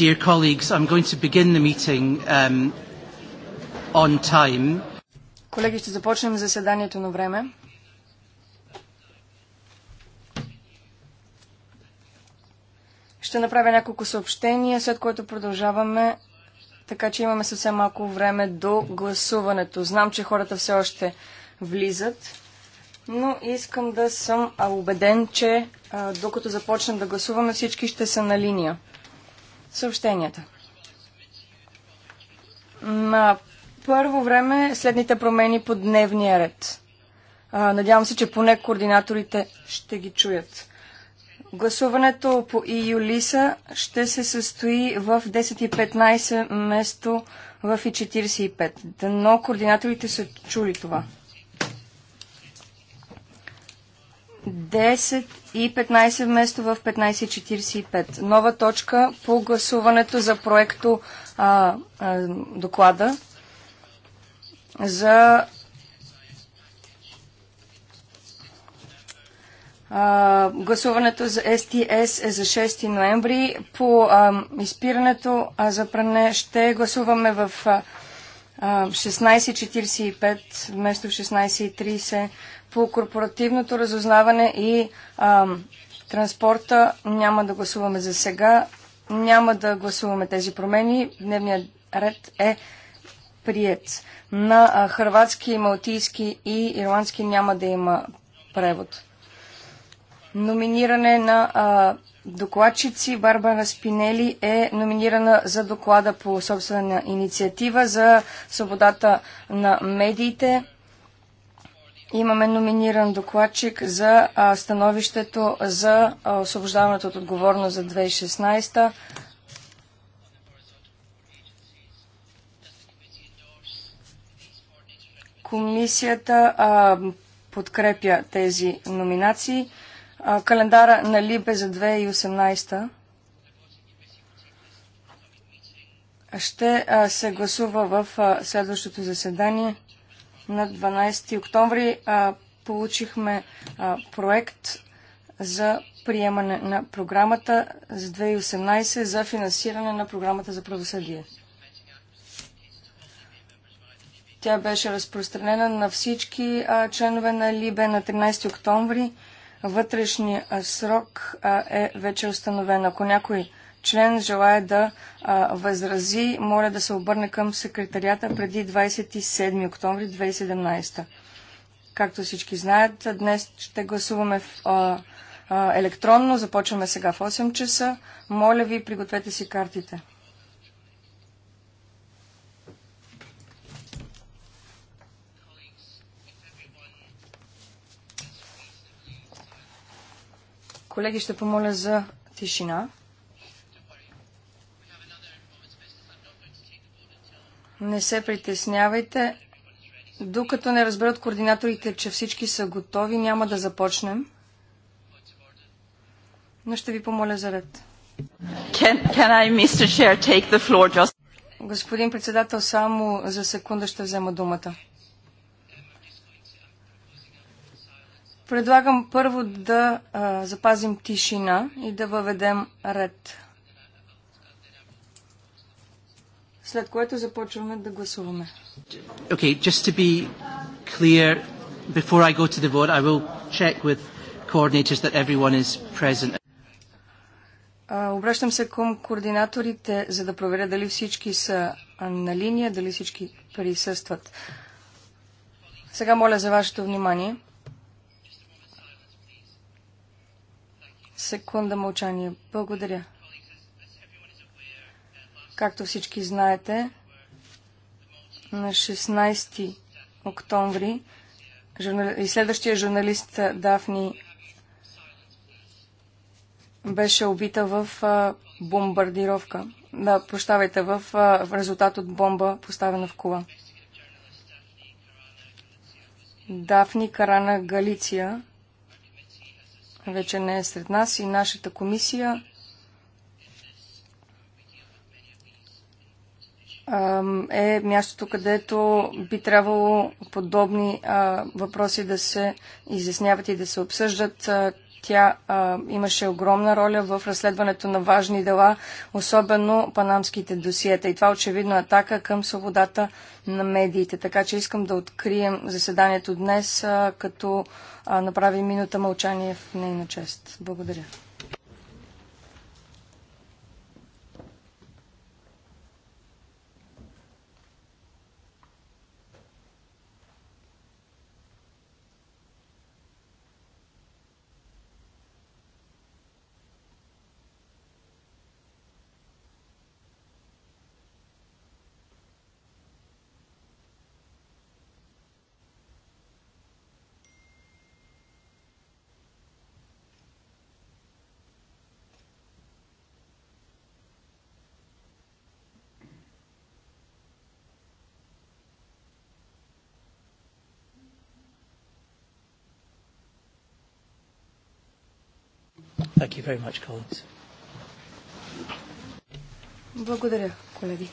Dear colleagues, I'm going to begin the meeting um, on time. Колеги, ще започнем заседанието на време. Ще направя няколко съобщения, след което продължаваме, така че имаме съвсем малко време до гласуването. Знам, че хората все още влизат, но искам да съм убеден, че докато започнем да гласуваме, всички ще са на линия. Съобщенията. На първо време следните промени по дневния ред. Надявам се, че поне координаторите ще ги чуят. Гласуването по ИЮЛИСА ще се състои в 10.15 место в И45. Дано координаторите са чули това. 10 и 15 вместо в 15.45. Нова точка по гласуването за проекто а, а, доклада за а, гласуването за СТС е за 6 ноември. По а, изпирането а за пране ще гласуваме в а, 16.45 вместо в 16.30 по корпоративното разузнаване и а, транспорта няма да гласуваме за сега. Няма да гласуваме тези промени. Дневният ред е прият. На а, хрватски, малтийски и ирландски няма да има превод. Номиниране на а, докладчици Барбара Спинели е номинирана за доклада по собствена инициатива за свободата на медиите. Имаме номиниран докладчик за а, становището за а, освобождаването от отговорност за 2016. Комисията а, подкрепя тези номинации. А, календара на Либе за 2018 ще а, се гласува в а, следващото заседание на 12 октомври а, получихме а, проект за приемане на програмата за 2018 за финансиране на програмата за правосъдие. Тя беше разпространена на всички а, членове на Либе на 13 октомври. Вътрешният срок а, е вече установен. Ако някой член желая да а, възрази, моля да се обърне към секретарията преди 27 октомври 2017. Както всички знаят, днес ще гласуваме в, а, а, електронно. Започваме сега в 8 часа. Моля ви, пригответе си картите. Колеги, ще помоля за тишина. Не се притеснявайте. Докато не разберат координаторите, че всички са готови, няма да започнем. Но ще ви помоля за ред. Can, can I, Mr. Chair, take the floor just... Господин председател, само за секунда ще взема думата. Предлагам първо да а, запазим тишина и да въведем ред. след което започваме да гласуваме. Okay, just to be clear, before I go to the vote, I will check with coordinators that everyone is present. А, обръщам се към координаторите, за да проверя дали всички са на линия, дали всички присъстват. Сега моля за вашето внимание. Секунда мълчание. Благодаря. Както всички знаете, на 16 октомври и следващия журналист Дафни беше убита в бомбардировка. Да, прощавайте, в, в резултат от бомба, поставена в кула. Дафни Карана Галиция вече не е сред нас и нашата комисия е мястото, където би трябвало подобни въпроси да се изясняват и да се обсъждат. Тя а, имаше огромна роля в разследването на важни дела, особено панамските досиета. И това очевидно е атака към свободата на медиите. Така че искам да открием заседанието днес, а, като направим минута мълчание в нейна чест. Благодаря. Thank you very much, Collins. Благодаря, колеги.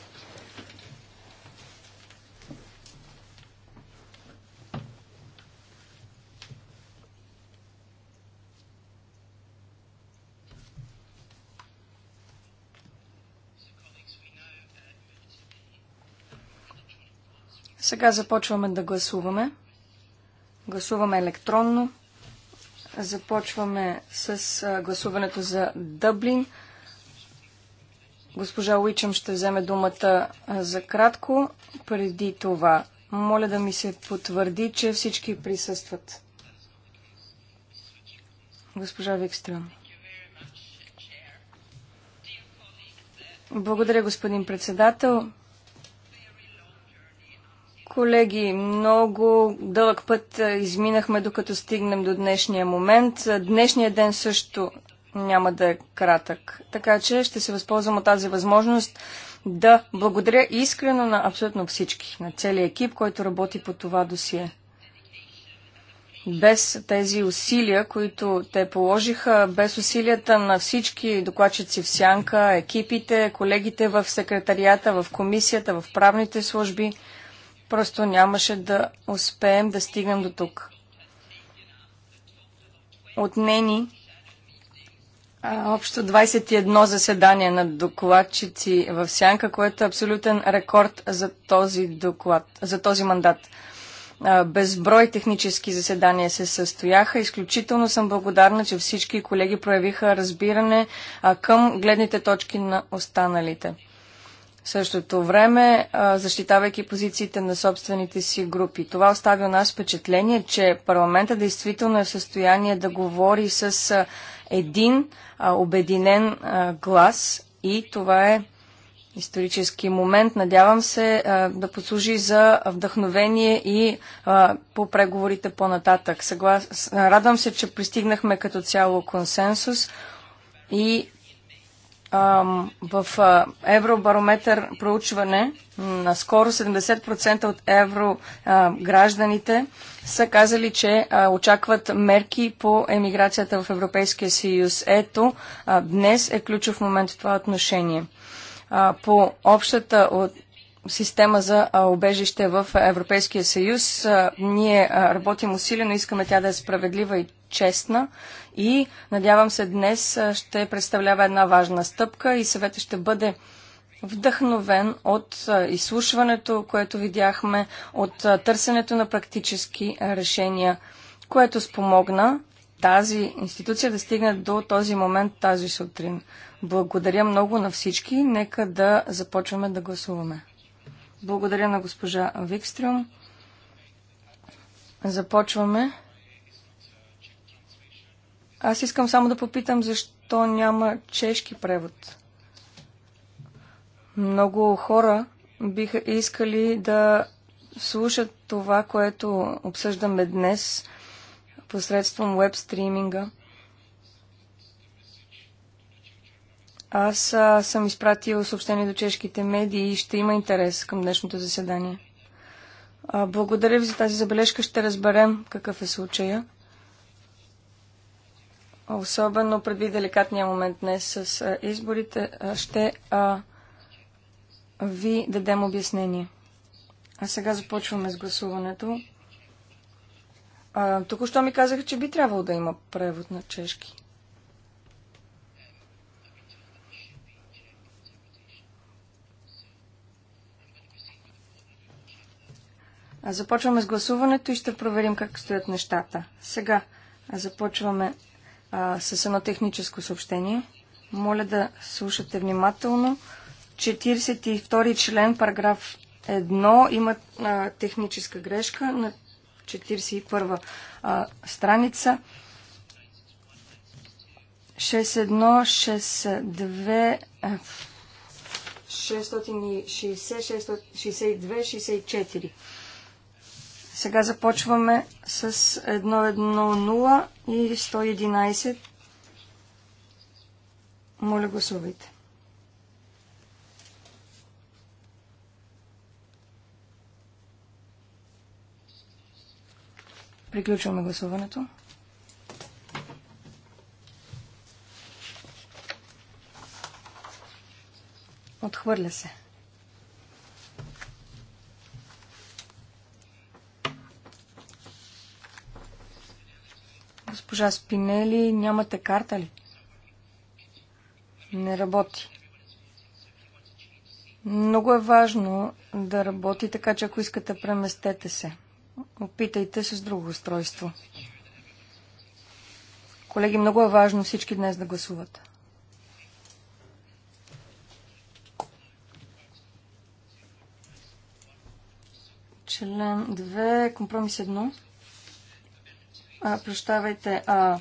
Сега започваме да гласуваме. Гласуваме електронно. Започваме с гласуването за Дъблин. Госпожа Уичам ще вземе думата за кратко. Преди това, моля да ми се потвърди, че всички присъстват. Госпожа Викстрън. Благодаря, господин председател. Колеги, много дълъг път е, изминахме, докато стигнем до днешния момент. Е, Днешният ден също няма да е кратък. Така че ще се възползвам от тази възможност да благодаря искрено на абсолютно всички, на целия екип, който работи по това досие. Без тези усилия, които те положиха, без усилията на всички докладчици в Сянка, екипите, колегите в секретарията, в комисията, в правните служби – просто нямаше да успеем да стигнем до тук. Отнени а, общо 21 заседания на докладчици в Сянка, което е абсолютен рекорд за този доклад, за този мандат. А, безброй технически заседания се състояха. Изключително съм благодарна, че всички колеги проявиха разбиране а, към гледните точки на останалите. В същото време, защитавайки позициите на собствените си групи. Това остави у нас впечатление, че парламента действително е в състояние да говори с един обединен глас и това е исторически момент. Надявам се да послужи за вдъхновение и по преговорите по-нататък. Съглас... Радвам се, че пристигнахме като цяло консенсус и в Евробарометър проучване на скоро 70% от гражданите са казали, че очакват мерки по емиграцията в Европейския съюз. Ето, днес е ключов момент в това отношение. По общата от система за обежище в Европейския съюз. Ние работим усилено, искаме тя да е справедлива и честна и надявам се днес ще представлява една важна стъпка и съветът ще бъде вдъхновен от изслушването, което видяхме, от търсенето на практически решения, което спомогна тази институция да стигне до този момент тази сутрин. Благодаря много на всички. Нека да започваме да гласуваме. Благодаря на госпожа Викстрюм. Започваме. Аз искам само да попитам защо няма чешки превод. Много хора биха искали да слушат това, което обсъждаме днес посредством веб стриминга. Аз а, съм изпратил съобщение до чешките медии и ще има интерес към днешното заседание. А, благодаря ви за тази забележка. Ще разберем какъв е случая особено предвид деликатния момент днес с изборите, ще а, ви дадем обяснение. А сега започваме с гласуването. А, току-що ми казаха, че би трябвало да има превод на чешки. А, започваме с гласуването и ще проверим как стоят нещата. Сега започваме а, с едно техническо съобщение. Моля да слушате внимателно. 42 член, параграф 1 има а, техническа грешка на 41 а, страница. 61, 62, 660, 662, 64. Сега започваме с 1.1.0 и 111. Моля, гласувайте. Приключваме гласуването. Отхвърля се. Госпожа Спинели, нямате карта ли? Не работи. Много е важно да работи, така че ако искате, преместете се. Опитайте с друго устройство. Колеги, много е важно всички днес да гласуват. Член 2, компромис 1 а, прощавайте, а,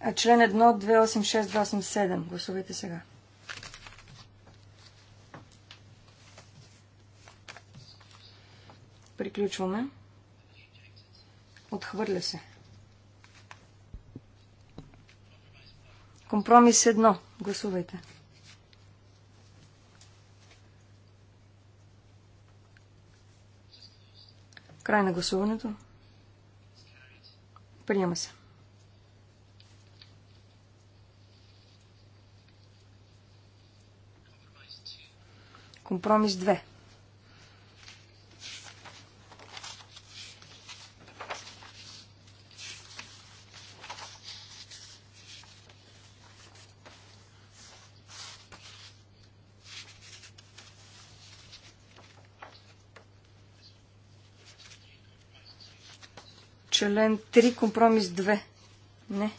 а, член 1, 286, 287. Гласувайте сега. Приключваме. Отхвърля се. Компромис 1. Гласувайте. Край на гласуването. Приема се. Компромис 2. член 3, компромис 2. Не.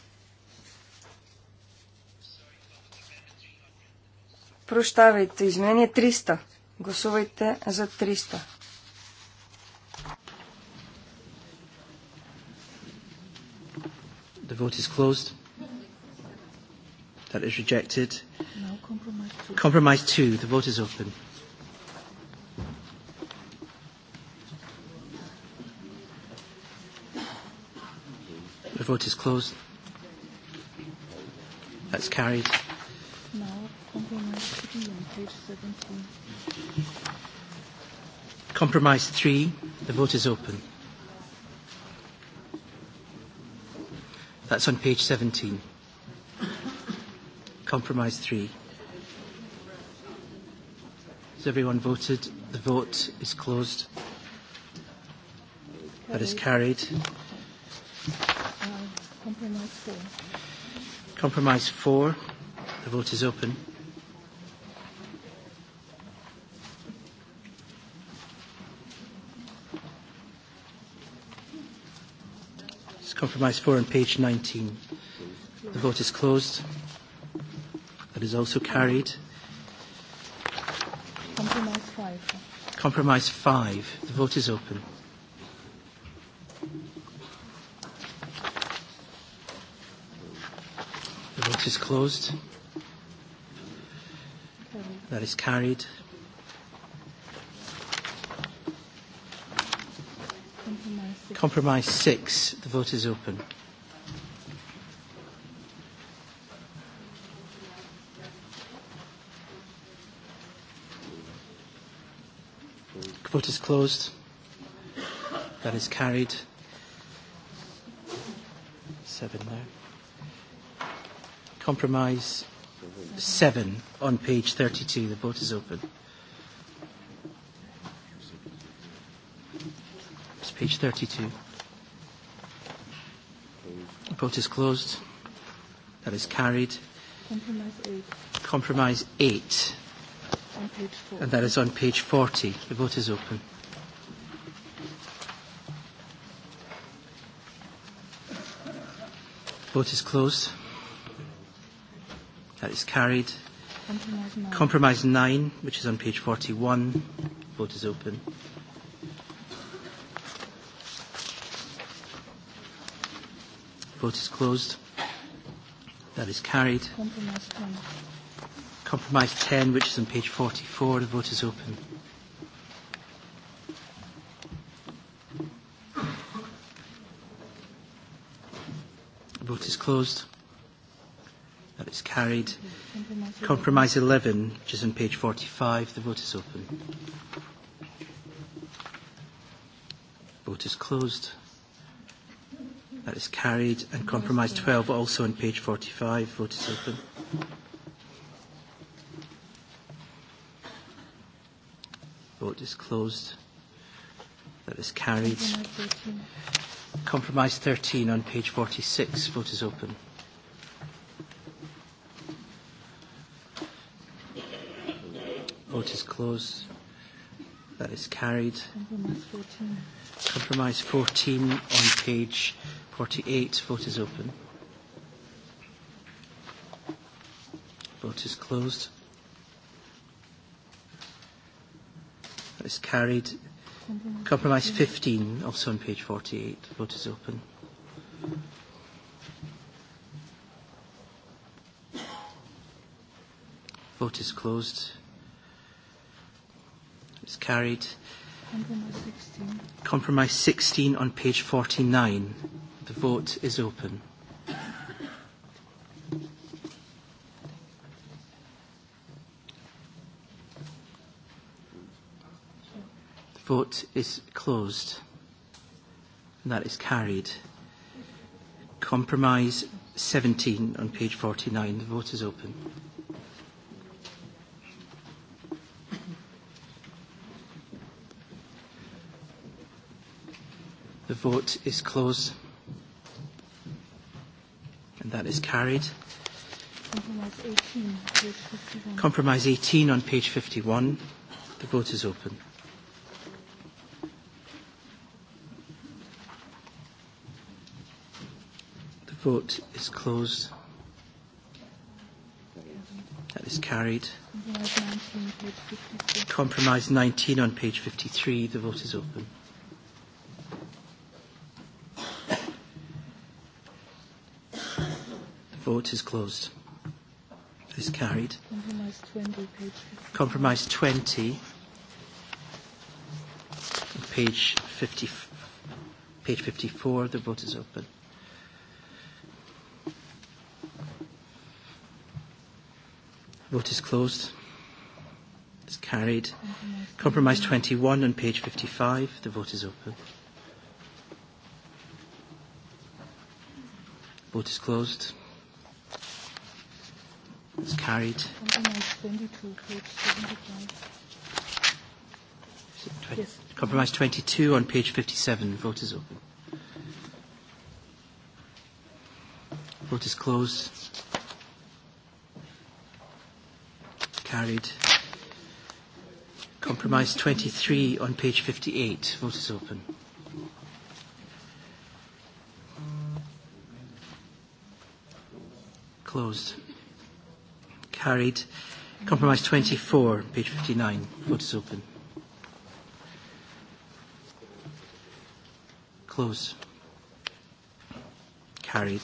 Прощавайте, изменение 300. Гласувайте за 300. The vote is closed. That is rejected. No, compromise 2. Compromise two. The vote is open. vote is closed. That's carried. Now, compromise three on page 17. Compromise three. The vote is open. That's on page 17. Compromise three. Has everyone voted? The vote is closed. That is carried compromise four. Compromise four. The vote is open. It's compromise four on page 19. The vote is closed. That is also carried. Compromise five. Compromise five. The vote is open. vote is closed. That is carried. Compromise six. The vote is open. Vote is closed. That is carried. Seven now. Compromise seven on page 32. The vote is open. It's page 32. The vote is closed. That is carried. Compromise eight. Compromise 8. On page 4. And that is on page 40. The vote is open. Vote is closed is carried. Compromise 9, Compromise 9, which is on page 41. Vote is open. Vote is closed. That is carried. Compromise 10. Compromise 10, which is on page 44. The vote is open. Vote is closed carried. Compromise 11, which is on page 45, the vote is open. Vote is closed. That is carried. And compromise 12, also on page 45, vote is open. Vote is closed. That is carried. Compromise 13 on page 46, vote is open. vote is closed. That is carried. Compromise 14 on page 48. Vote is open. Vote is closed. That is carried. Compromise 15, also on page 48. Vote is open. Vote is closed carried. Compromise 16. Compromise 16 on page 49. The vote is open. The vote is closed. And that is carried. Compromise 17 on page 49. The vote is open. vote is closed. And that is carried. Compromise 18, page Compromise 18 on page 51. The vote is open. The vote is closed. That is carried. Compromise 19 on page 53. The vote is open. Vote is closed. Is carried. Compromise 20, page 50. Compromise 20, page 50, page 54. The vote is open. Vote is closed. It's carried. Compromise 21 on page 55. The vote is open. Vote is closed carried. Compromise 22 on page 57. Vote is open. Vote is closed. Carried. Compromise 23 on page 58. Vote is open. Closed carried. Compromise 24, page 59. Vote is open. Close. Carried.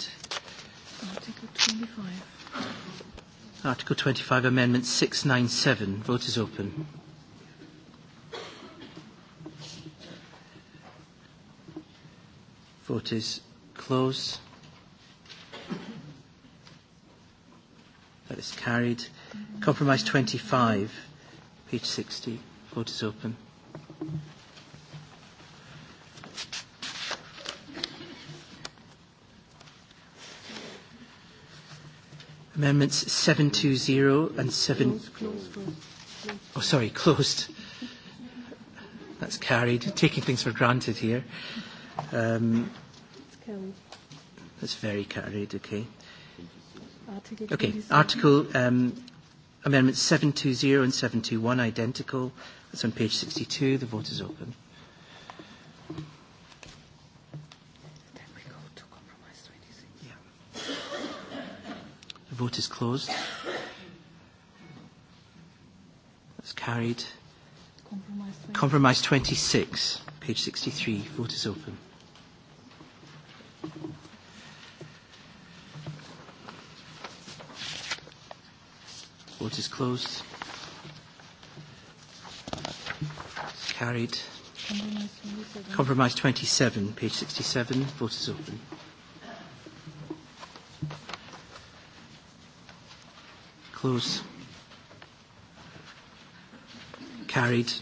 Article 25. Amendment 697. Vote is open. Vote is closed. is carried. Compromise 25, page 60. Vote is open. Amendments 720 and 7... Oh, sorry, closed. That's carried. Taking things for granted here. Um, it's carried. that's very carried, okay. Okay, Article um, Amendments 720 and 721 identical. That's on page 62. The vote is open. The vote is closed. That's carried. Compromise 26, page 63. Vote is open. Vote is closed. Carried. Compromise 27, page 67. Vote is open. Close. Carried.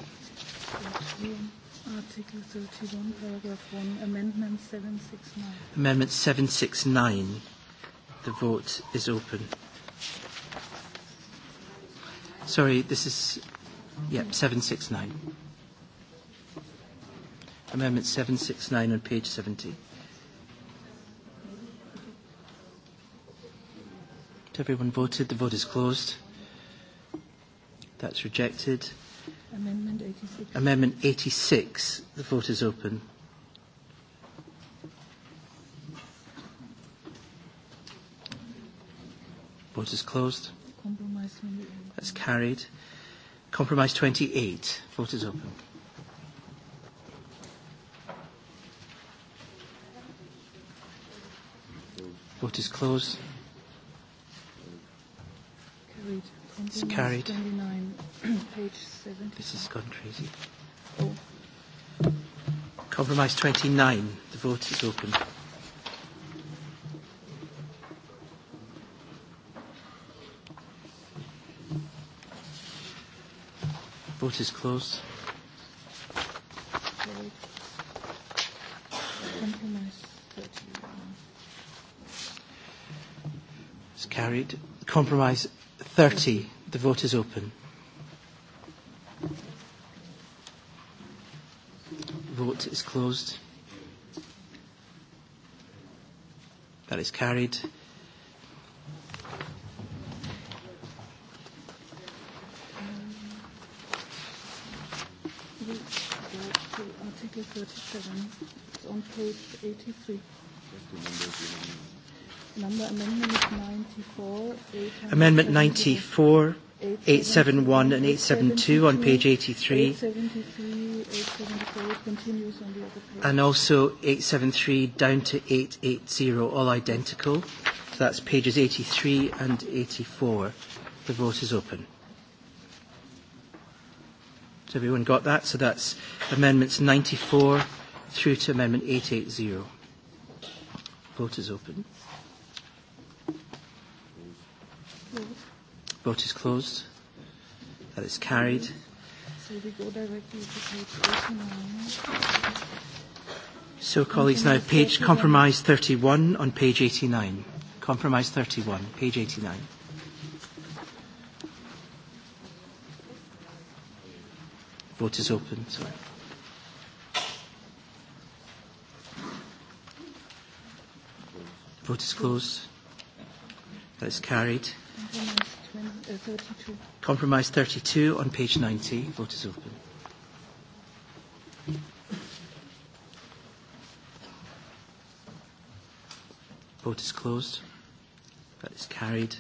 Article 31, paragraph 1, amendment 769. Amendment 769. The vote is open. Sorry, this is, yep, 769. Amendment 769 on page 70. Everyone voted. The vote is closed. That's rejected. Amendment 86. Amendment 86. The vote is open. Vote is closed. That's carried. Compromise 28. Vote is open. Vote is closed. Carried. It's carried. page This has gone crazy. Oh. Compromise 29. The vote is open. Vote is closed. It's carried. Compromise 30. The vote is open. Vote is closed. That is carried. 37. amendment 94. 871 and 872 on page 83. 873, 874 continues on the other page. And also 873 down to 880, all identical. So that's pages 83 and 84. The vote is open. So everyone got that? So that's amendments 94 through to amendment 880. Vote is open. Vote is closed. That is carried. So So colleagues now page compromise 31 on page 89. Compromise 31, page 89. Vote is open. Sorry. Vote is closed. That is carried. Compromise 32 on page 90. Vote is open. Vote is closed. That is carried.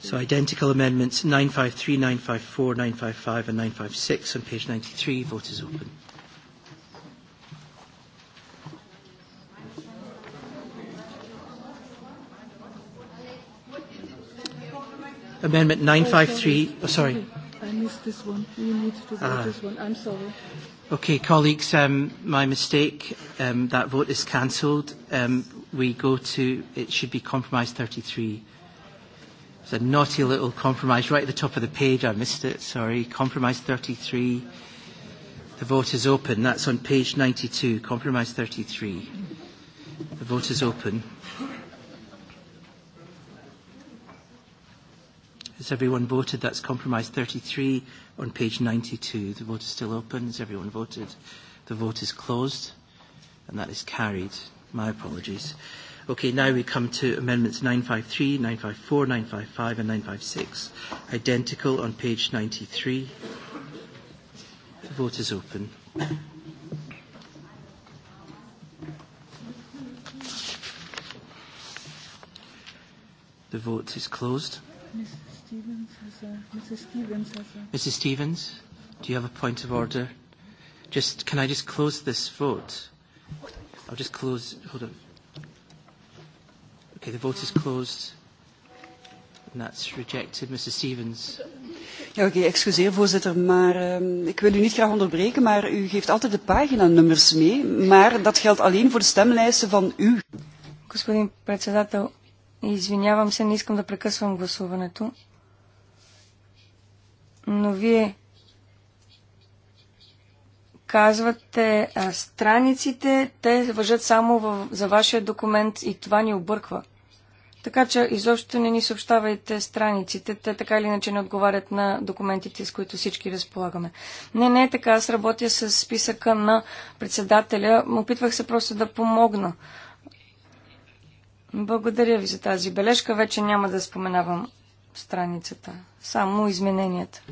So identical amendments 953, 954, 955 and 956 on page 93. Vote is open. Amendment 953, oh, sorry. I missed this one. You need to vote this one. I'm sorry. Okay, colleagues, um, my mistake. Um, that vote is cancelled. Um, we go to, it should be compromise 33. It's a naughty little compromise right at the top of the page. I missed it, sorry. Compromise 33. The vote is open. That's on page 92, compromise 33. The vote is open. Has everyone voted? That's compromise 33 on page 92. The vote is still open. Has everyone voted? The vote is closed, and that is carried. My apologies. Okay, now we come to amendments 953, 954, 955, and 956, identical on page 93. The vote is open. The vote is closed. Stevens has a, Mrs. Stevens do you have a point of order? Just, can I just close this vote? I'll just close, hold on. Okay, the vote is closed. And that's rejected, Mrs. Stevens. Ja, oké, okay, excuseer voorzitter, maar uh, ik wil u niet graag onderbreken, maar u geeft altijd de paginanummers mee, maar dat geldt alleen voor de stemlijsten van u. Господин председател, извинявам се, не искам да прекъсвам гласуването но вие казвате а, страниците, те въжат само в, за вашия документ и това ни обърква. Така че изобщо не ни съобщавайте страниците, те така или иначе не отговарят на документите, с които всички разполагаме. Не, не е така, аз работя с списъка на председателя, опитвах се просто да помогна. Благодаря ви за тази бележка, вече няма да споменавам страницата. Само измененията.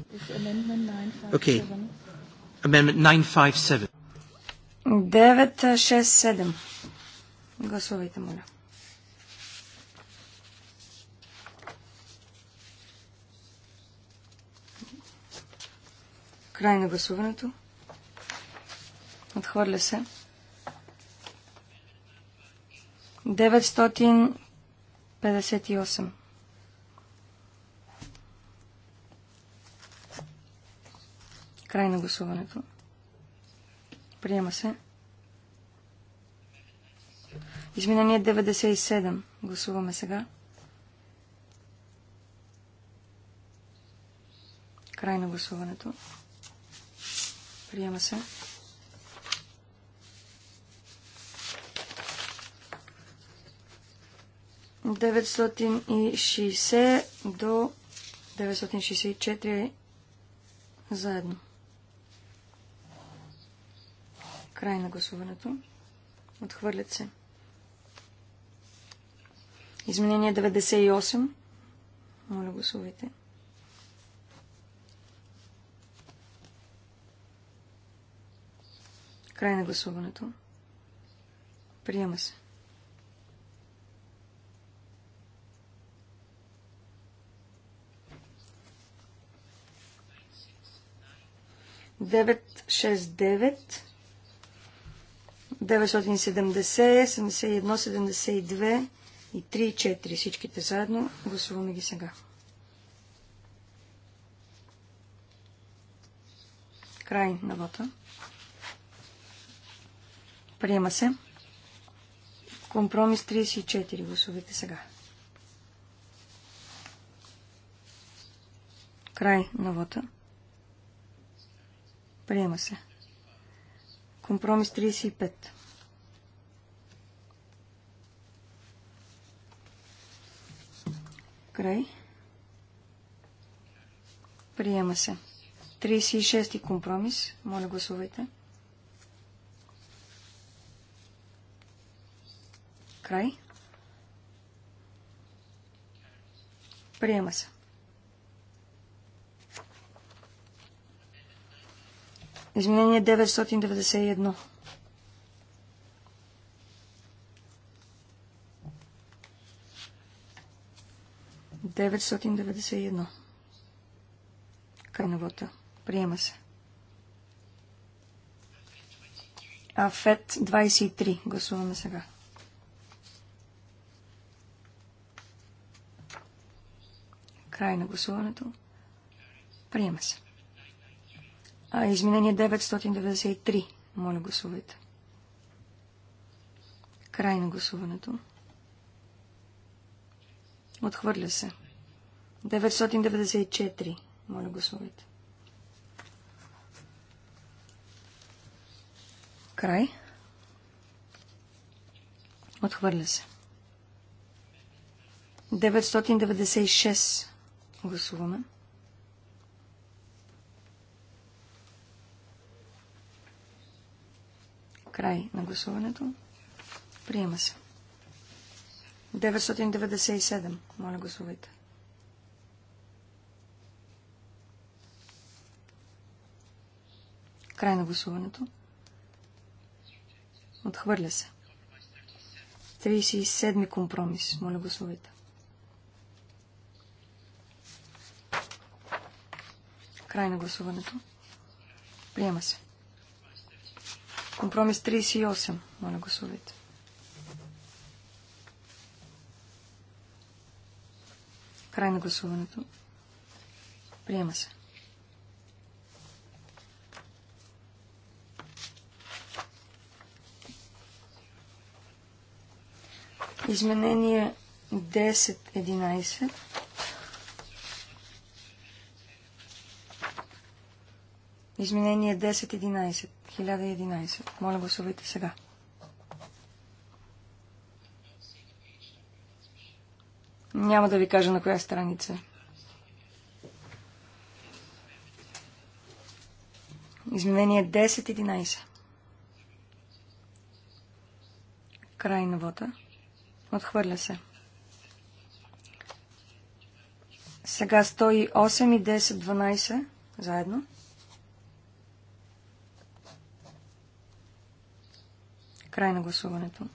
Okay. 957. 967. Гласувайте, моля. Край на гласуването. Отхвърля се. 958. Край на гласуването. Приема се. Изменение 97. Гласуваме сега. Край на гласуването. Приема се. Деветстотин и шестдесет до 964 заедно. Край на гласуването. Отхвърлят се. Изменение 98. Моля, гласувайте. Край на гласуването. Приема се. Девет, шест, девет. 970, 71, 72 и 3 и 4. Всичките заедно. Гласуваме ги сега. Край на вота. Приема се. Компромис 34. Гласувайте сега. Край на вота. Приема се. Компромис 35. Край. Приема се. 36 компромис. Моля гласувайте. Край. Приема се. Изменение 991. Деветстотин Приема се. Афет 23. Гласуваме сега. Край на гласуването. Приема се. А, изменение 993. Моля, гласувайте. Край на гласуването. Отхвърля се. 994. Моля, гласувайте. Край. Отхвърля се. 996. Гласуваме. 996. Край на гласуването. Приема се. 997. Моля, гласувайте. Край на гласуването. Отхвърля се. 37 компромис. Моля, гласувайте. Край на гласуването. Приема се. Компромис 38. Моля, гласувайте. Край на гласуването. Приема се. Изменение 10-11. Изменение 10-11. 1011. Моля гласувайте сега. Няма да ви кажа на коя страница. Изменение 10.11. Край на вода. Отхвърля се. Сега 108 и 10-12 заедно. 10 Край на гласуването.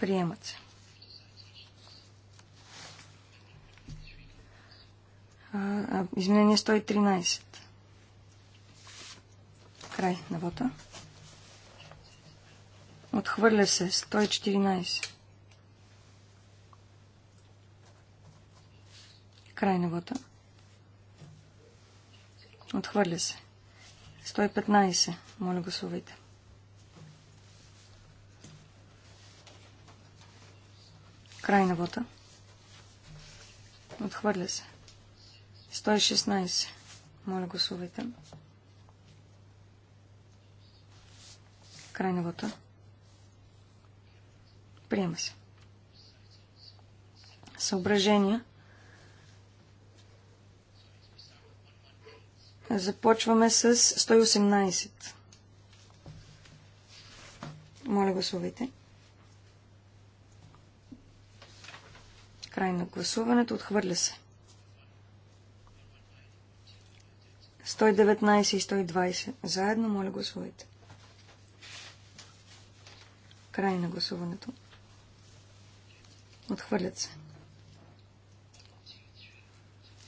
Приемат се. Изменение 113. Край на вота. Отхвърля се 114. Край на вота. Отхвърля се. 115. Моля гласувайте. Край на вота. Отхвърля се. 116. Моля, гласувайте. Край на вота. Приема се. Съображения. Започваме с 118. Моля, гласувайте. Край на гласуването. Отхвърля се. 119 и 120. Заедно, моля, гласувайте. Край на гласуването. Отхвърлят се.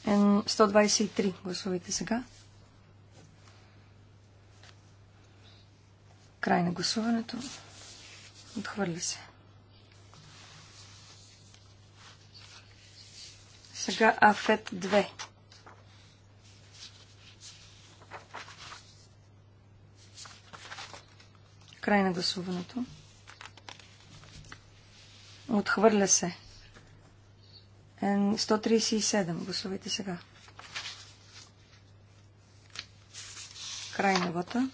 123. Гласувайте сега. Край на гласуването. Отхвърля се. 124. Сега Афет 2. Край на гласуването. Отхвърля се. 137. Гласувайте сега. Край на вота.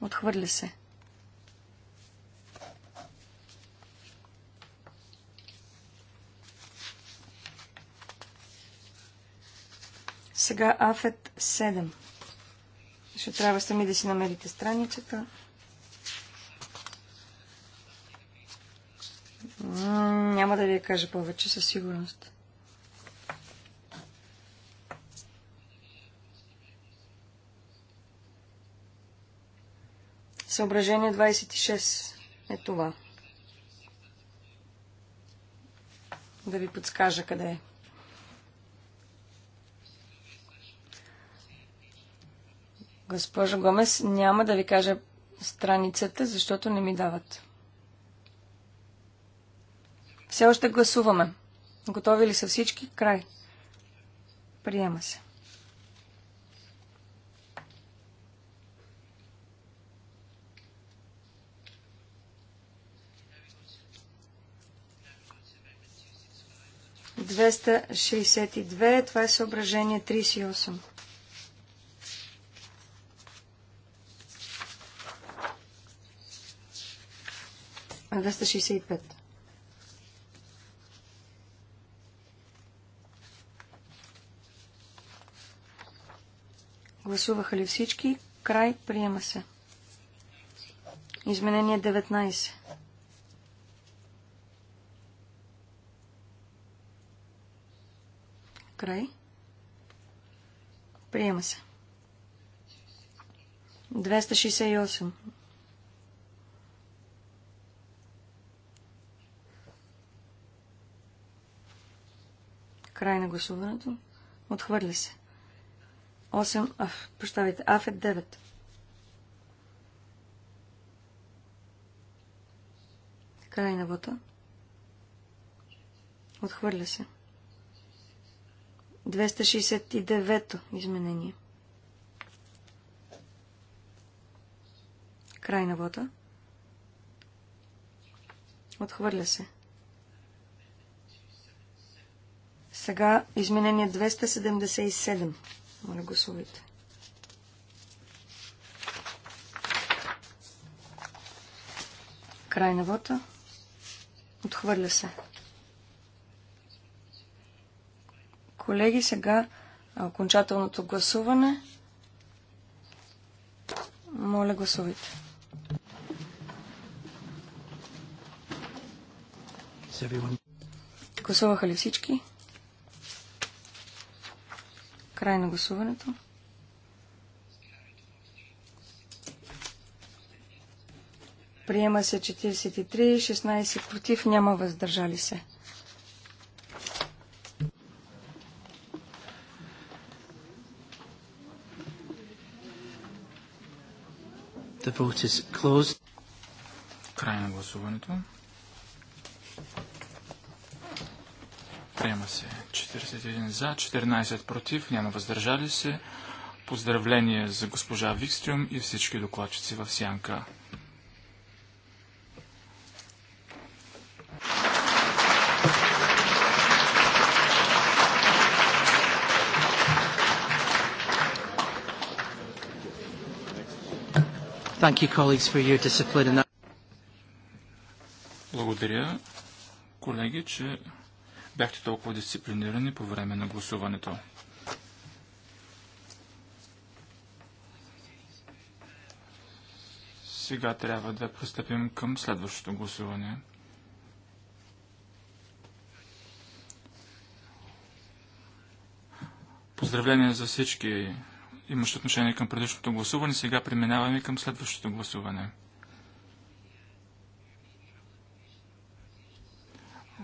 Отхвърля се. Сега Афет 7. Ще трябва сами да си намерите страницата. Няма да ви я кажа повече със сигурност. Съображение 26 е това. Да ви подскажа къде е. Госпожо Гомес, няма да ви кажа страницата, защото не ми дават. Все още гласуваме. Готови ли са всички? Край. Приема се. Двеста шестдесет и две. Това е съображение 38. на 265. Гласуваха ли всички? Край. Приема се. Изменение 19. Край. Приема се. 268. Край на гласуването. Отхвърля се. 8, аф, прощавайте, Афет е 9. Край на вота. Отхвърля се. 269 то изменение. Край на вота. Отхвърля се. 269. Сега изменение 277. Моля, гласувайте. Край на вота. Отхвърля се. Колеги, сега окончателното гласуване. Моля, гласувайте. Гласуваха ли всички? Край на гласуването. Приема се 43, 16 против, няма въздържали се. The vote is closed. Край на гласуването. Приема се 41 за, 14 против, няма въздържали се. Поздравление за госпожа Викстрюм и всички докладчици в Сянка. Thank you, colleagues, for your discipline. Благодаря, колеги, че бяхте толкова дисциплинирани по време на гласуването. Сега трябва да пристъпим към следващото гласуване. Поздравления за всички имащи отношение към предишното гласуване. Сега преминаваме към следващото гласуване.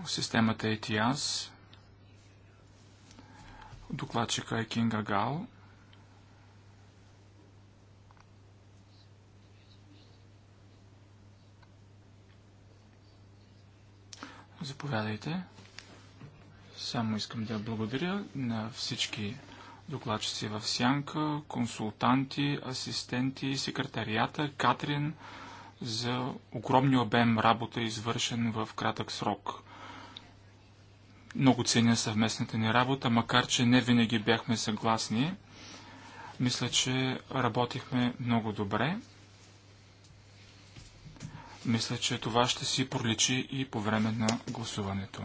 системата ETIAS, докладчика е Кинга Гал. Заповядайте. Само искам да благодаря на всички докладчици в Сянка, консултанти, асистенти, секретарията, Катрин за огромния обем работа, извършен в кратък срок. Много ценя съвместната ни работа, макар че не винаги бяхме съгласни. Мисля, че работихме много добре. Мисля, че това ще си проличи и по време на гласуването.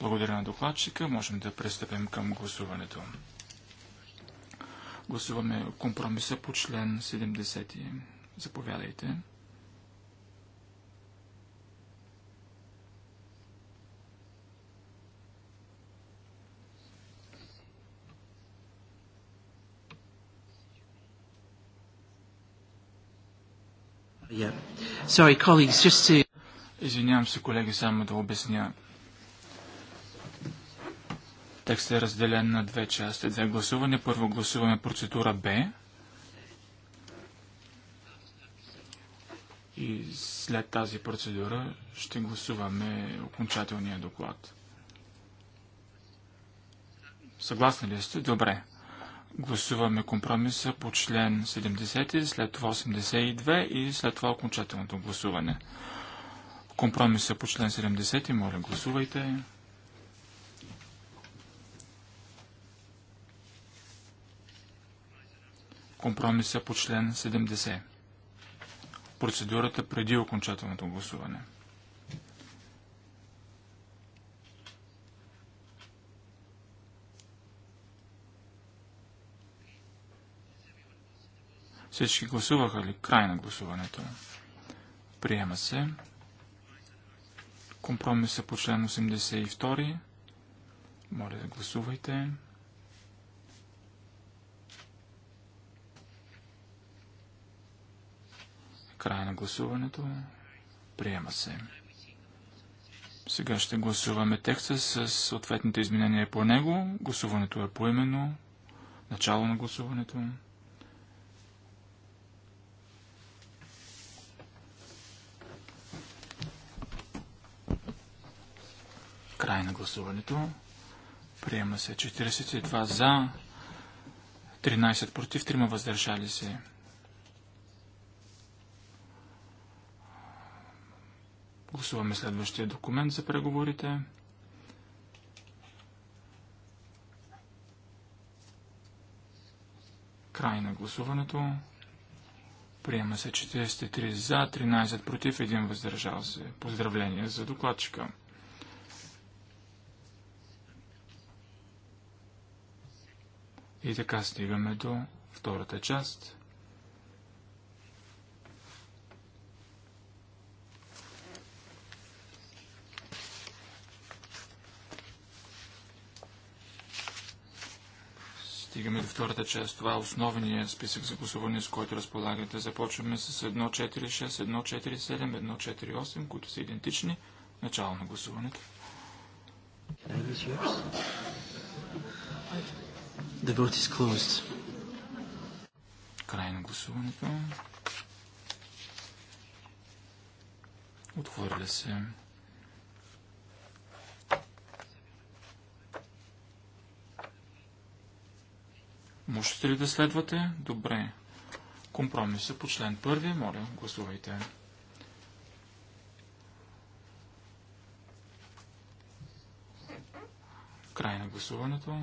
Благодаря на докладчика. Можем да пристъпим към гласуването. Гласуваме компромиса по член 70. Заповядайте. Sorry, colleagues, just to... Извинявам се, колеги, само да обясня. Текстът е разделен на две части. Две гласуване. Първо гласуваме процедура Б. И след тази процедура ще гласуваме окончателния доклад. Съгласни ли сте? Добре. Гласуваме компромиса по член 70, след това 82 и след това окончателното гласуване. Компромиса по член 70, моля гласувайте. Компромиса по член 70. Процедурата преди окончателното гласуване. Всички гласуваха ли? Край на гласуването. Приема се. Компромиса по член 82. Моля да гласувайте. Край на гласуването. Приема се. Сега ще гласуваме текста с съответните изменения по него. Гласуването е поименно. Начало на гласуването. Край на гласуването. Приема се 42 за, 13 против, 3 въздържали се. Гласуваме следващия документ за преговорите. Край на гласуването. Приема се 43 за, 13 против, 1 въздържал се. Поздравление за докладчика. И така стигаме до втората част. Стигаме до втората част. Това е основният списък за гласуване, с който разполагате. Започваме с 1.4.6, 1.4.7, 1.4.8, които са идентични. Начало на гласуването. Can I use yours? The vote is closed. Край на гласуването. Отхвърля се. Можете ли да следвате? Добре. Компромиса по член първи, моля, гласувайте. Край на гласуването.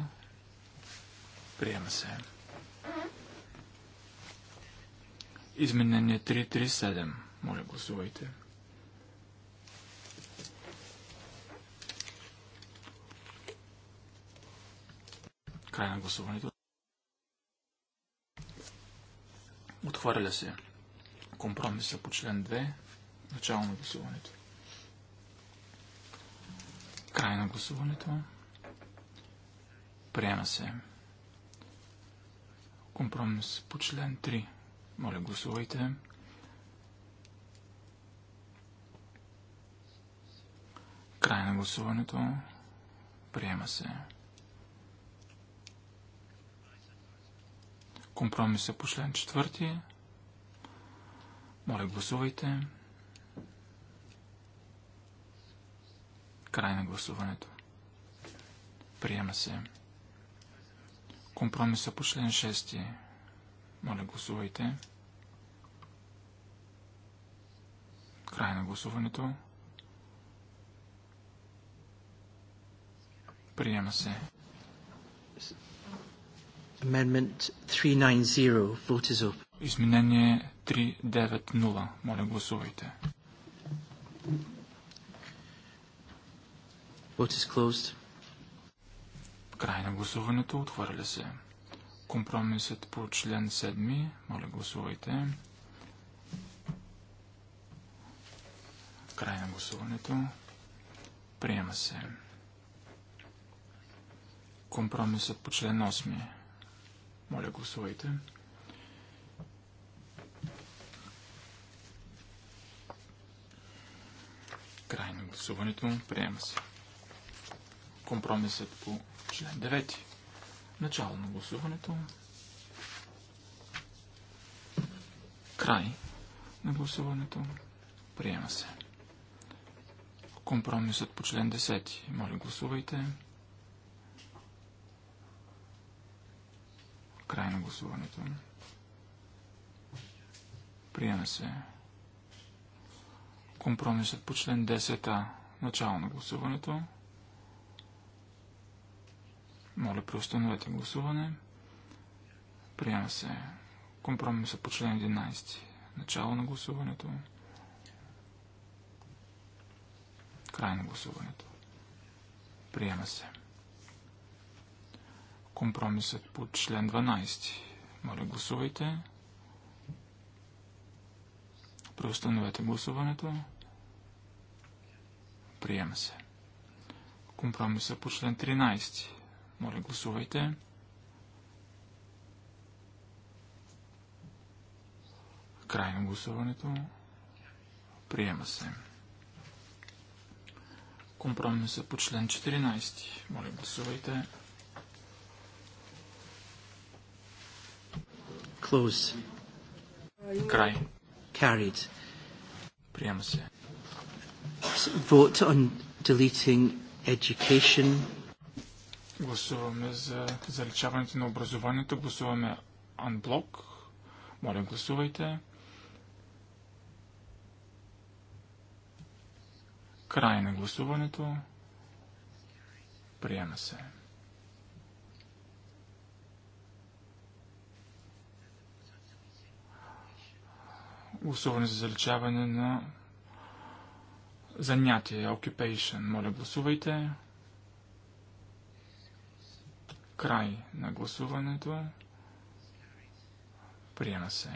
Приема се. Изменение 337. Моля, гласувайте. Край на гласуването. Отхвърля се компромиса по член 2. Начало на гласуването. Край на гласуването. Приема се. Компромис по член 3. Моля, гласувайте. Край на гласуването. Приема се. Компромиса по член 4. Моля, гласувайте. Край на гласуването. Приема се. Компромиса по член 6. Моля, гласувайте. Край на гласуването. Приема се. Amendment 390. Vote is open. Изменение 390. Моля, гласувайте. Vote is closed. Край на гласуването. Отхвърля се. Компромисът по член 7. Моля, гласувайте. Край на гласуването. Приема се. Компромисът по член 8. Моля, гласувайте. Край на гласуването. Приема се. Компромисът по Член 9. Начало на гласуването. Край на гласуването. Приема се. Компромисът по член 10. Моля, гласувайте. Край на гласуването. Приема се. Компромисът по член 10 Начало на гласуването. Моля, преустановете гласуване. Приема се компромиса по член 11. Начало на гласуването. Край на гласуването. Приема се. Компромисът по член 12. Моля, гласувайте. Преустановете гласуването. Приема се. Компромиса по член 13. Моля, гласувайте. Край на гласуването. Приема се. Компромиса по член 14. Моля, гласувайте. Close. Край. Carried. Приема се. Vote on deleting education Гласуваме за заличаването на образованието. Гласуваме анблок. Моля, гласувайте. Край на гласуването. Приема се. Гласуване за заличаване на занятие, occupation. Моля, гласувайте. Край на гласуването. Приема се.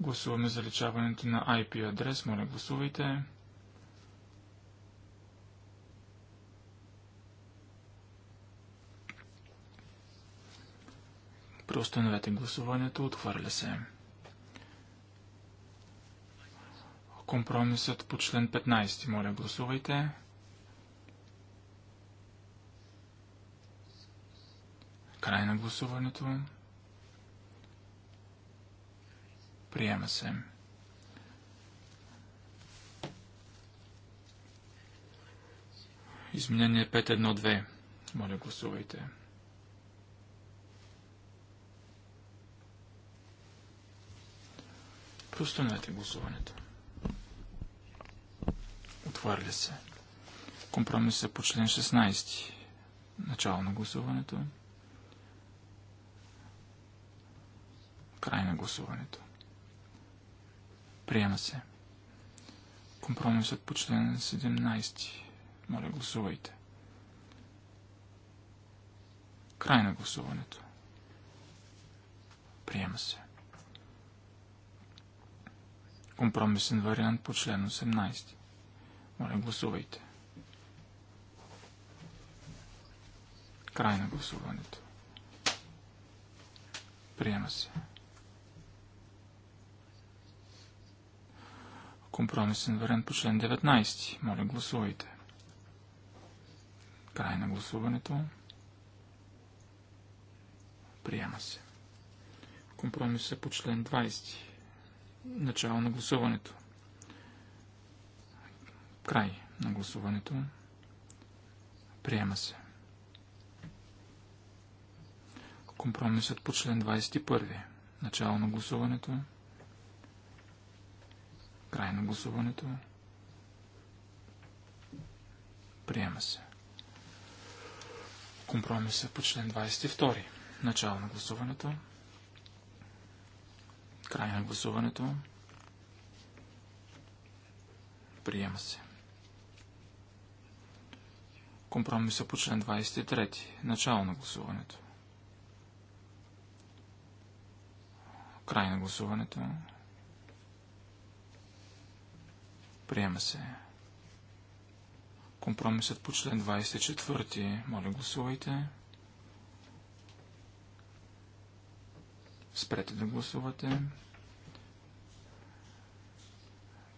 Гласуваме заличаването на IP адрес. Моля, гласувайте. Преустановете гласуването. Отхвърля се. Компромисът по член 15. Моля, гласувайте. Край на гласуването. Приема се. Изменение 5.1.2. Моля, гласувайте. Простанете гласуването. Отваря се. Компромисът по член 16. Начало на гласуването. Край на гласуването. Приема се. Компромисът по член 17. Моля, гласувайте. Край на гласуването. Приема се. Компромисен вариант по член 18. Моля, гласувайте. Край на гласуването. Приема се. Компромисен вариант по член 19. Моля, гласувайте. Край на гласуването. Приема се. Компромисът по член 20. Начало на гласуването. Край на гласуването. Приема се. Компромисът по член 21. Начало на гласуването. Край на гласуването. Приема се. Компромисът по член 22. Начало на гласуването. Край на гласуването. Приема се. Компромиса по член 23. Начало на гласуването. Край на гласуването. Приема се. Компромисът по член 24. Моля, гласувайте. Спрете да гласувате.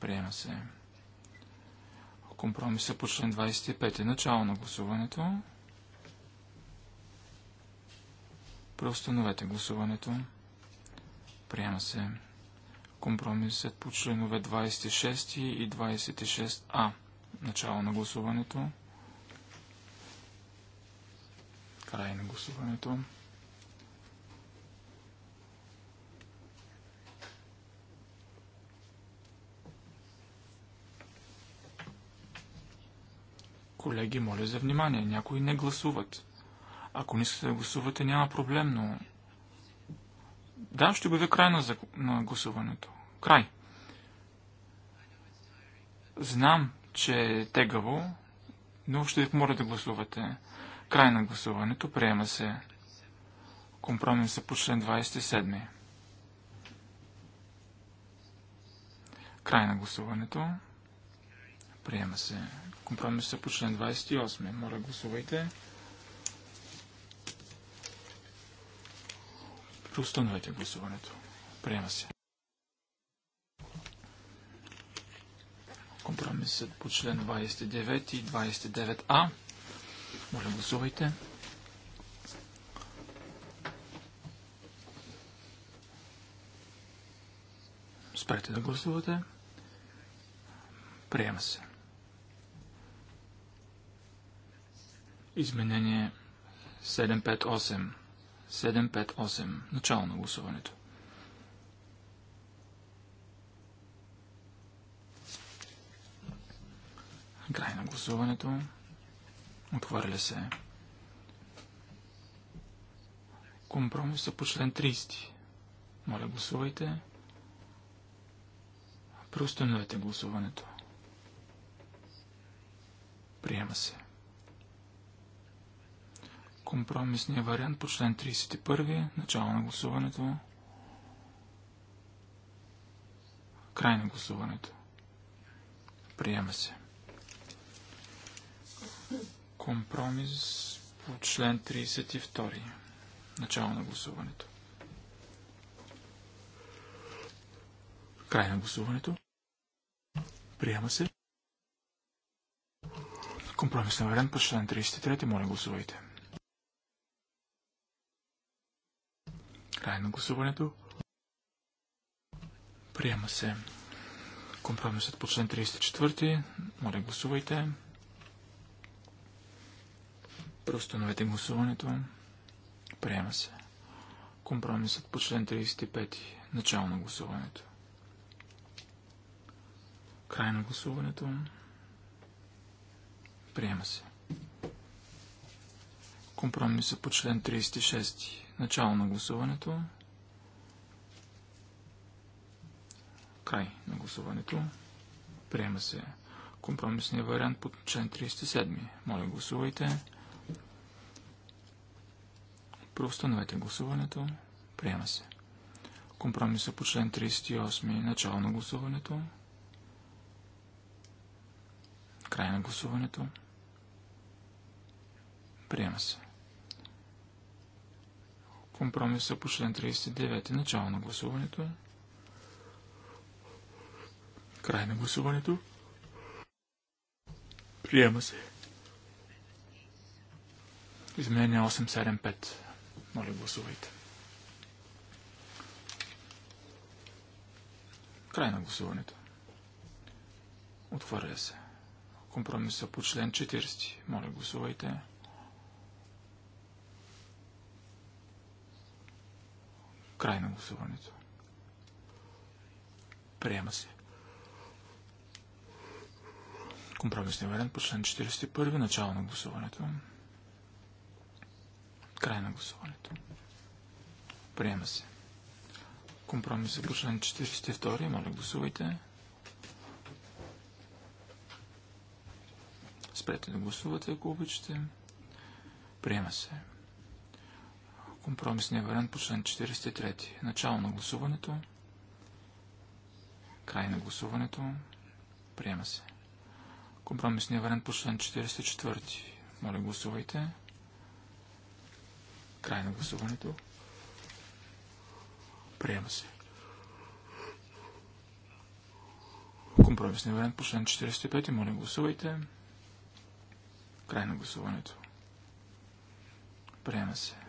Приема се компромиса по член 25. Е начало на гласуването. Преустановете гласуването. Приема се компромисът по членове 26 и 26а. Начало на гласуването. Край на гласуването. Колеги, моля за внимание. Някои не гласуват. Ако не искате да гласувате, няма проблем, но... Да, ще бъде край на, за... на гласуването. Край. Знам, че е тегаво, но ще ви помоля да гласувате. Край на гласуването. Приема се компромиса по член 27. Край на гласуването. Приема се. Компромиса по член 28. Моля, гласувайте. Преустановете гласуването. Приема се. Компромисът по член 29 и 29а. Моля, гласувайте. Спрете да гласувате. Приема се. Изменение 758. 758. Начало на гласуването. Край на гласуването. Отхвърля се. Компромиса по член 30. Моля, гласувайте. Преустановете гласуването. Приема се. Компромисния вариант по член 31. Начало на гласуването. Край на гласуването. Приема се. Компромис по член 32. Начало на гласуването. Край на гласуването. Приема се. Компромисен вариант по член 33. Моля гласувайте. Край на гласуването. Приема се компромисът по член 34. Моля, гласувайте. Преустановете гласуването. Приема се. Компромисът по член 35. Начало на гласуването. Край на гласуването. Приема се. Компромисът по член 36. Начало на гласуването. Край на гласуването. Приема се компромисния вариант по член 37. Моля, гласувайте. Проустановете гласуването. Приема се. Компромиса по член 38. Начало на гласуването. Край на гласуването. Приема се. Компромиса по член 39. Начало на гласуването. Край на гласуването. Приема се. Изменение 875. Моля, гласувайте. Край на гласуването. Отваря се. Компромиса по член 40. Моля, гласувайте. Край на гласуването. Приема се. Компромисният вариант по член 41. Начало на гласуването. Край на гласуването. Приема се. Компромисът по член 42. Моля, гласувайте. Спрете да гласувате, ако обичате. Приема се. Компромисния вариант по член 43. Начало на гласуването. Край на гласуването. Приема се. Компромисния вариант по член 44. Моля гласувайте. Край на гласуването. Приема се. Компромисния вариант по член 45. Моля гласувайте. Край на гласуването. Приема се.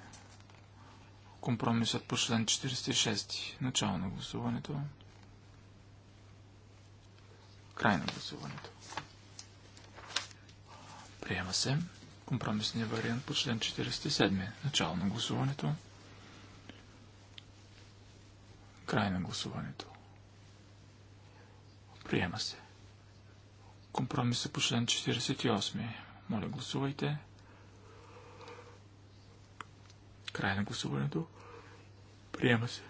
Компромисът по член 46. Начало на гласуването. Край на гласуването. Приема се компромисния вариант по член 47. Начало на гласуването. Край на гласуването. Приема се. Компромисът по член 48. Моля гласувайте. Край на гласуването. Приема се.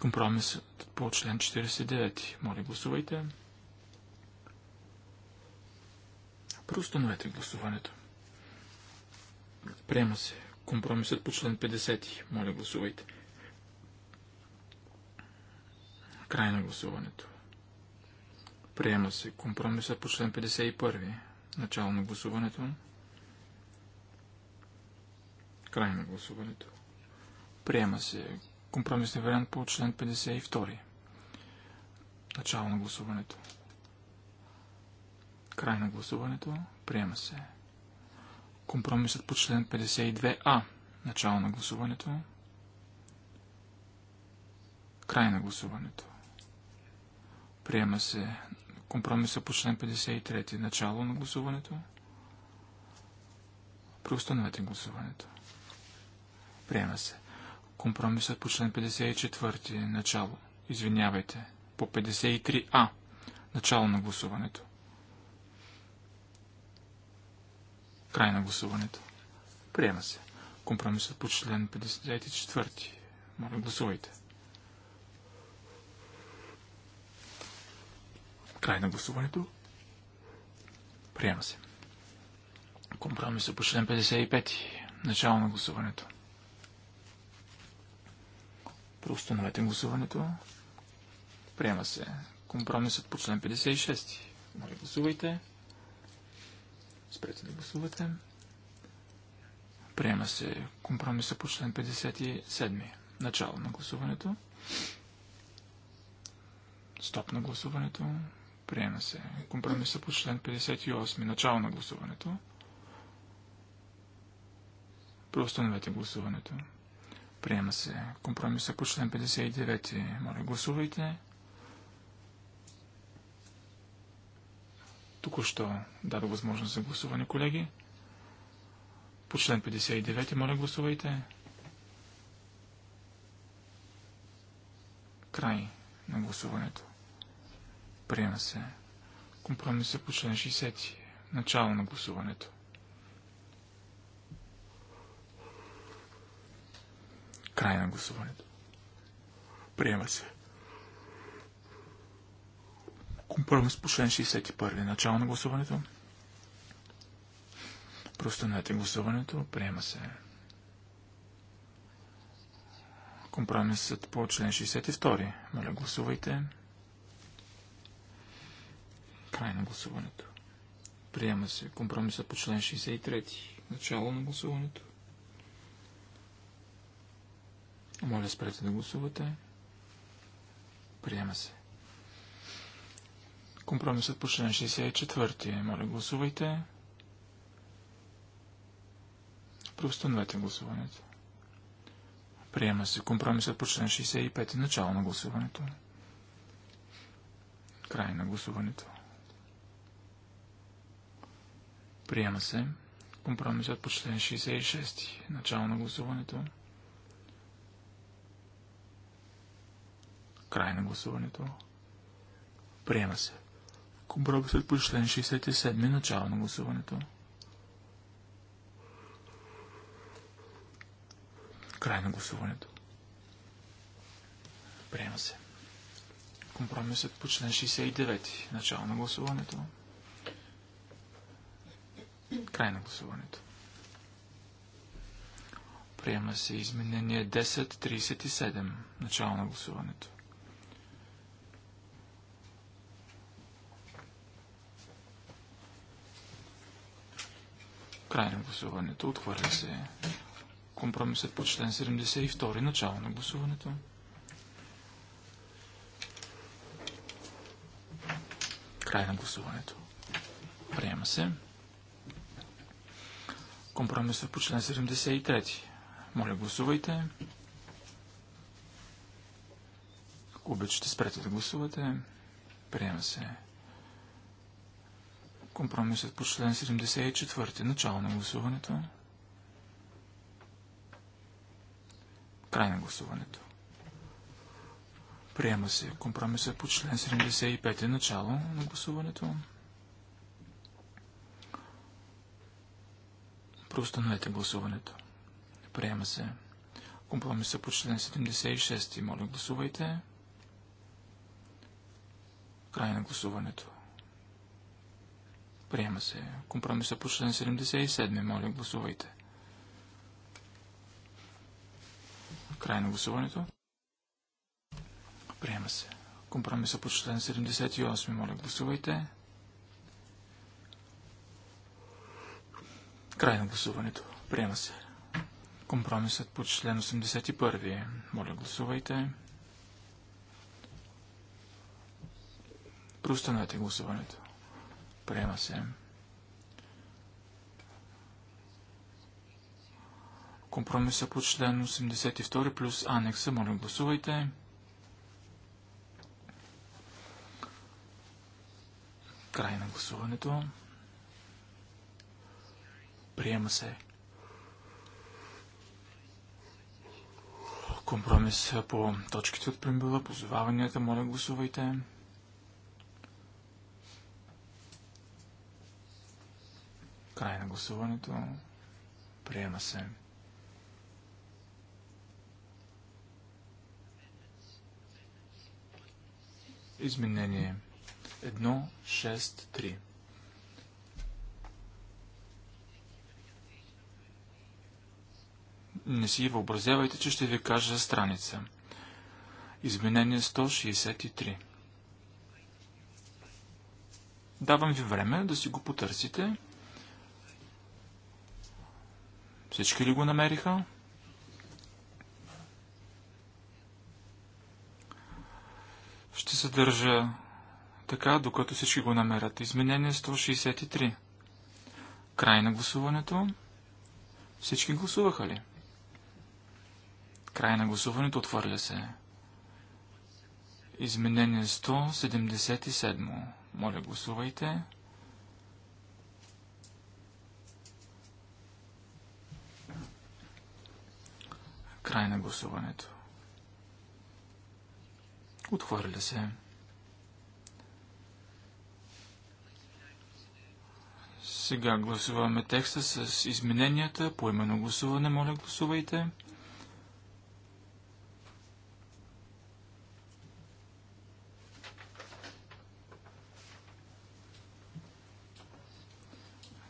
Компромисът по член 49. Моля, гласувайте. Проустановете гласуването. Приема се. Компромисът по член 50. Моля, гласувайте. Край на гласуването. Приема се. Компромисът по член 51. Начало на гласуването. Край на гласуването. Приема се компромисния вариант по член 52. Начало на гласуването. Край на гласуването. Приема се. Компромисът по член 52а. Начало на гласуването. Край на гласуването. Приема се Компромисът по член 53. Начало на гласуването. Преустановете гласуването. Приема се. Компромисът по член 54. Начало. Извинявайте. По 53А. Начало на гласуването. Край на гласуването. Приема се. Компромисът по член 54. Моля, гласувайте. Край на гласуването. Приема се. Компромисът по член 55. Начало на гласуването. Преустановете гласуването. Приема се. Компромисът по член 56. Моля, гласувайте. Спрете да гласувате. Приема се компромиса по член 57. Начало на гласуването. Стоп на гласуването. Приема се компромиса по член 58. Начало на гласуването. Преустановете гласуването. Приема се компромиса по член 59. Моля, гласувайте. Току-що дадох възможност за гласуване, колеги. По член 59, моля, гласувайте. Край на гласуването. Приема се компромиса по член 60. Начало на гласуването. Край на гласуването. Приема се. Компромис по член 61. Начало на гласуването. Простанете гласуването. Приема се. Компромисът по член 62. Моля, гласувайте. Край на гласуването. Приема се компромисът по член 63. Начало на гласуването. Моля, спрете да гласувате. Приема се. Компромисът по член 64. Моля, гласувайте. Преустановете гласуването. Приема се компромисът по член 65. Начало на гласуването. Край на гласуването. Приема се компромисът по член 66. Начало на гласуването. Край на гласуването. Приема се. Компромисът е по член 67. Начало на гласуването. Край на гласуването. Приема се. Компромисът по член 69. Начало на гласуването. Край на гласуването. Приема се изменение 1037. Начало на гласуването. Край на гласуването. Отхвърля се. Компромисът по член 72. Начало на гласуването. Край на гласуването. Приема се. Компромисът по член 73. Моля, гласувайте. Ако обичате, спрете да гласувате. Приема се. Компромисът по член 74. Начало на гласуването. Край на гласуването. Приема се компромисът по член 75. Начало на гласуването. Проустановете гласуването. Приема се компромисът по член 76. Моля, гласувайте. Край на гласуването. Приема се. Компромиса по член 77. Моля, гласувайте. Край на гласуването. Приема се. Компромиса по член 78. Моля, гласувайте. Край на гласуването. Приема се. Компромисът по член 81. Моля, гласувайте. Преустановете гласуването. Приема се. Компромиса по член 82 плюс анекса. Моля, гласувайте. Край на гласуването. Приема се. Компромис по точките от примбила, позоваванията, моля гласувайте. Край на гласуването. Приема се. Изменение 1.6.3 Не си въобразявайте, че ще ви кажа страница. Изменение 163 Давам ви време да си го потърсите. Всички ли го намериха? Ще се държа така, докато всички го намерят. Изменение 163. Край на гласуването. Всички гласуваха ли? Край на гласуването отвърля се. Изменение 177. Моля, гласувайте. Край на гласуването. Отхвърля се. Сега гласуваме текста с измененията. По именно гласуване, моля, гласувайте.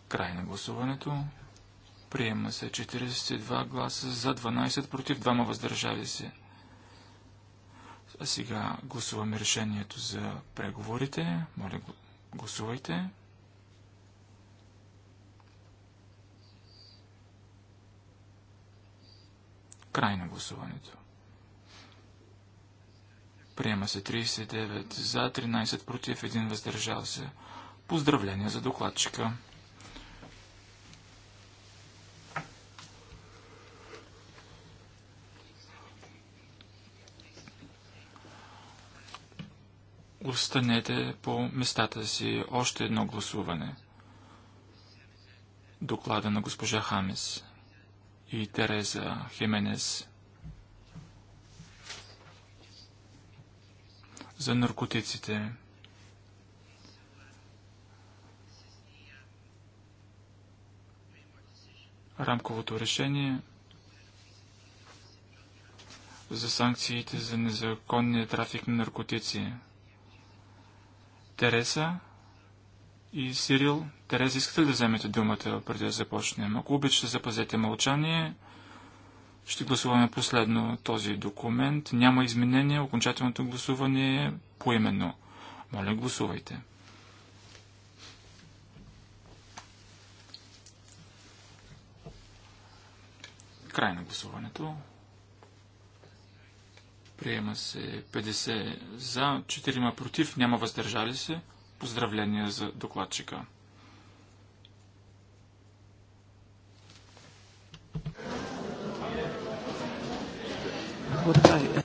Край на гласуването. Приема се 42 гласа за 12 против 2 въздържали се. А сега гласуваме решението за преговорите. Моля, гласувайте. Край на гласуването. Приема се 39 за, 13 против, 1 въздържал се. Поздравления за докладчика. останете по местата си още едно гласуване. Доклада на госпожа Хамес и Тереза Хименес за наркотиците. Рамковото решение за санкциите за незаконния трафик на наркотици. Тереса и Сирил. Тереза, искате ли да вземете думата преди да започнем? Ако обичате, запазете мълчание. Ще гласуваме последно този документ. Няма изменения. Окончателното гласуване е поименно. Моля, гласувайте. Край на гласуването. Приема се 50 за, 4 против, няма въздържали се. Поздравления за докладчика. Благодаря.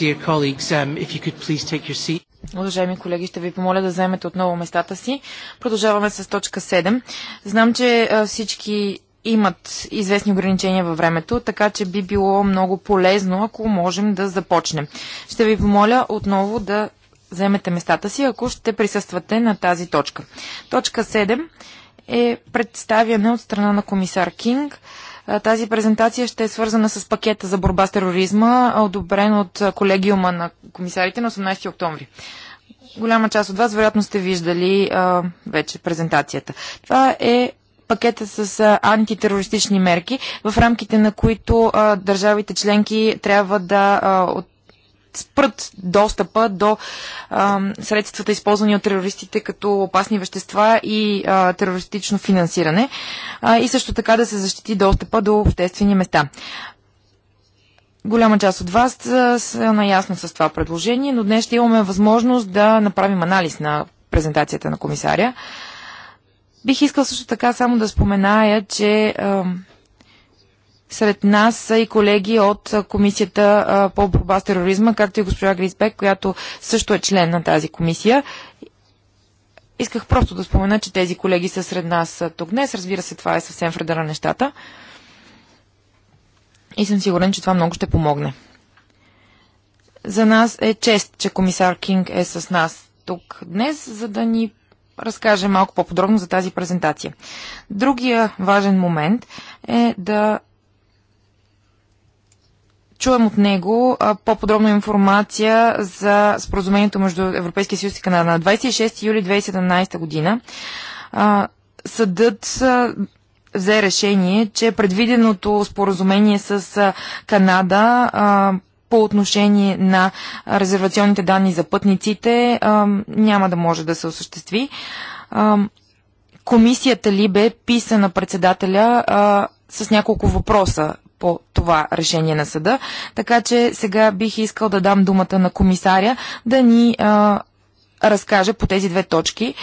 Um, Уважаеми колеги, ще ви помоля да вземете отново местата си. Продължаваме с точка 7. Знам, че всички имат известни ограничения във времето, така че би било много полезно, ако можем да започнем. Ще ви помоля отново да вземете местата си, ако ще присъствате на тази точка. Точка 7 е представяне от страна на комисар Кинг тази презентация ще е свързана с пакета за борба с тероризма, одобрен от колегиума на комисарите на 18 октомври. Голяма част от вас вероятно сте виждали а, вече презентацията. Това е пакета с а, антитерористични мерки, в рамките на които а, държавите членки трябва да а, от спрат достъпа до а, средствата, използвани от терористите като опасни вещества и а, терористично финансиране а, и също така да се защити достъпа до обществени места. Голяма част от вас са наясно с това предложение, но днес ще имаме възможност да направим анализ на презентацията на комисаря. Бих искал също така само да споменая, че сред нас са и колеги от Комисията по борба с тероризма, както и госпожа Гризбек, която също е член на тази комисия. Исках просто да спомена, че тези колеги са сред нас тук днес. Разбира се, това е съвсем вреда на нещата. И съм сигурен, че това много ще помогне. За нас е чест, че комисар Кинг е с нас тук днес, за да ни разкаже малко по-подробно за тази презентация. Другия важен момент е да чуем от него по-подробна информация за споразумението между Европейския съюз и Канада. На 26 юли 2017 година съдът взе решение, че предвиденото споразумение с Канада по отношение на резервационните данни за пътниците няма да може да се осъществи. комисията ли бе писа на председателя с няколко въпроса това решение на съда. Така че сега бих искал да дам думата на комисаря да ни а, разкаже по тези две точки.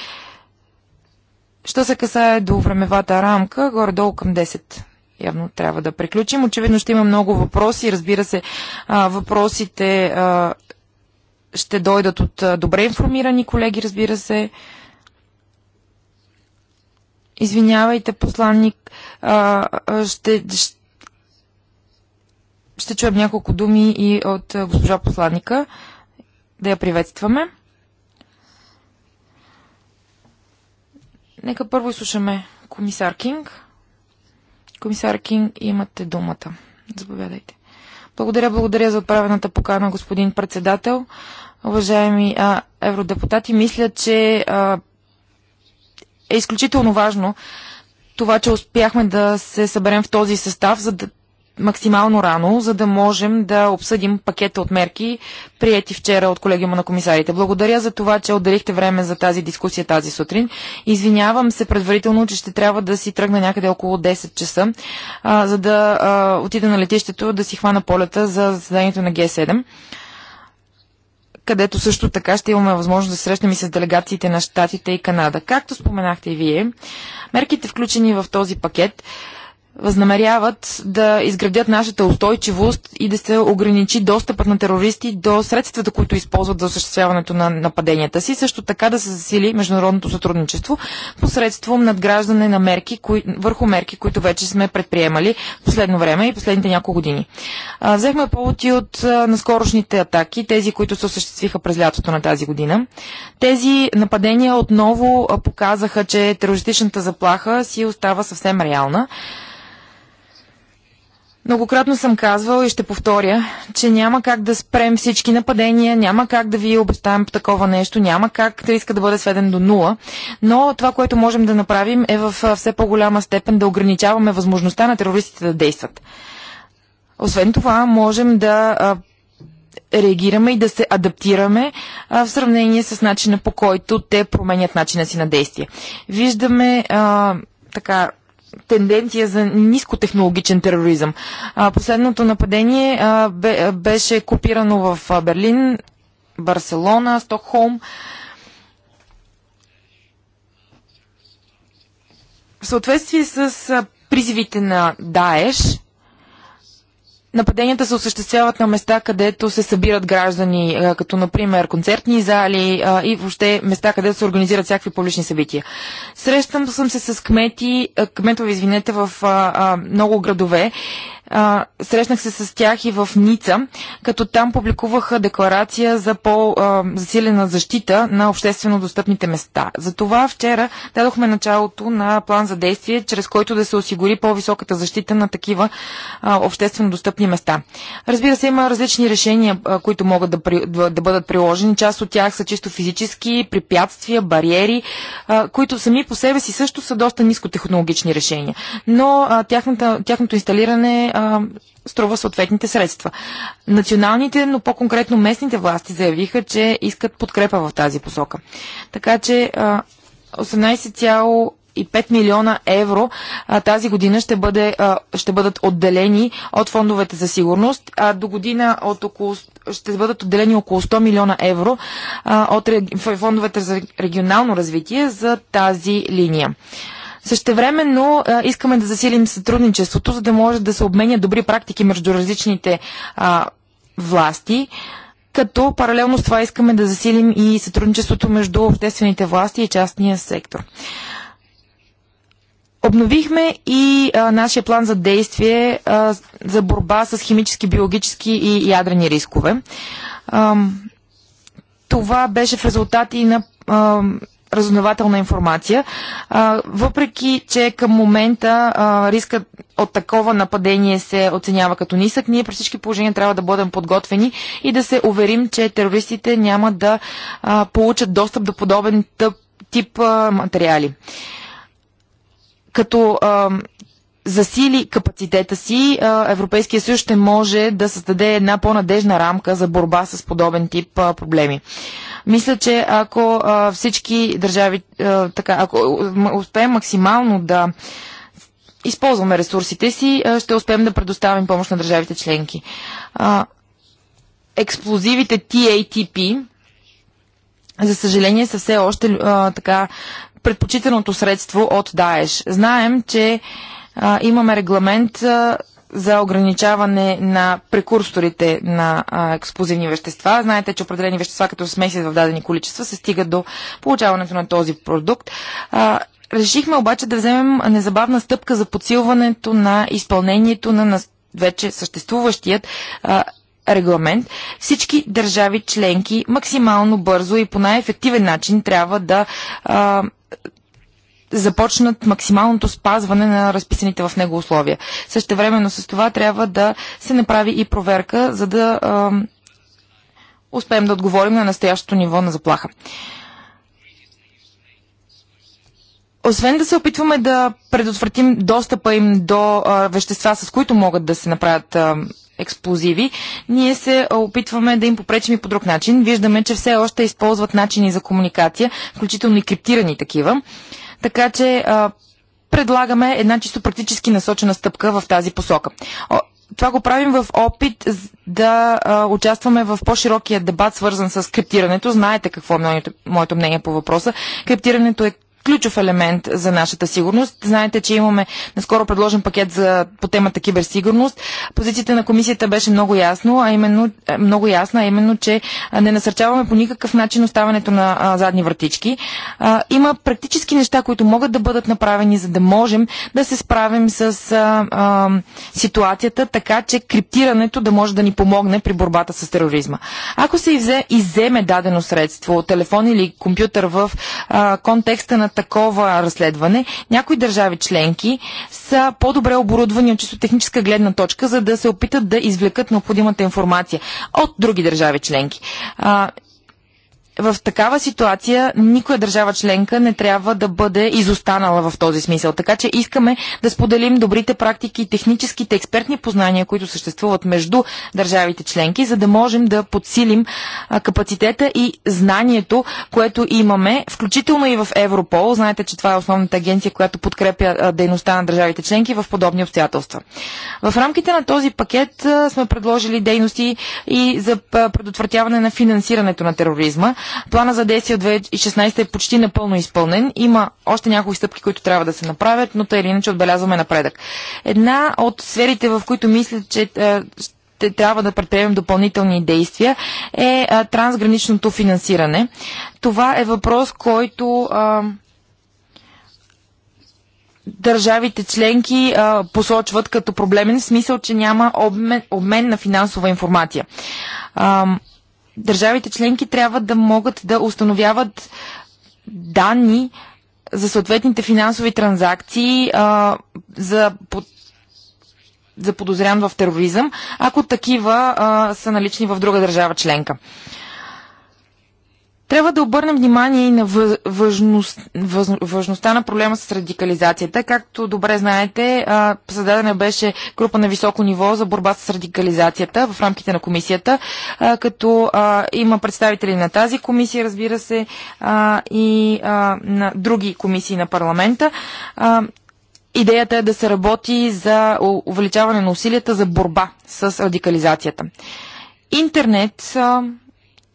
Що се касае до времевата рамка, горе-долу към 10 явно трябва да приключим. Очевидно ще има много въпроси. Разбира се, а, въпросите а, ще дойдат от а, добре информирани колеги, разбира се. Извинявайте, посланник, а, ще, ще ще чуем няколко думи и от госпожа посланника. Да я приветстваме. Нека първо изслушаме комисар Кинг. Комисар Кинг, имате думата. Заповядайте. Благодаря, благодаря за отправената покана, господин председател. Уважаеми а, евродепутати, мисля, че а, е изключително важно това, че успяхме да се съберем в този състав, за да максимално рано, за да можем да обсъдим пакета от мерки, приети вчера от колегиума на комисарите. Благодаря за това, че отделихте време за тази дискусия тази сутрин. Извинявам се предварително, че ще трябва да си тръгна някъде около 10 часа, а, за да а, отида на летището, да си хвана полета за заседанието на Г7 където също така ще имаме възможност да срещнем и с делегациите на Штатите и Канада. Както споменахте и вие, мерките включени в този пакет възнамеряват да изградят нашата устойчивост и да се ограничи достъпът на терористи до средствата, които използват за осъществяването на нападенията си. Също така да се засили международното сътрудничество посредством надграждане на мерки, кои, върху мерки, които вече сме предприемали в последно време и последните няколко години. А, взехме повод и от а, наскорошните атаки, тези, които се осъществиха през лятото на тази година. Тези нападения отново а, показаха, че терористичната заплаха си остава съвсем реална. Многократно съм казвал и ще повторя, че няма как да спрем всички нападения, няма как да ви обещаем такова нещо, няма как да иска да бъде сведен до нула, но това, което можем да направим е в все по-голяма степен да ограничаваме възможността на терористите да действат. Освен това, можем да реагираме и да се адаптираме а, в сравнение с начина по който те променят начина си на действие. Виждаме а, така тенденция за нискотехнологичен тероризъм. А, последното нападение а, бе, беше копирано в а, Берлин, Барселона, Стокхолм. В съответствие с а, призивите на Даеш, Нападенията се осъществяват на места, където се събират граждани, като например концертни зали и въобще места, където се организират всякакви публични събития. Срещам съм се с кмети, кметове, извинете, в много градове а, срещнах се с тях и в Ница, като там публикуваха декларация за по-засилена защита на обществено достъпните места. Затова вчера дадохме началото на план за действие, чрез който да се осигури по-високата защита на такива а, обществено достъпни места. Разбира се, има различни решения, а, които могат да, при, да, да бъдат приложени. Част от тях са чисто физически, препятствия, бариери, а, които сами по себе си също са доста нискотехнологични решения. Но а, тяхната, тяхното инсталиране а, струва съответните средства. Националните, но по-конкретно местните власти заявиха, че искат подкрепа в тази посока. Така че а, 18, и 5 милиона евро а, тази година ще, бъде, а, ще бъдат отделени от фондовете за сигурност, а до година от около, ще бъдат отделени около 100 милиона евро а, от фондовете за регионално развитие за тази линия. Същевременно а, искаме да засилим сътрудничеството, за да може да се обменя добри практики между различните а, власти, като паралелно с това искаме да засилим и сътрудничеството между обществените власти и частния сектор. Обновихме и а, нашия план за действие а, за борба с химически, биологически и ядрени рискове. А, това беше в резултат и на а, разузнавателна информация, а, въпреки че към момента а, рискът от такова нападение се оценява като нисък, ние при всички положения трябва да бъдем подготвени и да се уверим, че терористите няма да а, получат достъп до подобен тъп, тип а, материали. Като а, засили капацитета си, Европейския съюз ще може да създаде една по-надежна рамка за борба с подобен тип проблеми. Мисля, че ако всички държави, така, ако успеем максимално да използваме ресурсите си, ще успеем да предоставим помощ на държавите членки. Експлозивите TATP, за съжаление, са все още така предпочитаното средство от Даеш. Знаем, че имаме регламент за ограничаване на прекурсорите на експозивни експлозивни вещества. Знаете, че определени вещества, като смесят в дадени количества, се стигат до получаването на този продукт. А, решихме обаче да вземем незабавна стъпка за подсилването на изпълнението на, на вече съществуващият а, регламент, всички държави членки максимално бързо и по най-ефективен начин трябва да а, започнат максималното спазване на разписаните в него условия. Същевременно с това трябва да се направи и проверка, за да а, успеем да отговорим на настоящото ниво на заплаха. Освен да се опитваме да предотвратим достъпа им до а, вещества, с които могат да се направят а, експлозиви, ние се опитваме да им попречим и по друг начин. Виждаме, че все още използват начини за комуникация, включително и криптирани такива. А, така че а, предлагаме една чисто практически насочена стъпка в тази посока. Това го правим в опит да а, участваме в по-широкия дебат, свързан с криптирането. Знаете какво е моето мнение по въпроса. Криптирането е ключов елемент за нашата сигурност. Знаете, че имаме наскоро предложен пакет за, по темата киберсигурност. Позицията на комисията беше много ясно, а именно, е, много ясна, а именно, че не насърчаваме по никакъв начин оставането на а, задни вратички. А, има практически неща, които могат да бъдат направени, за да можем да се справим с а, а, ситуацията, така че криптирането да може да ни помогне при борбата с тероризма. Ако се изземе дадено средство, телефон или компютър в а, контекста на такова разследване, някои държави членки са по-добре оборудвани от чисто техническа гледна точка, за да се опитат да извлекат необходимата информация от други държави членки. А, в такава ситуация никоя държава членка не трябва да бъде изостанала в този смисъл. Така че искаме да споделим добрите практики, техническите експертни познания, които съществуват между държавите членки, за да можем да подсилим капацитета и знанието, което имаме, включително и в Европол. Знаете, че това е основната агенция, която подкрепя дейността на държавите членки в подобни обстоятелства. В рамките на този пакет сме предложили дейности и за предотвратяване на финансирането на тероризма. Плана за действие от 2016 е почти напълно изпълнен. Има още някои стъпки, които трябва да се направят, но тъй или иначе отбелязваме напредък. Една от сферите, в които мисля, че е, ще трябва да предприемем допълнителни действия е, е трансграничното финансиране. Това е въпрос, който държавите членки а, посочват като проблемен, в смисъл, че няма обмен, обмен на финансова информация. А, държавите членки трябва да могат да установяват данни за съответните финансови транзакции а, за под подозрян в тероризъм, ако такива а, са налични в друга държава членка. Трябва да обърнем внимание и на въз, важността на проблема с радикализацията. Както добре знаете, създадена беше група на високо ниво за борба с радикализацията в рамките на комисията, като има представители на тази комисия, разбира се, и на други комисии на парламента. Идеята е да се работи за увеличаване на усилията за борба с радикализацията. Интернет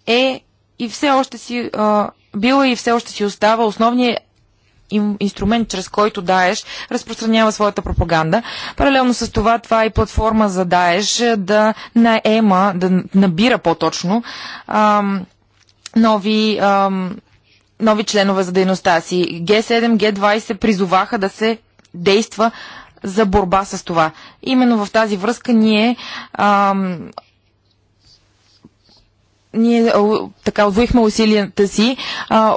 е и все още си а, била и все още си остава основният инструмент, чрез който Даеш разпространява своята пропаганда. Паралелно с това, това е и платформа за Даеш е, да наема, да набира по-точно нови, ам, нови членове за дейността си. Г7, Г20 призоваха да се действа за борба с това. Именно в тази връзка ние ам, ние така отвоихме усилията си,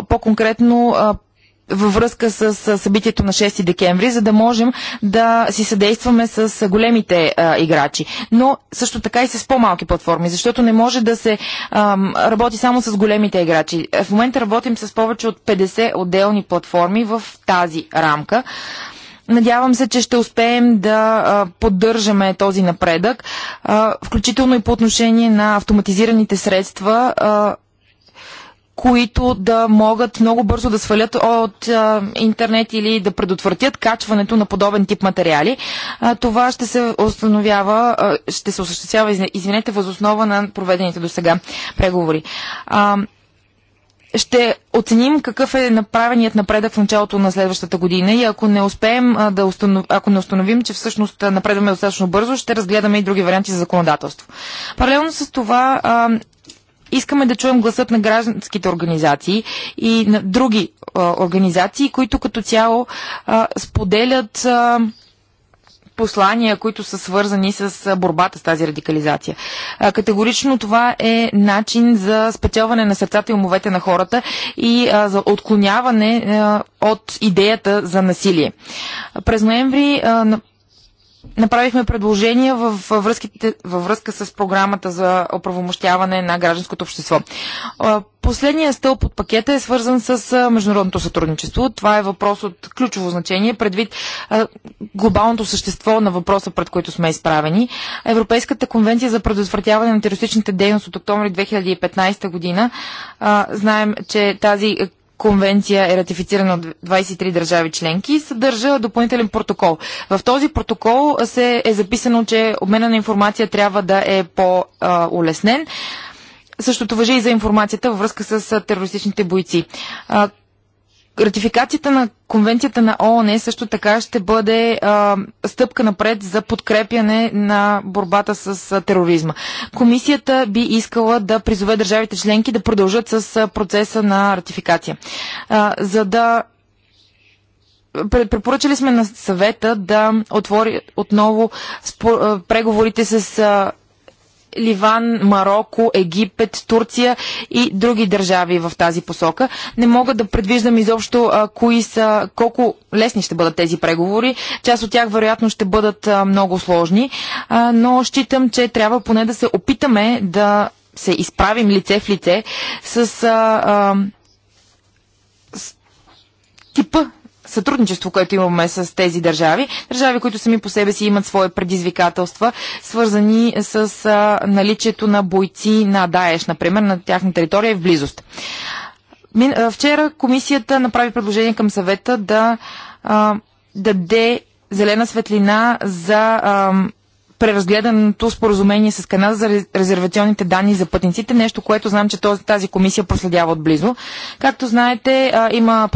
по-конкретно във връзка с събитието на 6 декември, за да можем да си съдействаме с големите а, играчи, но също така и с по-малки платформи, защото не може да се а, работи само с големите играчи. Е, в момента работим с повече от 50 отделни платформи в тази рамка. Надявам се, че ще успеем да поддържаме този напредък, включително и по отношение на автоматизираните средства, които да могат много бързо да свалят от а, интернет или да предотвратят качването на подобен тип материали. А, това ще се установява, а, ще се осъществява, извинете, възоснова на проведените до сега преговори. А, ще оценим какъв е направеният напредък в началото на следващата година и ако не успеем да установ... ако не установим, че всъщност напредваме достатъчно бързо, ще разгледаме и други варианти за законодателство. Паралелно с това а, искаме да чуем гласът на гражданските организации и на други а, организации, които като цяло а, споделят послания, които са свързани с борбата с тази радикализация. Категорично това е начин за спечелване на сърцата и умовете на хората и за отклоняване от идеята за насилие. През ноември направихме предложения във, връзките, във връзка с програмата за оправомощяване на гражданското общество. Последният стълб от пакета е свързан с международното сътрудничество. Това е въпрос от ключово значение предвид глобалното същество на въпроса, пред който сме изправени. Европейската конвенция за предотвратяване на терористичните дейности от октомври 2015 година. Знаем, че тази конвенция е ратифицирана от 23 държави членки и съдържа допълнителен протокол. В този протокол се е записано, че обмена на информация трябва да е по-улеснен. Същото въжи и за информацията във връзка с терористичните бойци. Ратификацията на Конвенцията на ООН също така ще бъде а, стъпка напред за подкрепяне на борбата с а, тероризма. Комисията би искала да призове държавите членки да продължат с а, процеса на ратификация. А, за да препоръчали сме на съвета да отвори отново преговорите с Ливан, Марокко, Египет, Турция и други държави в тази посока. Не мога да предвиждам изобщо а, кои са, колко лесни ще бъдат тези преговори. Част от тях вероятно ще бъдат а, много сложни, а, но считам, че трябва поне да се опитаме да се изправим лице в лице с а, а, с типа сътрудничество, което имаме с тези държави. Държави, които сами по себе си имат свои предизвикателства, свързани с а, наличието на бойци на Даеш, например, на тяхна територия и в близост. Мин, а, вчера комисията направи предложение към съвета да а, даде зелена светлина за а, преразгледаното споразумение с Канада за резервационните данни за пътниците, нещо, което знам, че този, тази комисия проследява отблизо. Както знаете, а, има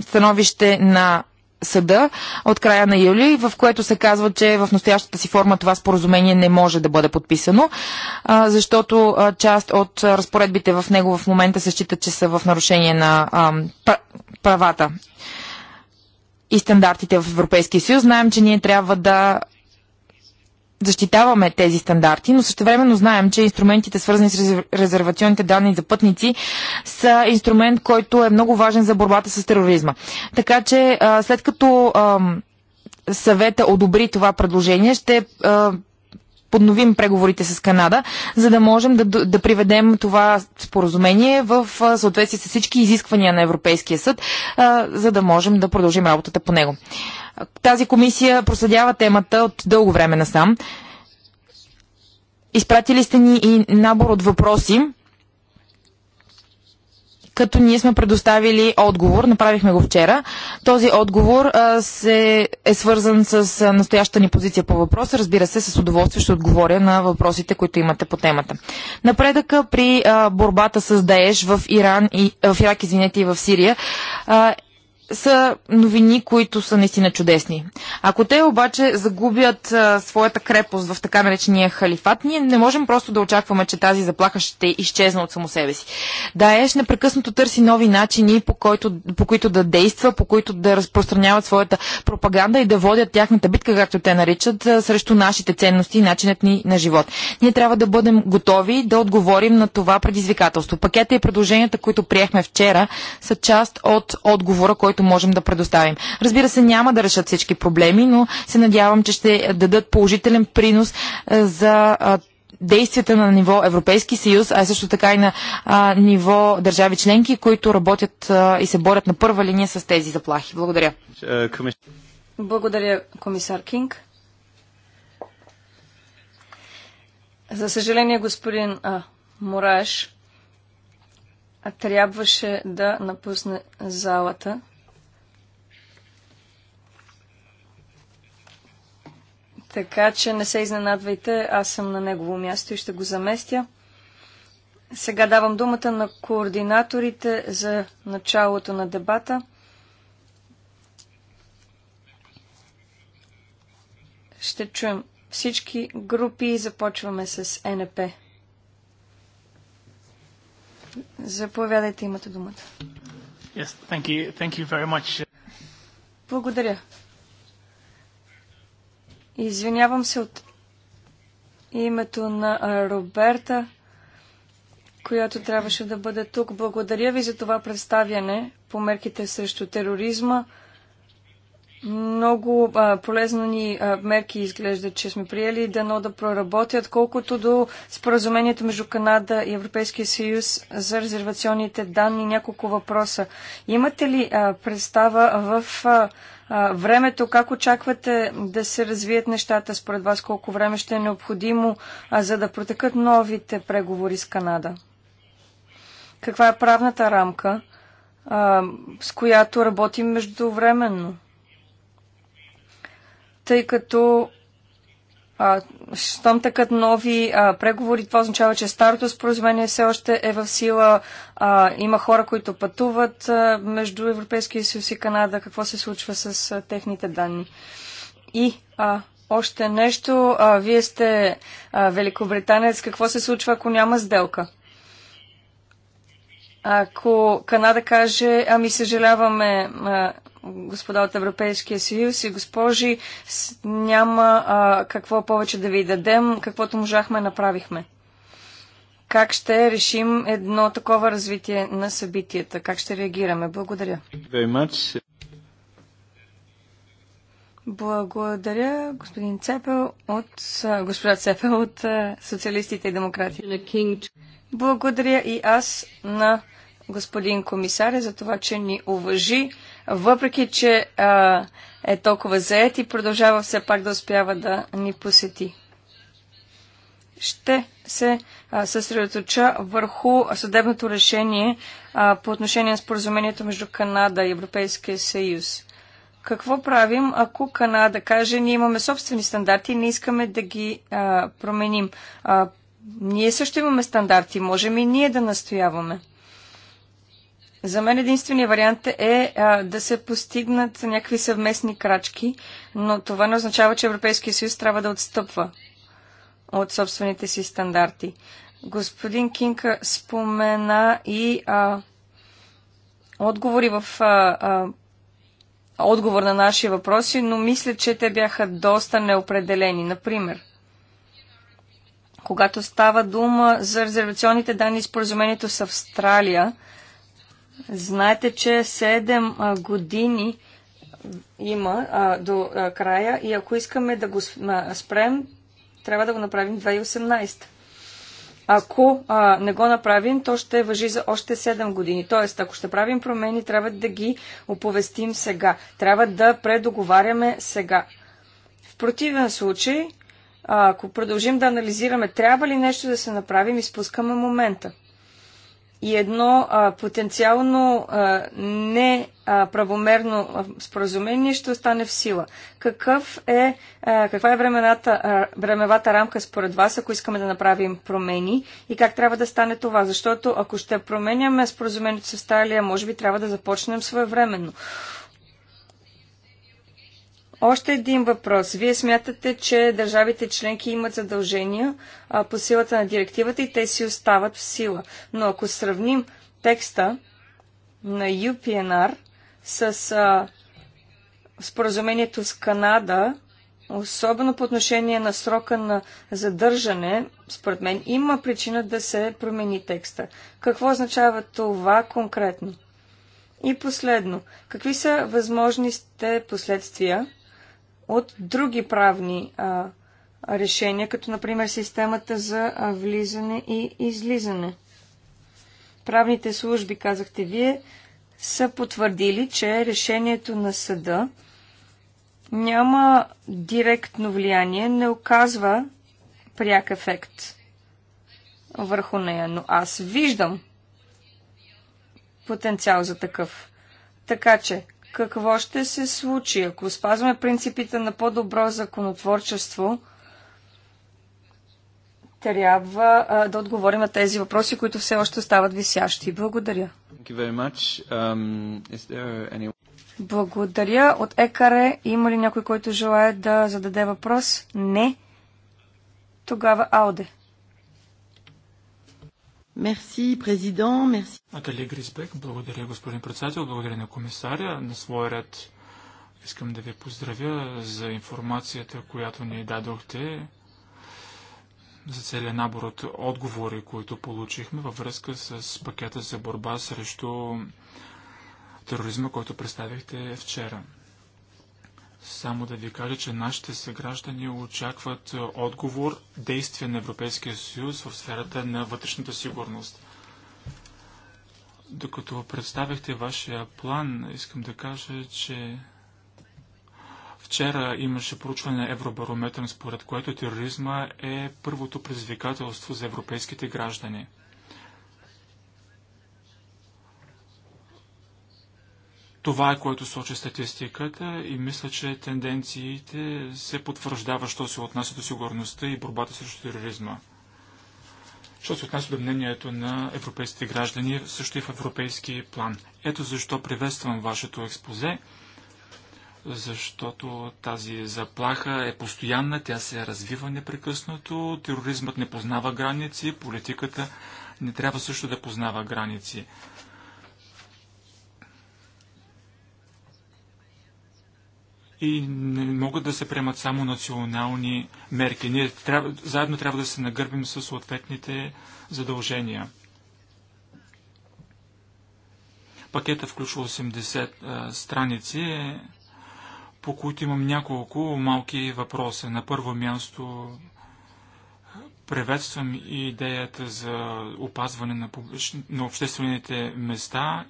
становище на съда от края на юли, в което се казва, че в настоящата си форма това споразумение не може да бъде подписано, защото част от разпоредбите в него в момента се считат, че са в нарушение на правата и стандартите в Европейския съюз. Знаем, че ние трябва да защитаваме тези стандарти, но същевременно знаем, че инструментите, свързани с резервационните данни за пътници, са инструмент, който е много важен за борбата с тероризма. Така че, след като съвета одобри това предложение, ще подновим преговорите с Канада, за да можем да, да приведем това споразумение в съответствие с всички изисквания на Европейския съд, за да можем да продължим работата по него. Тази комисия проследява темата от дълго време насам. Изпратили сте ни и набор от въпроси, като ние сме предоставили отговор, направихме го вчера. Този отговор а, се, е свързан с а, настоящата ни позиция по въпроса. Разбира се, с удоволствие ще отговоря на въпросите, които имате по темата. Напредъка при а, борбата с Даеш в Иран и в Ирак, извинете, и в Сирия а, са новини, които са наистина чудесни. Ако те обаче загубят а, своята крепост в така наречения халифат, ние не можем просто да очакваме, че тази заплаха ще изчезне от само себе си. Даеш непрекъснато търси нови начини, по, който, по които да действа, по които да разпространяват своята пропаганда и да водят тяхната битка, както те наричат, а, срещу нашите ценности и начинът ни на живот. Ние трябва да бъдем готови да отговорим на това предизвикателство. Пакета и предложенията, които приехме вчера, са част от отговора, който което можем да предоставим. Разбира се, няма да решат всички проблеми, но се надявам, че ще дадат положителен принос е, за действията на ниво Европейски съюз, а също така и на а, ниво държави членки, които работят а, и се борят на първа линия с тези заплахи. Благодаря. Благодаря, комисар Кинг. За съжаление, господин а, Мураш трябваше да напусне залата. Така че не се изненадвайте, аз съм на негово място и ще го заместя. Сега давам думата на координаторите за началото на дебата. Ще чуем всички групи и започваме с НП. Заповядайте, имате думата. Yes, thank you. Thank you very much. Благодаря. Извинявам се от името на Роберта, която трябваше да бъде тук. Благодаря ви за това представяне по мерките срещу тероризма. Много а, полезно ни а, мерки изглежда, че сме приели дано да проработят, колкото до споразумението между Канада и Европейския съюз за резервационните данни. Няколко въпроса. Имате ли а, представа в а, времето, как очаквате да се развият нещата според вас? Колко време ще е необходимо, а, за да протекат новите преговори с Канада? Каква е правната рамка, а, с която работим междувременно? Тъй като щом такът нови а, преговори, това означава, че старото споразумение все още е в сила. А, има хора, които пътуват а, между Европейския съюз и Канада. Какво се случва с а, техните данни? И а, още нещо. А, вие сте а, великобританец. Какво се случва, ако няма сделка? Ако Канада каже, ами съжаляваме, а, господа от Европейския съюз и госпожи, няма а, какво повече да ви дадем, каквото можахме, направихме. Как ще решим едно такова развитие на събитията? Как ще реагираме? Благодаря. Благодаря, господин Цепел от, господа Цепел от Социалистите и Демократи. Благодаря и аз на господин комисаря за това, че ни уважи въпреки че а, е толкова заед и продължава все пак да успява да ни посети. Ще се съсредоточа върху съдебното решение а, по отношение на споразумението между Канада и Европейския съюз. Какво правим, ако Канада каже, ние имаме собствени стандарти и не искаме да ги а, променим? А, ние също имаме стандарти, можем и ние да настояваме. За мен единствения вариант е а, да се постигнат някакви съвместни крачки, но това не означава, че Европейския съюз трябва да отстъпва от собствените си стандарти. Господин Кинка спомена и а, отговори в а, а, отговор на наши въпроси, но мисля, че те бяха доста неопределени. Например, когато става дума за резервационните данни и споразумението с Австралия, Знаете, че 7 години има а, до а, края и ако искаме да го спрем, трябва да го направим 2018. Ако а, не го направим, то ще въжи за още 7 години. Тоест, ако ще правим промени, трябва да ги оповестим сега. Трябва да предоговаряме сега. В противен случай, а, ако продължим да анализираме трябва ли нещо да се направим, изпускаме момента и едно а, потенциално а, неправомерно споразумение ще остане в сила. Какъв е, а, каква е времената, а, времевата рамка според вас, ако искаме да направим промени и как трябва да стане това? Защото ако ще променяме споразумението с Австралия, може би трябва да започнем своевременно. Още един въпрос. Вие смятате, че държавите членки имат задължения а, по силата на директивата и те си остават в сила. Но ако сравним текста на UPNR с а, споразумението с Канада, особено по отношение на срока на задържане, според мен има причина да се промени текста. Какво означава това конкретно? И последно, какви са възможните последствия от други правни а, решения, като например системата за влизане и излизане. Правните служби, казахте вие, са потвърдили, че решението на съда няма директно влияние, не оказва пряк ефект върху нея, но аз виждам потенциал за такъв. Така че, какво ще се случи. Ако спазваме принципите на по-добро законотворчество, трябва а, да отговорим на тези въпроси, които все още стават висящи. Благодаря. Um, any... Благодаря. От Екаре има ли някой, който желая да зададе въпрос? Не. Тогава Ауде. Мерси, президент, мерси. Натали Гризбек, благодаря господин председател, благодаря на комисаря. На свой ред искам да ви поздравя за информацията, която ни дадохте за целият набор от отговори, които получихме във връзка с пакета за борба срещу тероризма, който представихте вчера. Само да ви кажа, че нашите съграждани очакват е, отговор, действие на Европейския съюз в сферата на вътрешната сигурност. Докато представихте вашия план, искам да кажа, че вчера имаше проучване на Евробарометър, според което тероризма е първото предизвикателство за европейските граждани – Това е което сочи статистиката и мисля, че тенденциите се потвърждава, що се отнася до сигурността и борбата срещу тероризма. Що се отнася до мнението на европейските граждани, също и в европейски план. Ето защо приветствам вашето експозе, защото тази заплаха е постоянна, тя се развива непрекъснато, тероризмът не познава граници, политиката не трябва също да познава граници. и не могат да се приемат само национални мерки. Ние трябва, заедно трябва да се нагърбим с съответните задължения. Пакета включва 80 а, страници, е, по които имам няколко малки въпроса. На първо място приветствам и идеята за опазване на, публич... на обществените места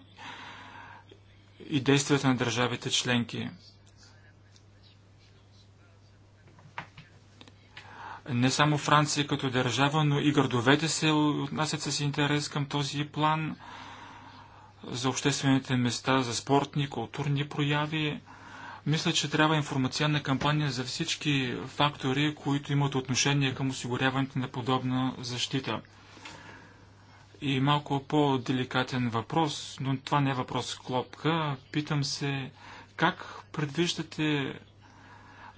и действията на държавите членки. Не само Франция като държава, но и градовете се отнасят с интерес към този план за обществените места, за спортни, културни прояви. Мисля, че трябва информационна кампания за всички фактори, които имат отношение към осигуряването на подобна защита. И малко по-деликатен въпрос, но това не е въпрос клопка. Питам се, как предвиждате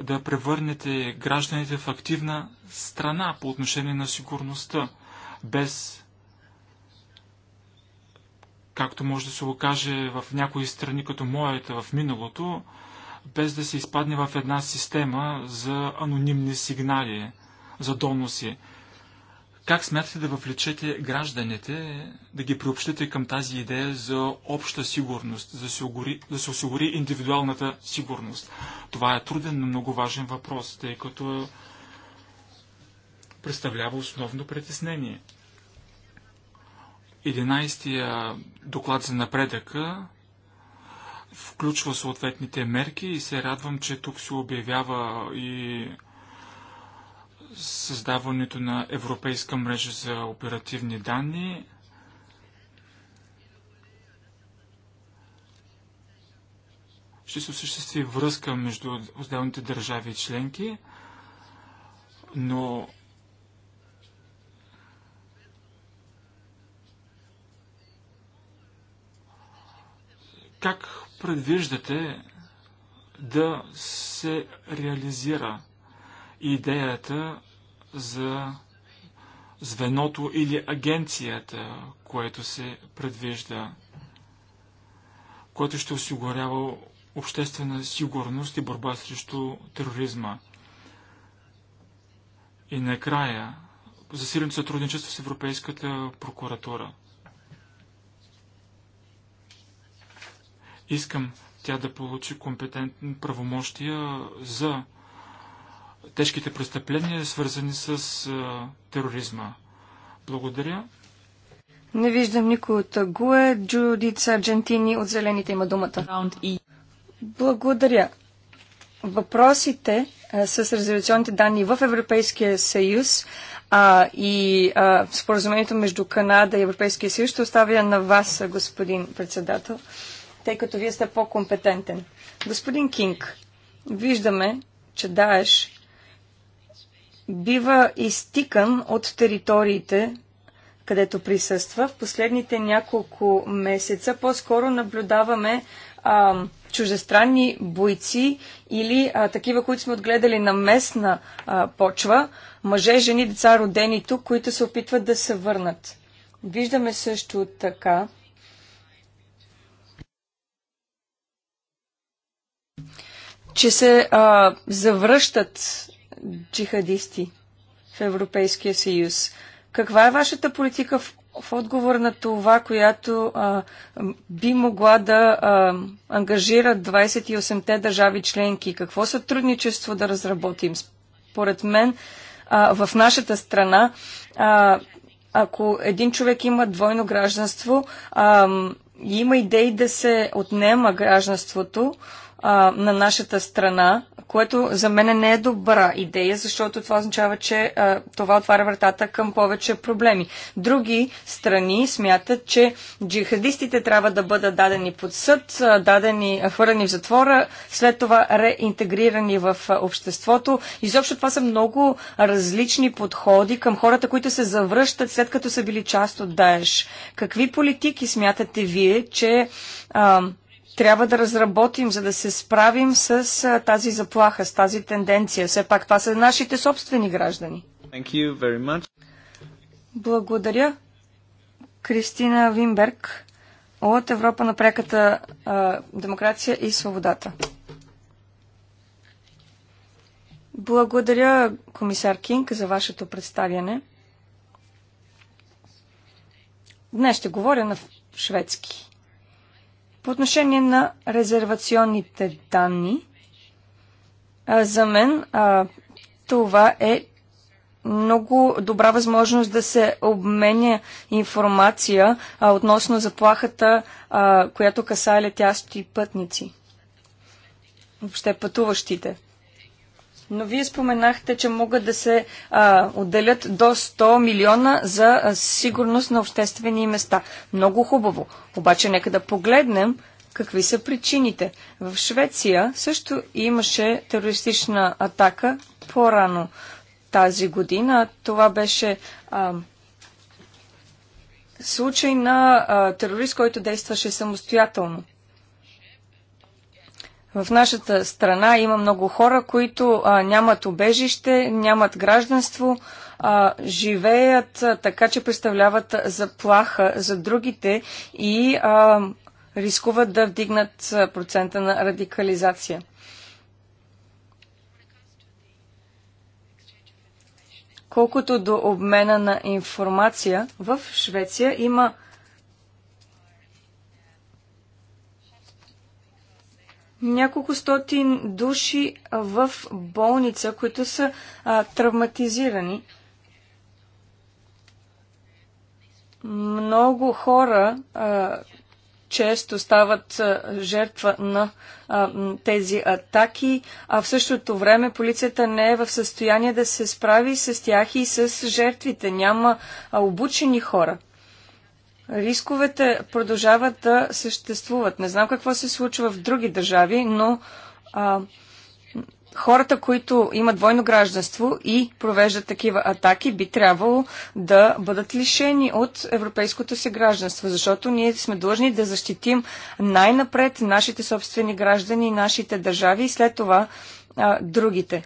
да превърнете гражданите в активна страна по отношение на сигурността, без, както може да се окаже в някои страни, като моята в миналото, без да се изпадне в една система за анонимни сигнали, за доноси. Как смятате да въвлечете гражданите, да ги приобщите към тази идея за обща сигурност, за да се, огори, да се осигури индивидуалната сигурност? Това е труден, но много важен въпрос, тъй като представлява основно притеснение. 11-я доклад за напредъка включва съответните мерки и се радвам, че тук се обявява и създаването на Европейска мрежа за оперативни данни. Ще се осъществи връзка между отделните държави и членки, но как предвиждате да се реализира идеята за звеното или агенцията, което се предвижда, което ще осигурява обществена сигурност и борба срещу тероризма. И накрая, засилено сътрудничество с Европейската прокуратура. Искам тя да получи компетентни правомощия за тежките престъпления, свързани с тероризма. Благодаря. Не виждам никой от Гуе. Джудица Арджентини от Зелените има думата. Благодаря. Въпросите с резервационните данни в Европейския съюз а, и а, споразумението между Канада и Европейския съюз ще оставя на вас, господин председател, тъй като вие сте по-компетентен. Господин Кинг, виждаме, че Даеш бива изтикан от териториите, където присъства. В последните няколко месеца по-скоро наблюдаваме а, чужестранни бойци или а, такива, които сме отгледали на местна а, почва, мъже, жени, деца, родени тук, които се опитват да се върнат. Виждаме също така че се а, завръщат джихадисти в Европейския съюз. Каква е вашата политика в, в отговор на това, която а, би могла да а, ангажира 28-те държави членки? Какво сътрудничество да разработим? Според мен, а, в нашата страна, а, ако един човек има двойно гражданство, а, има идеи да се отнема гражданството, а, на нашата страна, което за мен не е добра идея, защото това означава, че а, това отваря вратата към повече проблеми. Други страни смятат, че джихадистите трябва да бъдат дадени под съд, дадени, хвърлени в затвора, след това реинтегрирани в обществото. Изобщо това са много различни подходи към хората, които се завръщат след като са били част от Даеш. Какви политики смятате вие, че а, трябва да разработим, за да се справим с тази заплаха, с тази тенденция. Все пак това са нашите собствени граждани. Благодаря. Кристина Вимберг от Европа на преката демокрация и свободата. Благодаря, комисар Кинг, за вашето представяне. Днес ще говоря на шведски. По отношение на резервационните данни, за мен това е много добра възможност да се обменя информация а, относно заплахата, а, която касае летящи пътници. Въобще пътуващите. Но вие споменахте, че могат да се а, отделят до 100 милиона за сигурност на обществени места. Много хубаво. Обаче нека да погледнем какви са причините. В Швеция също имаше терористична атака по-рано тази година. Това беше а, случай на а, терорист, който действаше самостоятелно. В нашата страна има много хора, които а, нямат убежище, нямат гражданство, а, живеят а, така, че представляват заплаха за другите и а, рискуват да вдигнат процента на радикализация. Колкото до обмена на информация, в Швеция има няколко стотин души в болница, които са а, травматизирани. Много хора а, често стават а, жертва на а, тези атаки, а в същото време полицията не е в състояние да се справи с тях и с жертвите. Няма а, обучени хора. Рисковете продължават да съществуват. Не знам какво се случва в други държави, но а, хората, които имат двойно гражданство и провеждат такива атаки, би трябвало да бъдат лишени от европейското си гражданство, защото ние сме длъжни да защитим най-напред нашите собствени граждани и нашите държави и след това а, другите.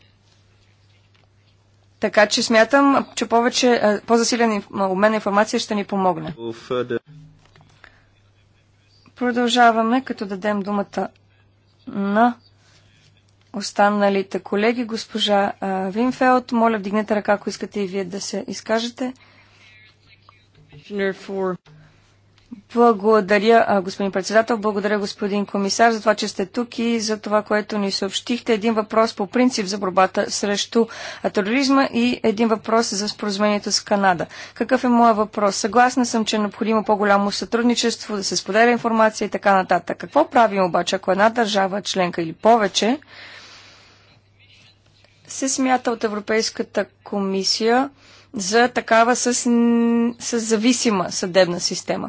Така че смятам, че повече, по-засилен обмен на информация ще ни помогне. Продължаваме, като дадем думата на останалите колеги. Госпожа Винфелд, моля вдигнете ръка, ако искате и вие да се изкажете. Благодаря, господин председател. Благодаря, господин комисар, за това, че сте тук и за това, което ни съобщихте. Един въпрос по принцип за борбата срещу тероризма и един въпрос за споразумението с Канада. Какъв е моят въпрос? Съгласна съм, че е необходимо по-голямо сътрудничество, да се споделя информация и така нататък. Какво правим обаче, ако една държава, членка или повече, се смята от Европейската комисия за такава с, с зависима съдебна система?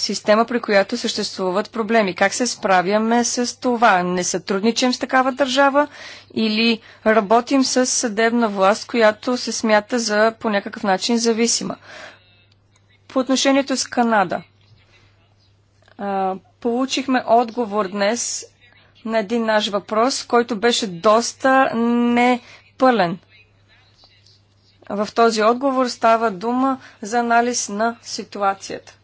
система, при която съществуват проблеми. Как се справяме с това? Не сътрудничим с такава държава или работим с съдебна власт, която се смята за по някакъв начин зависима? По отношението с Канада. получихме отговор днес на един наш въпрос, който беше доста непълен. В този отговор става дума за анализ на ситуацията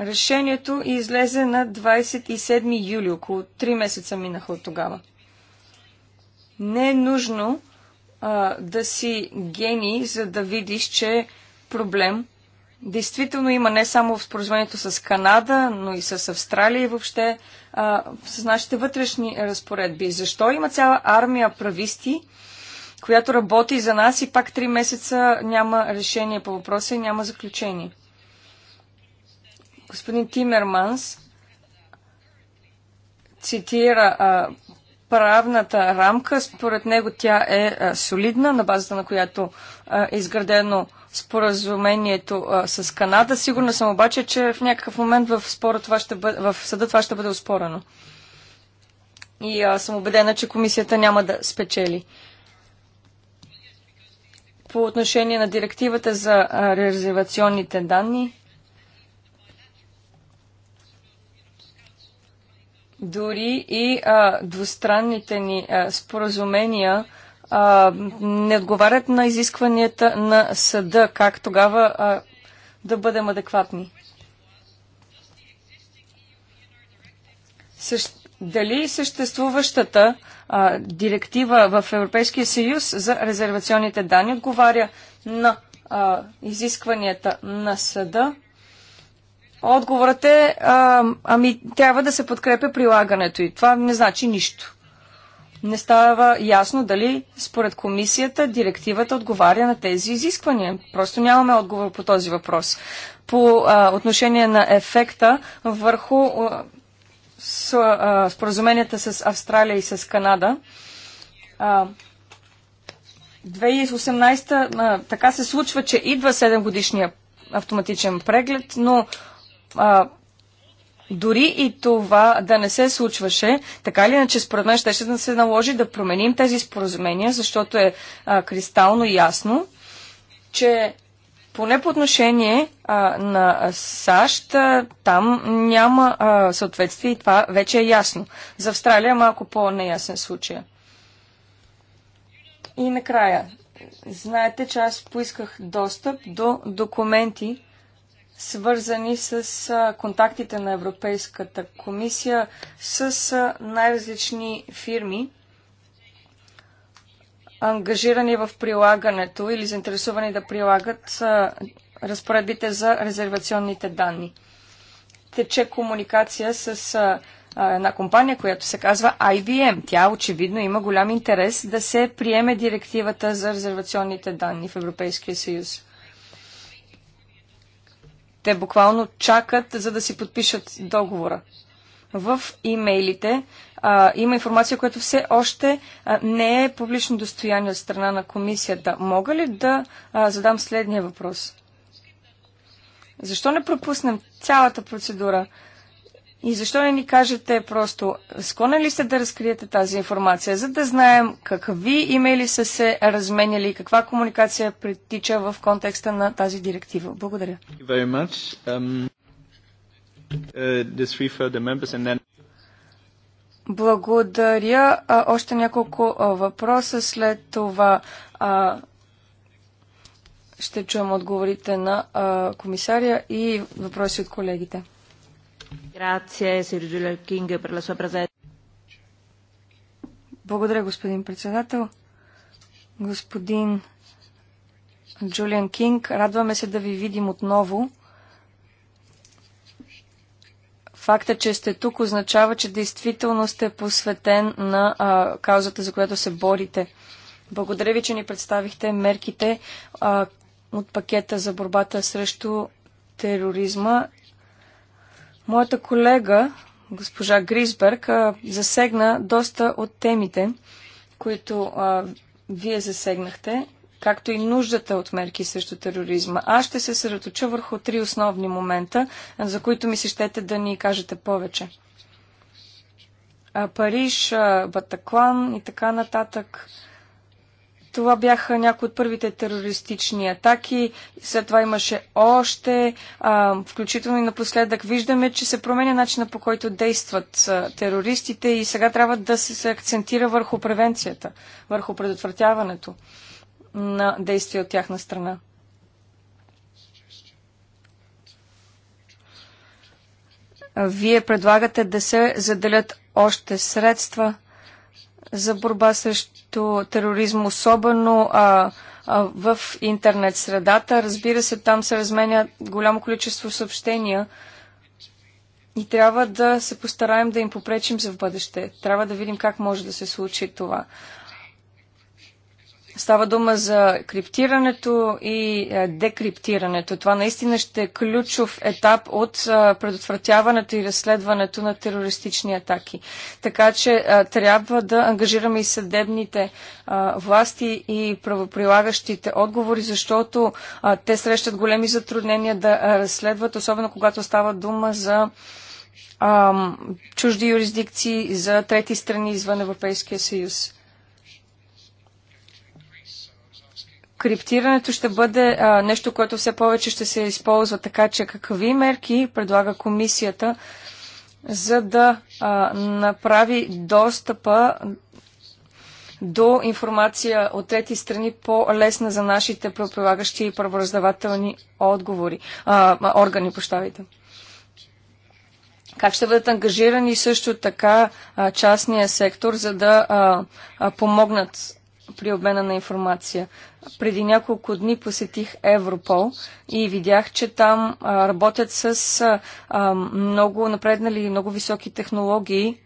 решението излезе на 27 юли. Около 3 месеца минаха от тогава. Не е нужно а, да си гений, за да видиш, че е проблем действително има не само в споразумението с Канада, но и с Австралия и въобще а, с нашите вътрешни разпоредби. Защо има цяла армия прависти, която работи за нас и пак 3 месеца няма решение по въпроса и няма заключение? Господин Тимерманс цитира а, правната рамка. Според него тя е а, солидна, на базата на която е изградено споразумението а, с Канада. Сигурна съм обаче, че в някакъв момент в, спора това ще бъде, в съда това ще бъде успорено. И а, съм убедена, че комисията няма да спечели. По отношение на директивата за резервационните данни, Дори и а, двустранните ни а, споразумения а, не отговарят на изискванията на съда. Как тогава а, да бъдем адекватни? Същ... Дали съществуващата а, директива в Европейския съюз за резервационните данни отговаря на а, изискванията на съда? Отговорът е, а, ами трябва да се подкрепя прилагането и това не значи нищо. Не става ясно дали според комисията директивата отговаря на тези изисквания. Просто нямаме отговор по този въпрос. По а, отношение на ефекта върху а, с, а, споразуменията с Австралия и с Канада, а, 2018 а, така се случва, че идва 7 годишния автоматичен преглед, но а, дори и това да не се случваше, така или иначе според мен ще, да се наложи да променим тези споразумения, защото е а, кристално ясно, че поне по отношение а, на САЩ, а, там няма а, съответствие и това вече е ясно. За Австралия е малко по-неясен случай. И накрая, знаете, че аз поисках достъп до документи, свързани с контактите на Европейската комисия с най-различни фирми, ангажирани в прилагането или заинтересувани да прилагат разпоредбите за резервационните данни. Тече комуникация с една компания, която се казва IBM. Тя очевидно има голям интерес да се приеме директивата за резервационните данни в Европейския съюз. Те буквално чакат, за да си подпишат договора. В имейлите а, има информация, която все още а, не е публично достояние от страна на комисията. Мога ли да а, задам следния въпрос? Защо не пропуснем цялата процедура? И защо не ни кажете просто, склонен ли сте да разкриете тази информация, за да знаем какви имейли са се разменяли и каква комуникация притича в контекста на тази директива? Благодаря. Um, uh, Благодаря. още няколко въпроса след това. ще чуем отговорите на комисаря и въпроси от колегите. Благодаря, господин председател. Господин Джулиан Кинг, радваме се да ви видим отново. Факта, че сте тук, означава, че действително сте посветен на а, каузата, за която се борите. Благодаря ви, че ни представихте мерките а, от пакета за борбата срещу тероризма Моята колега, госпожа Грисберг, засегна доста от темите, които а, вие засегнахте, както и нуждата от мерки срещу тероризма. Аз ще се съръточа върху три основни момента, за които ми се щете да ни кажете повече. А, Париж, а, Батаклан и така нататък. Това бяха някои от първите терористични атаки. След това имаше още, а, включително и напоследък виждаме, че се променя начина по който действат а, терористите и сега трябва да се, се акцентира върху превенцията, върху предотвратяването на действия от тяхна страна. Вие предлагате да се заделят още средства – за борба срещу тероризм, особено а, а, в интернет средата. Разбира се, там се разменя голямо количество съобщения и трябва да се постараем да им попречим за в бъдеще. Трябва да видим как може да се случи това. Става дума за криптирането и е, декриптирането. Това наистина ще е ключов етап от е, предотвратяването и разследването на терористични атаки. Така че е, трябва да ангажираме и съдебните власти и правоприлагащите отговори, защото те срещат големи затруднения да разследват, особено когато става дума за чужди юрисдикции за трети страни извън Европейския съюз. криптирането ще бъде а, нещо, което все повече ще се използва, така че какви мерки предлага комисията, за да а, направи достъпа до информация от трети страни по-лесна за нашите правоприлагащи и правораздавателни отговори, а, органи, пощавайте. Как ще бъдат ангажирани също така а, частния сектор, за да а, а, помогнат при обмена на информация? преди няколко дни посетих Европол и видях, че там работят с много напреднали и много високи технологии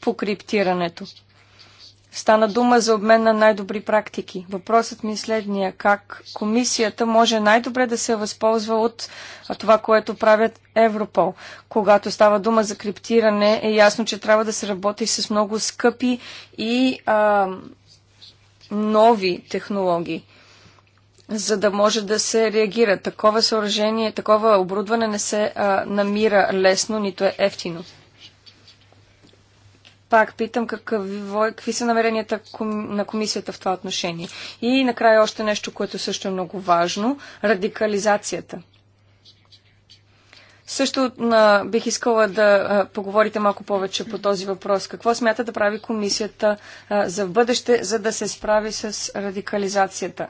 по криптирането. Стана дума за обмен на най-добри практики. Въпросът ми е следния. Как комисията може най-добре да се възползва от това, което правят Европол? Когато става дума за криптиране, е ясно, че трябва да се работи с много скъпи и а, нови технологии, за да може да се реагира. Такова съоръжение, такова оборудване не се а, намира лесно, нито е ефтино. Пак питам какво, какви са намеренията на комисията в това отношение. И накрая още нещо, което също е много важно – радикализацията – също на, бих искала да а, поговорите малко повече по този въпрос. Какво смята да прави комисията а, за в бъдеще, за да се справи с радикализацията?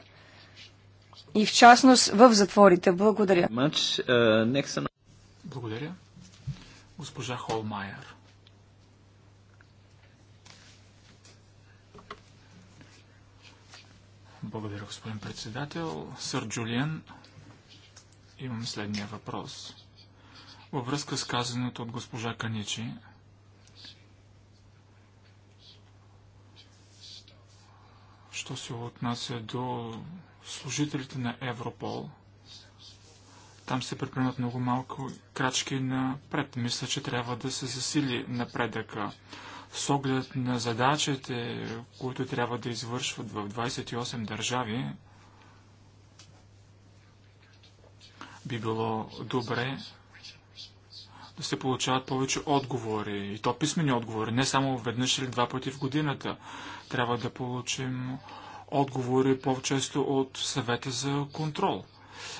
И в частност в затворите. Благодаря. Uh, Благодаря. Госпожа Холмайер. Благодаря, господин председател. Сър Джулиан, имам следния въпрос. Във връзка с казаното от госпожа Каничи, що се отнася до служителите на Европол, там се предприемат много малко крачки напред. Мисля, че трябва да се засили напредъка с оглед на задачите, които трябва да извършват в 28 държави, би било добре да се получават повече отговори, и то писмени отговори, не само веднъж или два пъти в годината. Трябва да получим отговори по-често от съвета за контрол.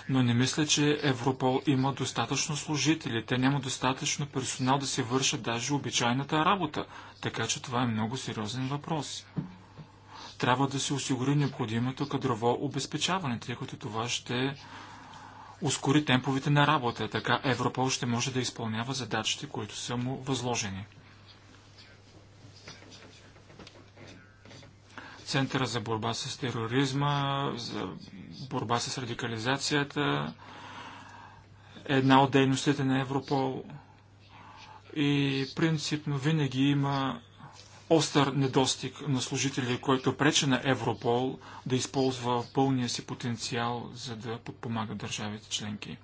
Но не мисля, че Европол има достатъчно служители. Те няма достатъчно персонал да се вършат даже обичайната работа. Така че това е много сериозен въпрос. Трябва да се осигури необходимото кадрово обезпечаване, тъй като това ще ускори темповете на работа. Така Европол ще може да изпълнява задачите, които са му възложени. Центъра за борба с тероризма, за борба с радикализацията една от дейностите на Европол. И принципно винаги има остър недостиг на служители, който пречи на Европол да използва пълния си потенциал, за да подпомага държавите членки?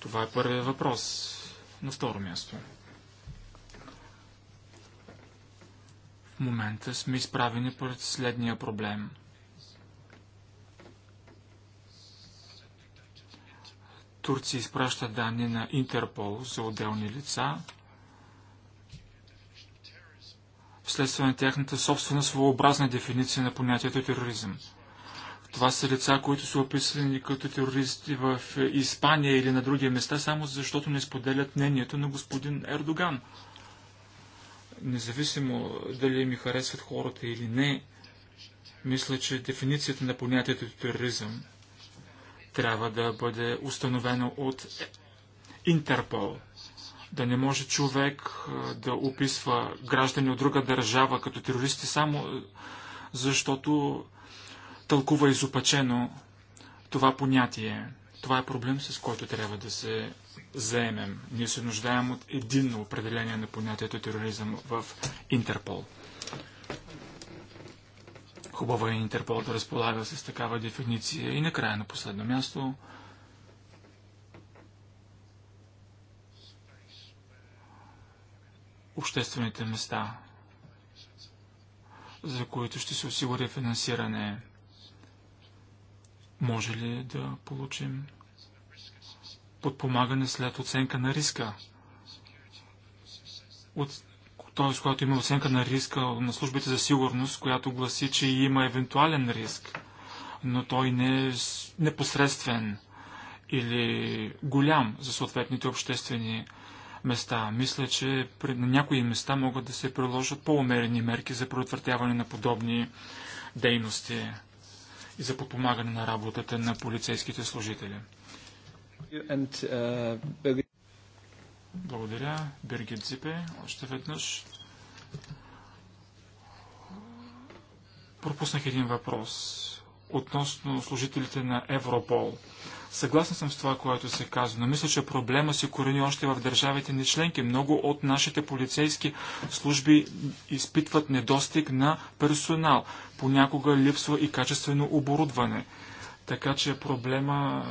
Това е първият въпрос. На второ място. В момента сме изправени пред следния проблем. Турция изпраща данни на Интерпол за отделни лица, вследствие на тяхната собствена своеобразна дефиниция на понятието тероризъм. Това са лица, които са описани като терористи в Испания или на други места, само защото не споделят мнението на господин Ердоган. Независимо дали ми харесват хората или не, мисля, че дефиницията на понятието тероризъм трябва да бъде установена от Интерпол да не може човек да описва граждани от друга държава като терористи само защото тълкува изопачено това понятие. Това е проблем, с който трябва да се заемем. Ние се нуждаем от единно определение на понятието тероризъм в Интерпол. Хубаво е Интерпол да разполага с такава дефиниция. И накрая на последно място – обществените места, за които ще се осигури финансиране. Може ли да получим подпомагане след оценка на риска? От т.е. когато има оценка на риска на службите за сигурност, която гласи, че има евентуален риск, но той не е непосредствен или голям за съответните обществени места. Мисля, че на някои места могат да се приложат по-умерени мерки за предотвратяване на подобни дейности и за подпомагане на работата на полицейските служители. Uh, Благодаря. Бергит Зипе, още веднъж. Пропуснах един въпрос относно служителите на Европол. Съгласен съм с това, което се казва, но мисля, че проблема се корени още в държавите ни членки. Много от нашите полицейски служби изпитват недостиг на персонал. Понякога липсва и качествено оборудване. Така че проблема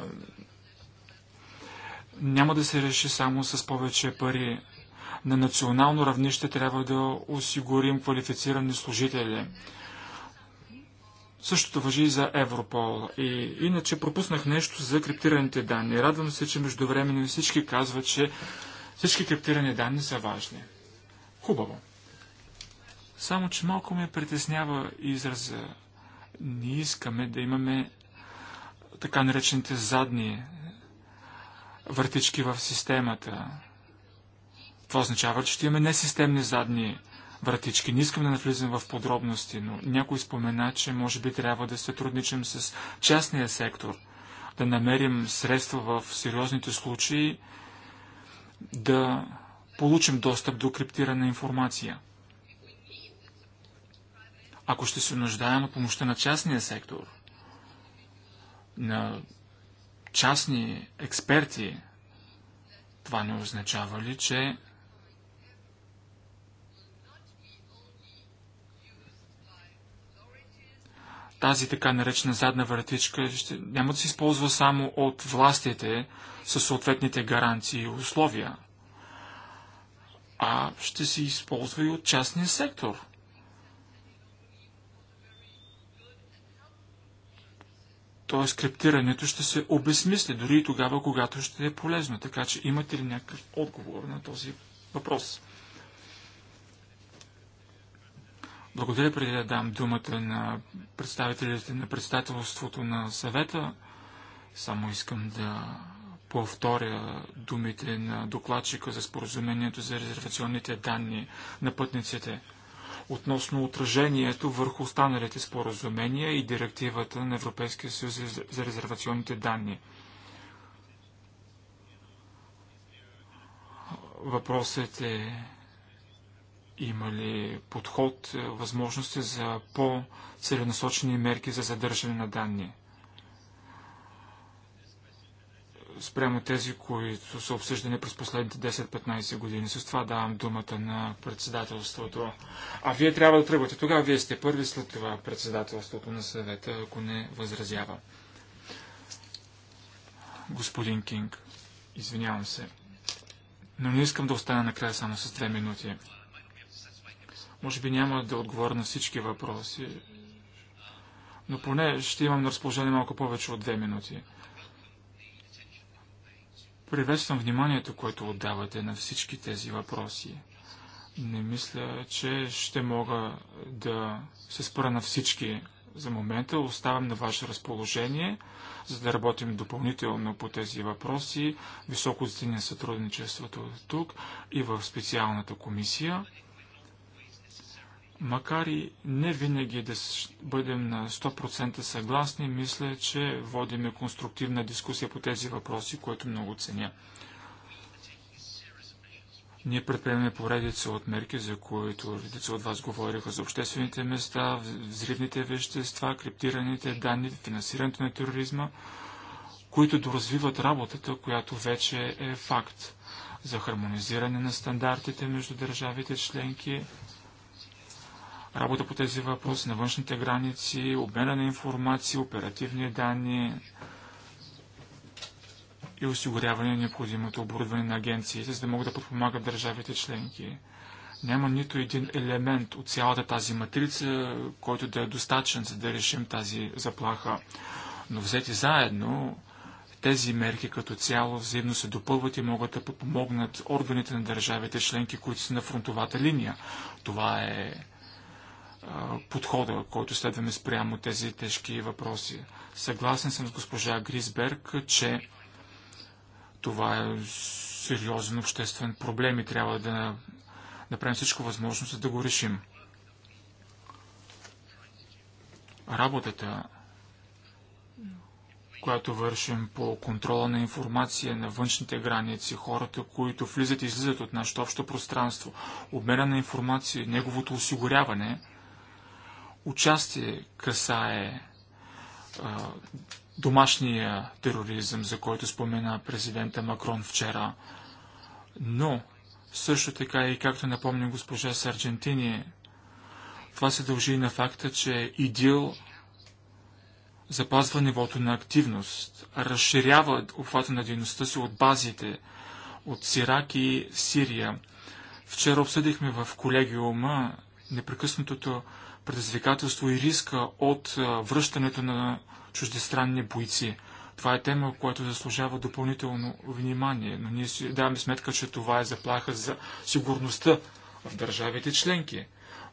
няма да се реши само с повече пари. На национално равнище трябва да осигурим квалифицирани служители. Същото въжи и за Европол. И иначе пропуснах нещо за криптираните данни. Радвам се, че междувременно всички казват, че всички криптирани данни са важни. Хубаво. Само, че малко ме притеснява израза. Не искаме да имаме така наречените задни въртички в системата. Това означава, че ще имаме несистемни задни вратички. Не искам да навлизам в подробности, но някой спомена, че може би трябва да сътрудничим с частния сектор, да намерим средства в сериозните случаи, да получим достъп до криптирана информация. Ако ще се нуждаем от помощта на частния сектор, на частни експерти, това не означава ли, че тази така наречена задна вратичка ще, няма да се използва само от властите със съответните гаранции и условия, а ще се използва и от частния сектор. Тоест, криптирането ще се обесмисли дори и тогава, когато ще е полезно. Така че имате ли някакъв отговор на този въпрос? Благодаря преди да дам думата на представителите на представителството на съвета. Само искам да повторя думите на докладчика за споразумението за резервационните данни на пътниците относно отражението върху останалите споразумения и директивата на Европейския съюз за резервационните данни. Въпросът е има ли подход, е, възможности за по-целенасочени мерки за задържане на данни? Спрямо тези, които са обсъждани през последните 10-15 години. С това давам думата на председателството. А вие трябва да тръгвате. Тогава вие сте първи, след това председателството на съвета, ако не възразява. Господин Кинг, извинявам се. Но не искам да остана накрая само с две минути. Може би няма да отговоря на всички въпроси, но поне ще имам на разположение малко повече от две минути. Приветствам вниманието, което отдавате на всички тези въпроси. Не мисля, че ще мога да се спра на всички за момента. Оставам на ваше разположение, за да работим допълнително по тези въпроси. Високо ценя сътрудничеството тук и в специалната комисия. Макар и не винаги да бъдем на 100% съгласни, мисля, че водиме конструктивна дискусия по тези въпроси, което много ценя. Ние предприемаме поредица от мерки, за които редица от вас говориха за обществените места, взривните вещества, криптираните данни, финансирането на тероризма, които доразвиват работата, която вече е факт за хармонизиране на стандартите между държавите членки, работа по тези въпроси на външните граници, обмена на информация, оперативни данни и осигуряване на необходимото оборудване на агенциите, за да могат да подпомагат държавите членки. Няма нито един елемент от цялата тази матрица, който да е достатъчен, за да решим тази заплаха. Но взети заедно, тези мерки като цяло взаимно се допълват и могат да помогнат органите на държавите членки, които са на фронтовата линия. Това е подхода, който следваме спрямо тези тежки въпроси. Съгласен съм с госпожа Грисберг, че това е сериозен обществен проблем и трябва да направим всичко възможно, за да го решим. Работата, която вършим по контрола на информация на външните граници, хората, които влизат и излизат от нашето общо пространство, обмена на информация, неговото осигуряване – участие касае а, домашния тероризъм, за който спомена президента Макрон вчера. Но, също така и както напомня госпожа Сарджентини, това се дължи и на факта, че ИДИЛ запазва нивото на активност, разширява обхвата на дейността си от базите, от Сирак и Сирия. Вчера обсъдихме в колегиума непрекъснатото предизвикателство и риска от връщането на чуждестранни бойци. Това е тема, която заслужава допълнително внимание, но ние си даваме сметка, че това е заплаха за сигурността в държавите членки,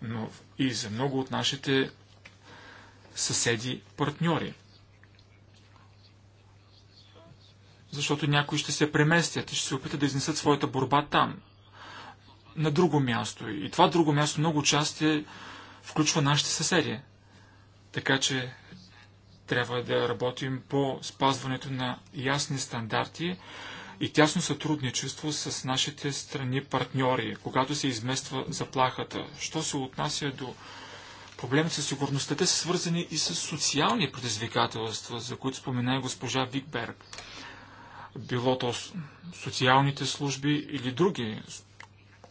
но и за много от нашите съседи, партньори. Защото някои ще се преместят и ще се опитат да изнесат своята борба там, на друго място. И това друго място много част е включва нашите съседи. Така че трябва да работим по спазването на ясни стандарти и тясно сътрудничество с нашите страни партньори, когато се измества заплахата. Що се отнася до проблемите със сигурността, те са свързани и с социални предизвикателства, за които спомена госпожа Викберг. Било то социалните служби или други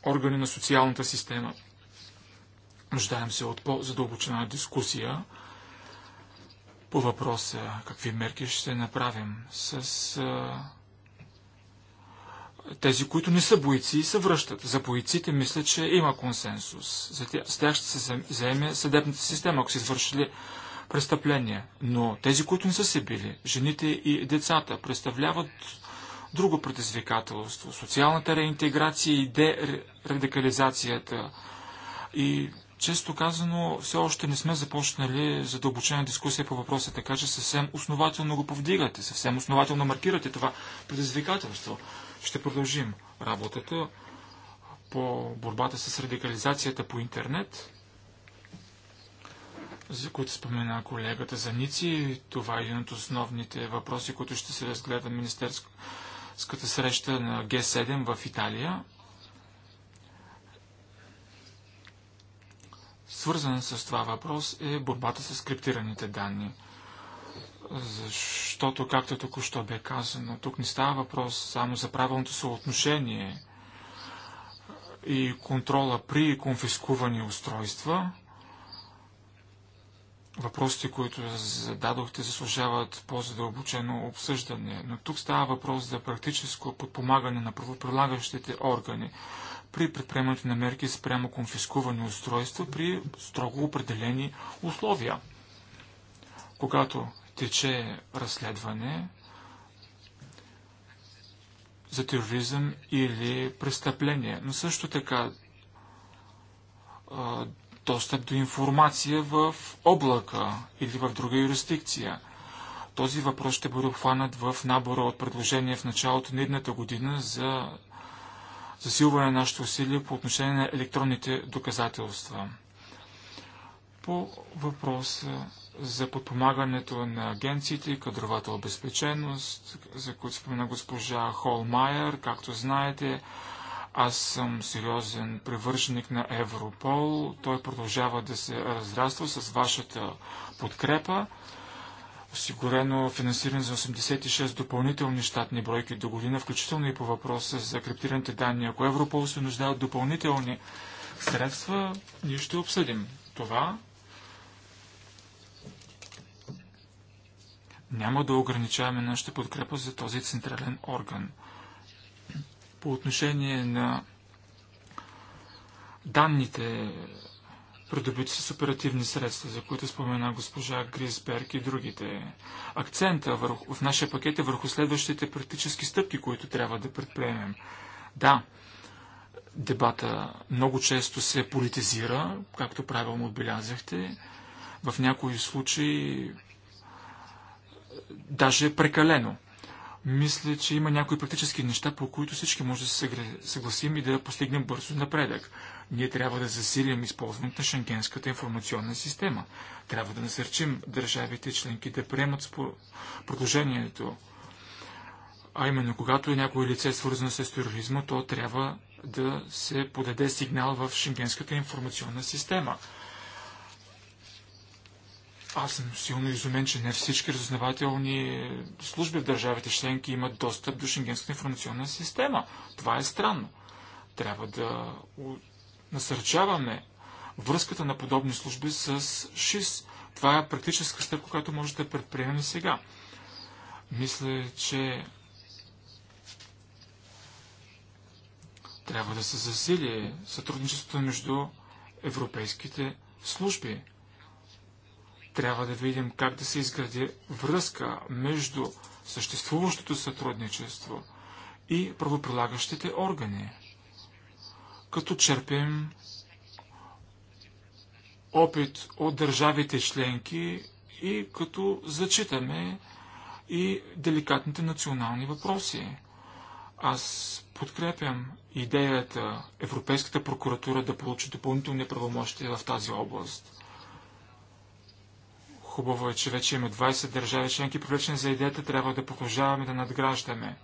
органи на социалната система – Нуждаем се от по-задълбочена дискусия по въпроса какви мерки ще направим с а, тези, които не са бойци и се връщат. За бойците мисля, че има консенсус. За тя, с тях ще се заеме съдебната система, ако са извършили престъпления. Но тези, които не са се били, жените и децата, представляват друго предизвикателство. Социалната реинтеграция и дерадикализацията и често казано, все още не сме започнали задълбочена дискусия по въпроса, така че съвсем основателно го повдигате, съвсем основателно маркирате това предизвикателство. Ще продължим работата по борбата с радикализацията по интернет, за които спомена колегата Заници. Това е един от основните въпроси, които ще се разгледа министерската среща на Г7 в Италия. Свързан с това въпрос е борбата с криптираните данни. Защото, както току-що бе казано, тук не става въпрос само за правилното съотношение и контрола при конфискувани устройства. Въпросите, които зададохте, заслужават по-задълбочено обсъждане, но тук става въпрос за практическо подпомагане на правоприлагащите органи при предприемането на мерки спрямо конфискувани устройства при строго определени условия. Когато тече разследване за тероризъм или престъпление, но също така достъп до информация в облака или в друга юрисдикция. Този въпрос ще бъде обхванат в набора от предложения в началото на едната година за засилване на нашите усилия по отношение на електронните доказателства. По въпроса за подпомагането на агенциите и кадровата обезпеченост, за които спомена госпожа Холмайер, както знаете, аз съм сериозен привърженик на Европол. Той продължава да се разраства с вашата подкрепа осигурено финансиране за 86 допълнителни щатни бройки до година, включително и по въпроса за криптираните данни. Ако Европол се нуждае от допълнителни средства, ние ще обсъдим това. Няма да ограничаваме нашата подкрепа за този централен орган. По отношение на данните придобити с оперативни средства, за които спомена госпожа Грисберг и другите. Акцента върху, в нашия пакет е върху следващите практически стъпки, които трябва да предприемем. Да, дебата много често се политизира, както правилно отбелязахте. В някои случаи даже е прекалено. Мисля, че има някои практически неща, по които всички може да се съгласим и да постигнем бързо напредък. Ние трябва да засилим използването на шенгенската информационна система. Трябва да насърчим държавите членки да приемат продължението. А именно, когато е някое лице свързано с тероризма, то трябва да се подаде сигнал в шенгенската информационна система. Аз съм силно изумен, че не всички разузнавателни служби в държавите членки имат достъп до Шенгенската информационна система. Това е странно. Трябва да насърчаваме връзката на подобни служби с ШИС. Това е практическа стъпка, която може да предприемем сега. Мисля, че трябва да се засили сътрудничеството между европейските служби. Трябва да видим как да се изгради връзка между съществуващото сътрудничество и правоприлагащите органи като черпим опит от държавите членки и като зачитаме и деликатните национални въпроси. Аз подкрепям идеята Европейската прокуратура да получи допълнителни правомощия в тази област. Хубаво е, че вече има 20 държави членки привлечени за идеята, трябва да продължаваме да надграждаме.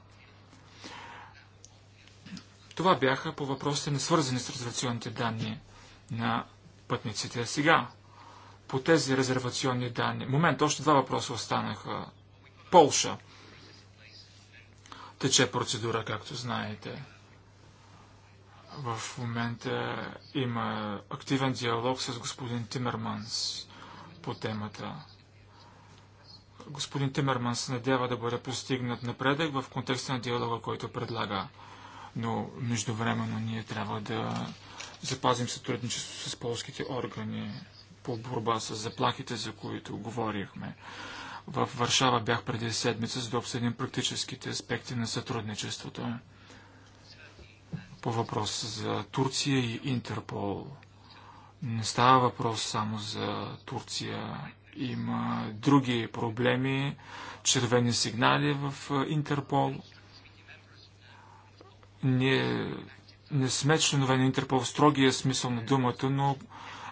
Това бяха по въпросите не свързани с резервационните данни на пътниците. Сега, по тези резервационни данни, момент, още два въпроса останаха. Полша. Тече процедура, както знаете. В момента има активен диалог с господин Тимерманс по темата. Господин Тимерманс надява да бъде постигнат напредък в контекста на диалога, който предлага но междувременно ние трябва да запазим сътрудничество с полските органи по борба с заплахите, за които говорихме. В Варшава бях преди седмица, за да обсъдим практическите аспекти на сътрудничеството. По въпрос за Турция и Интерпол. Не става въпрос само за Турция. Има други проблеми, червени сигнали в Интерпол – ние не сме членове на Интерпол в строгия смисъл на думата, но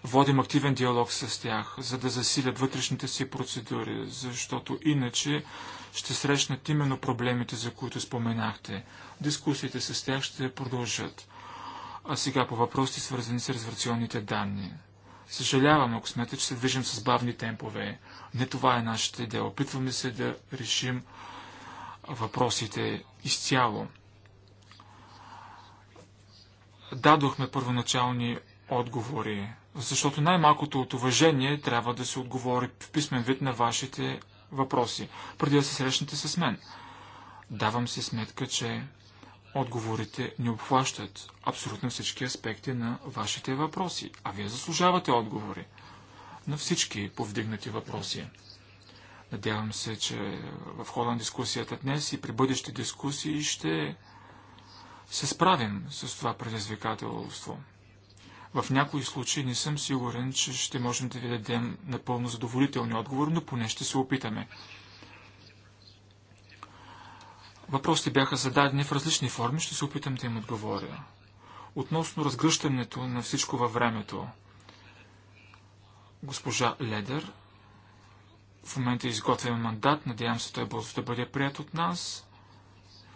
водим активен диалог с тях, за да засилят вътрешните си процедури, защото иначе ще срещнат именно проблемите, за които споменахте. Дискусиите с тях ще продължат. А сега по въпроси, свързани с резервационните данни. Съжалявам, ако смятате, че се движим с бавни темпове. Не това е нашата идея. Опитваме се да решим въпросите изцяло дадохме първоначални отговори, защото най-малкото от уважение трябва да се отговори в писмен вид на вашите въпроси, преди да се срещнете с мен. Давам си сметка, че отговорите не обхващат абсолютно всички аспекти на вашите въпроси, а вие заслужавате отговори на всички повдигнати въпроси. Надявам се, че в хода на дискусията днес и при бъдещи дискусии ще се справим с това предизвикателство. В някои случаи не съм сигурен, че ще можем да ви дадем напълно задоволителни отговори, но поне ще се опитаме. Въпросите бяха зададени в различни форми, ще се опитам да им отговоря. Относно разгръщането на всичко във времето, госпожа Ледер в момента изготвяме мандат, надявам се той да бъде прият от нас.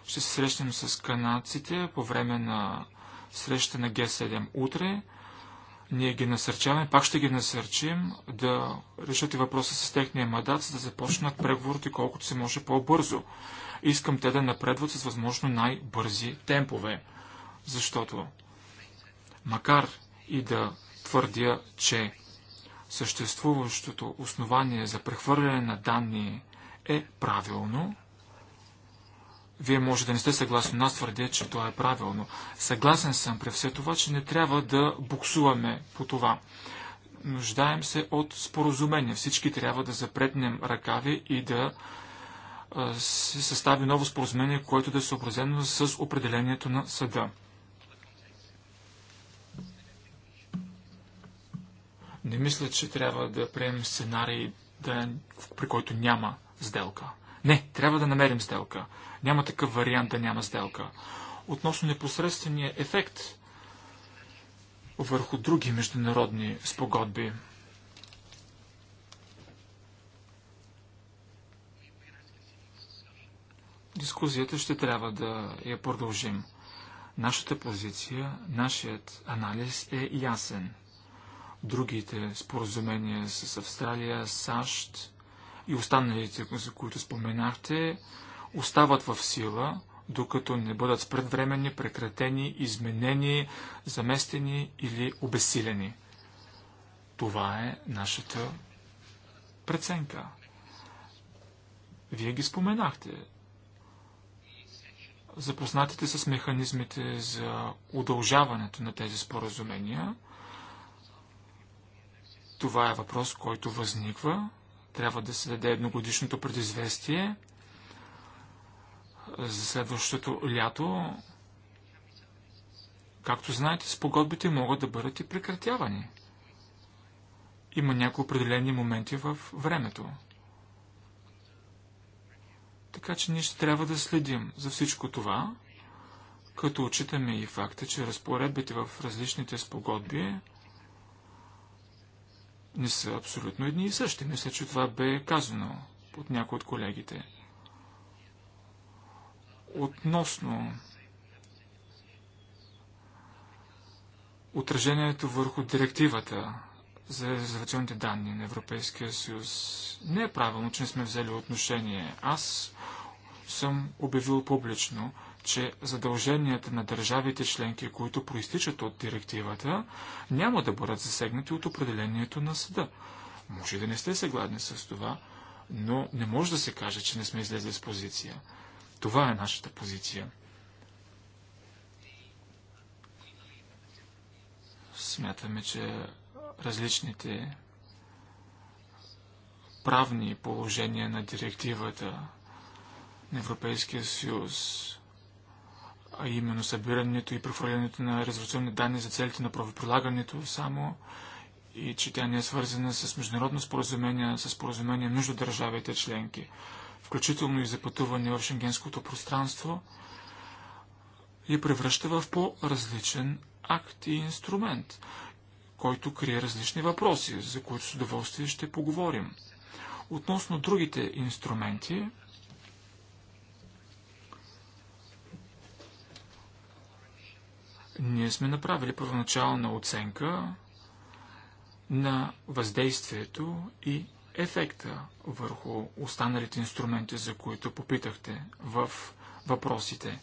Ще се срещнем с канадците по време на среща на Г7 утре. Ние ги насърчаваме, пак ще ги насърчим да решат и въпроса с техния мандат, за да започнат преговорите колкото се може по-бързо. Искам те да напредват с възможно най-бързи темпове, защото макар и да твърдя, че съществуващото основание за прехвърляне на данни е правилно, вие може да не сте съгласни, но аз твърдя, че това е правилно. Съгласен съм при все това, че не трябва да буксуваме по това. Нуждаем се от споразумение. Всички трябва да запретнем ръкави и да се състави ново споразумение, което да е съобразено с определението на съда. Не мисля, че трябва да приемем сценарий, да, при който няма сделка. Не, трябва да намерим сделка. Няма такъв вариант да няма сделка. Относно непосредствения ефект върху други международни спогодби. Дискузията ще трябва да я продължим. Нашата позиция, нашият анализ е ясен. Другите споразумения с Австралия, САЩ и останалите, за които споменахте, остават в сила, докато не бъдат спредвременни, прекратени, изменени, заместени или обесилени. Това е нашата преценка. Вие ги споменахте. Запознатите с механизмите за удължаването на тези споразумения. Това е въпрос, който възниква. Трябва да се даде едногодишното предизвестие за следващото лято. Както знаете, спогодбите могат да бъдат и прекратявани. Има някои определени моменти в времето. Така че ние ще трябва да следим за всичко това, като отчитаме и факта, че разпоредбите в различните спогодби не са абсолютно едни и същи. Мисля, че това бе казано от някои от колегите. Относно отражението върху директивата за резервационните данни на Европейския съюз. Не е правилно, че не сме взели отношение. Аз съм обявил публично, че задълженията на държавите членки, които проистичат от директивата, няма да бъдат засегнати от определението на съда. Може да не сте съгладни с това, но не може да се каже, че не сме излезли с позиция. Това е нашата позиция. Смятаме, че различните правни положения на директивата на Европейския съюз, а именно събирането и прехвърлянето на резолюционни данни за целите на правоприлагането само и че тя не е свързана с международно споразумение, с споразумение между държавите членки включително и за пътуване в шенгенското пространство, я превръща в по-различен акт и инструмент, който крие различни въпроси, за които с удоволствие ще поговорим. Относно другите инструменти, ние сме направили първоначална оценка на въздействието и ефекта върху останалите инструменти, за които попитахте в въпросите.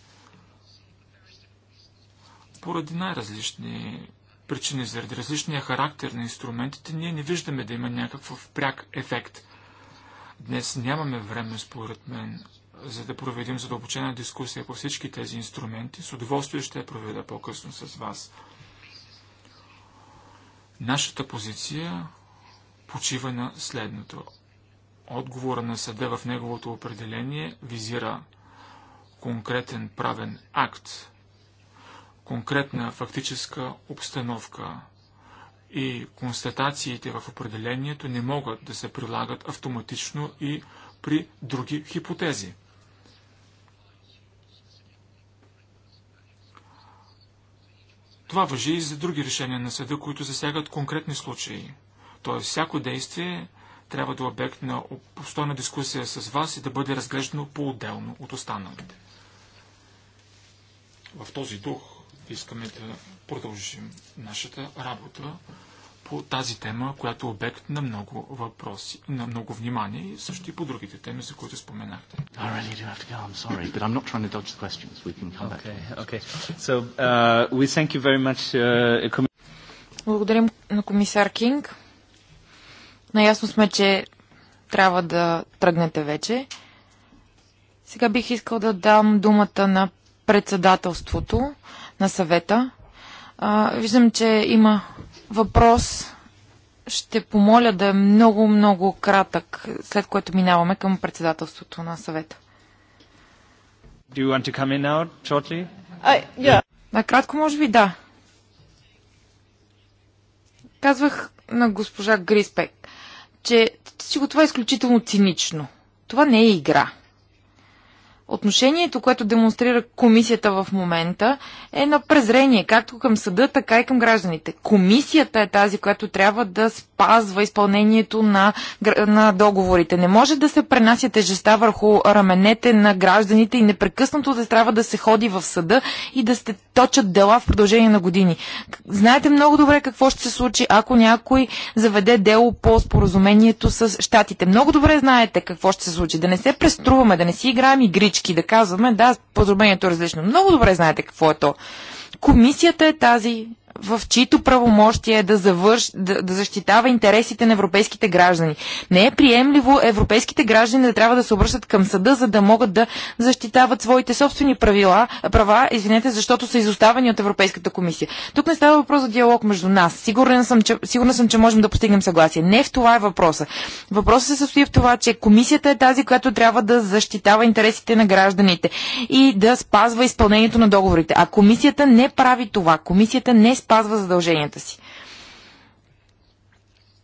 Поради най-различни причини, заради различния характер на инструментите, ние не виждаме да има някакъв пряк ефект. Днес нямаме време, според мен, за да проведем задълбочена дискусия по всички тези инструменти. С удоволствие ще я проведа по-късно с вас. Нашата позиция почива на следното. Отговора на съда в неговото определение визира конкретен правен акт, конкретна фактическа обстановка и констатациите в определението не могат да се прилагат автоматично и при други хипотези. Това въжи и за други решения на съда, които засягат конкретни случаи – Тоест, всяко действие трябва да е обект на обстойна дискусия с вас и да бъде разглеждано по-отделно от останалите. В този дух искаме да продължим нашата работа по тази тема, която е обект на много въпроси, на много внимание и също и по другите теми, за които споменахте. I really do have to go, I'm sorry, but I'm not trying to dodge the questions. We can come okay, Okay, So, uh, we thank you very much, uh, Благодарим на комисар Кинг. Наясно сме, че трябва да тръгнете вече. Сега бих искал да дам думата на председателството на съвета. А, виждам, че има въпрос. Ще помоля да е много, много кратък, след което минаваме към председателството на съвета. Do you want to come in now, shortly? I, yeah. Накратко, може би, да. Казвах на госпожа Гриспек че всичко това е изключително цинично. Това не е игра. Отношението, което демонстрира комисията в момента, е на презрение, както към съда, така и към гражданите. Комисията е тази, която трябва да спи спазва изпълнението на, на договорите. Не може да се пренася тежеста върху раменете на гражданите и непрекъснато да трябва да се ходи в съда и да се точат дела в продължение на години. Знаете много добре какво ще се случи, ако някой заведе дело по споразумението с щатите. Много добре знаете какво ще се случи. Да не се преструваме, да не си играем игрички, да казваме, да, споразумението е различно. Много добре знаете какво е то. Комисията е тази, в чието правомощие е да, завърш, да, да защитава интересите на европейските граждани. Не е приемливо европейските граждани да трябва да се обръщат към съда, за да могат да защитават своите собствени правила, права, извинете, защото са изоставени от Европейската комисия. Тук не става въпрос за диалог между нас. Сигурен съм, че, сигурна съм, че можем да постигнем съгласие. Не в това е въпроса. Въпросът се състои в това, че комисията е тази, която трябва да защитава интересите на гражданите и да спазва изпълнението на договорите. А комисията не прави това. Комисията не спазва спазва задълженията си.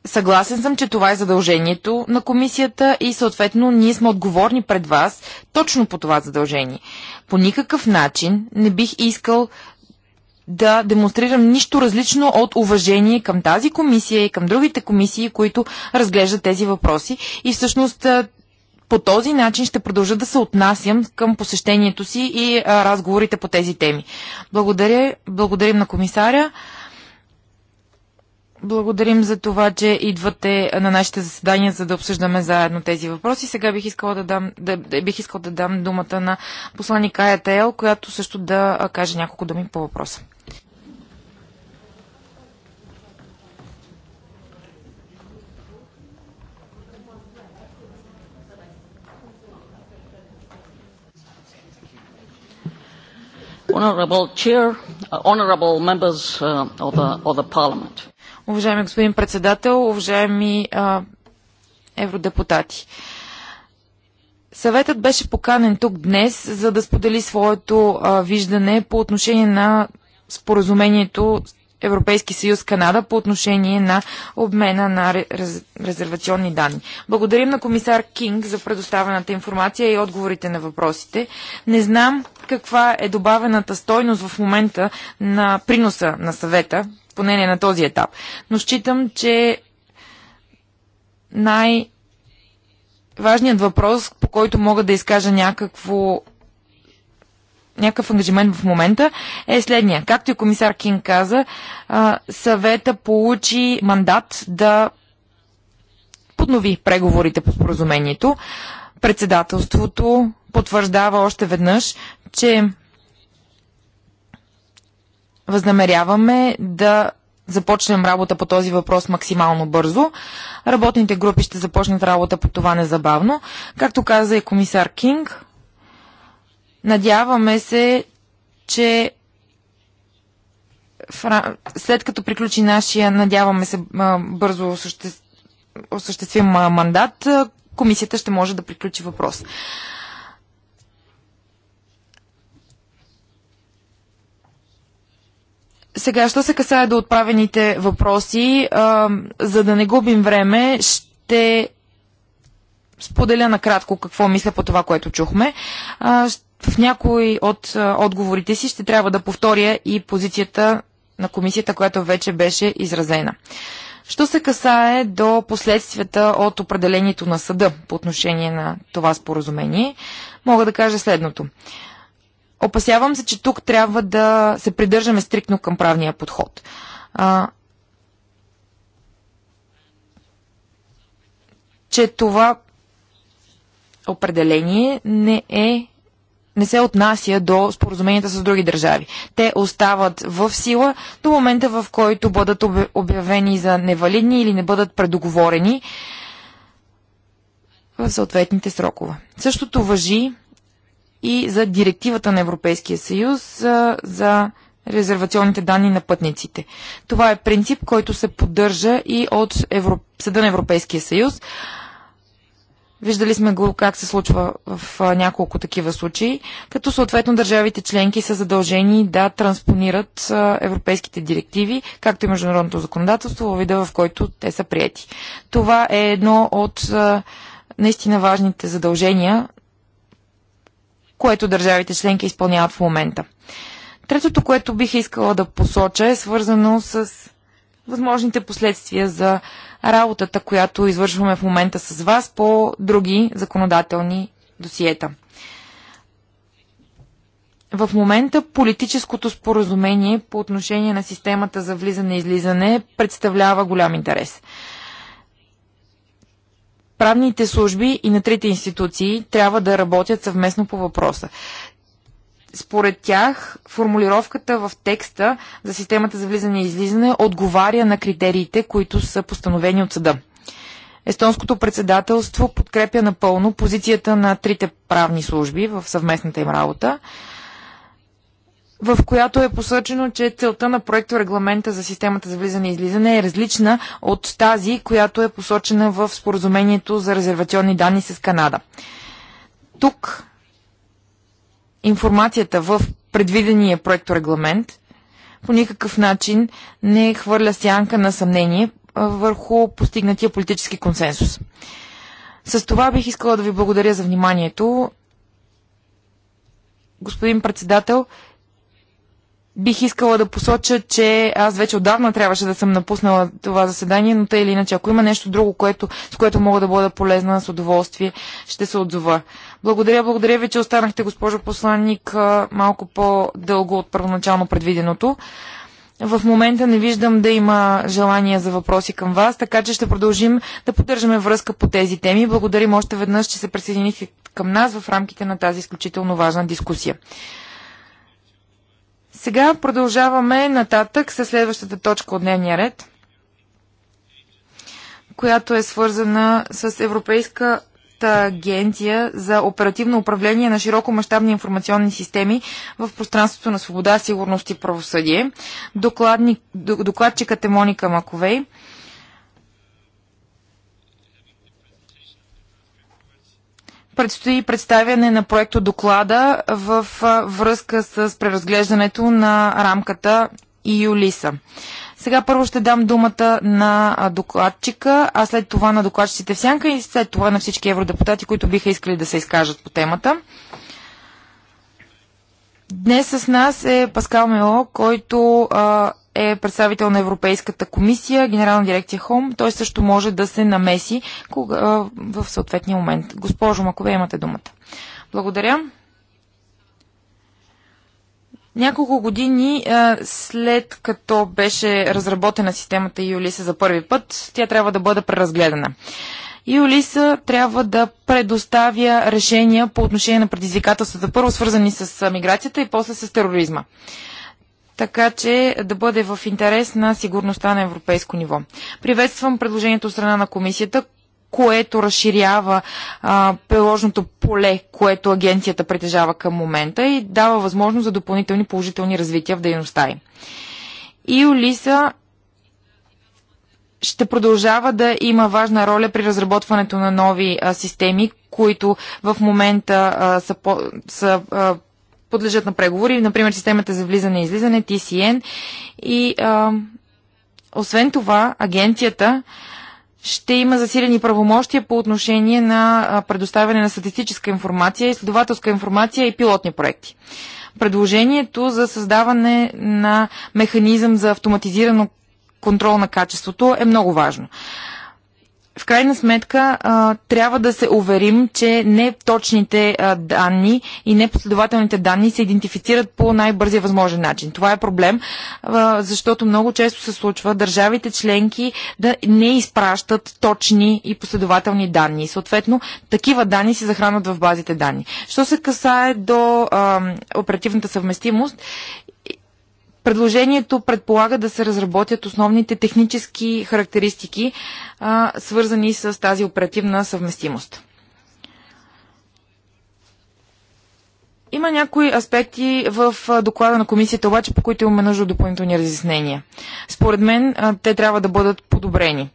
Съгласен съм, че това е задължението на комисията и съответно ние сме отговорни пред вас точно по това задължение. По никакъв начин не бих искал да демонстрирам нищо различно от уважение към тази комисия и към другите комисии, които разглеждат тези въпроси. И всъщност по този начин ще продължа да се отнасям към посещението си и а, разговорите по тези теми. Благодаря, благодарим на комисаря. Благодарим за това, че идвате на нашите заседания, за да обсъждаме заедно тези въпроси. Сега бих искала да дам, да, бих искала да дам думата на посланика ЕТЛ, която също да каже няколко думи по въпроса. Uh, uh, уважаеми господин председател, уважаеми а, евродепутати. Съветът беше поканен тук днес, за да сподели своето а, виждане по отношение на споразумението Европейски съюз Канада по отношение на обмена на рез, резервационни данни. Благодарим на комисар Кинг за предоставената информация и отговорите на въпросите. Не знам каква е добавената стойност в момента на приноса на съвета, поне не на този етап, но считам, че най- Важният въпрос, по който мога да изкажа някакво някакъв ангажимент в момента, е следния. Както и комисар Кинг каза, съвета получи мандат да поднови преговорите по споразумението. Председателството потвърждава още веднъж, че възнамеряваме да започнем работа по този въпрос максимално бързо. Работните групи ще започнат работа по това незабавно. Както каза и комисар Кинг, Надяваме се, че след като приключи нашия, надяваме се, бързо осъществим мандат, комисията ще може да приключи въпрос. Сега, що се касае до отправените въпроси, за да не губим време, ще споделя накратко какво мисля по това, което чухме. ще в някои от отговорите си ще трябва да повторя и позицията на комисията, която вече беше изразена. Що се касае до последствията от определението на съда по отношение на това споразумение, мога да кажа следното. Опасявам се, че тук трябва да се придържаме стрикно към правния подход. А, че това определение не е не се отнася до споразуменията с други държави. Те остават в сила до момента, в който бъдат обявени за невалидни или не бъдат предоговорени в съответните срокове. Същото въжи и за директивата на Европейския съюз за, за резервационните данни на пътниците. Това е принцип, който се поддържа и от Евро... Съда на Европейския съюз. Виждали сме го как се случва в няколко такива случаи, като съответно държавите членки са задължени да транспонират европейските директиви, както и международното законодателство, във вида в който те са прияти. Това е едно от наистина важните задължения, което държавите членки изпълняват в момента. Третото, което бих искала да посоча е свързано с възможните последствия за работата, която извършваме в момента с вас по други законодателни досиета. В момента политическото споразумение по отношение на системата за влизане и излизане представлява голям интерес. Правните служби и на трите институции трябва да работят съвместно по въпроса според тях формулировката в текста за системата за влизане и излизане отговаря на критериите, които са постановени от съда. Естонското председателство подкрепя напълно позицията на трите правни служби в съвместната им работа, в която е посочено, че целта на проекто регламента за системата за влизане и излизане е различна от тази, която е посочена в споразумението за резервационни данни с Канада. Тук информацията в предвидения проекторегламент по никакъв начин не хвърля сянка на съмнение върху постигнатия политически консенсус. С това бих искала да ви благодаря за вниманието. Господин председател, Бих искала да посоча, че аз вече отдавна трябваше да съм напуснала това заседание, но тъй или иначе, ако има нещо друго, което, с което мога да бъда полезна с удоволствие, ще се отзова. Благодаря, благодаря ви, че останахте, госпожо посланник, малко по-дълго от първоначално предвиденото. В момента не виждам да има желание за въпроси към вас, така че ще продължим да поддържаме връзка по тези теми. Благодарим още веднъж, че се присъединихте към нас в рамките на тази изключително важна дискусия. Сега продължаваме нататък с следващата точка от дневния ред, която е свързана с Европейска агенция за оперативно управление на широкомащабни информационни системи в пространството на свобода, сигурност и правосъдие. докладчикът е Моника Маковей. Предстои представяне на проекто доклада в връзка с преразглеждането на рамката и Юлиса. Сега първо ще дам думата на докладчика, а след това на докладчиците в сянка и след това на всички евродепутати, които биха искали да се изкажат по темата. Днес с нас е Паскал Мело, който а, е представител на Европейската комисия, генерална дирекция Хом. Той също може да се намеси кога, в съответния момент. Госпожо Макове, имате думата. Благодаря. Няколко години след като беше разработена системата Юлиса за първи път, тя трябва да бъде преразгледана. Юлиса трябва да предоставя решения по отношение на предизвикателствата, първо свързани с миграцията и после с тероризма така че да бъде в интерес на сигурността на европейско ниво. Приветствам предложението от страна на комисията, което разширява а, приложното поле, което агенцията притежава към момента и дава възможност за допълнителни положителни развития в дейността й. ОЛИСА ще продължава да има важна роля при разработването на нови а, системи, които в момента а, са, по, са а, подлежат на преговори, например системата за влизане и излизане, TCN. И а, освен това, агенцията ще има засилени правомощия по отношение на предоставяне на статистическа информация, изследователска информация и пилотни проекти. Предложението за създаване на механизъм за автоматизирано контрол на качеството е много важно в крайна сметка а, трябва да се уверим, че не точните а, данни и непоследователните данни се идентифицират по най-бързия възможен начин. Това е проблем, а, защото много често се случва държавите членки да не изпращат точни и последователни данни. Съответно, такива данни се захранват в базите данни. Що се касае до а, оперативната съвместимост, Предложението предполага да се разработят основните технически характеристики, а, свързани с тази оперативна съвместимост. Има някои аспекти в доклада на комисията, обаче по които имаме нужда от допълнителни разяснения. Според мен те трябва да бъдат подобрени.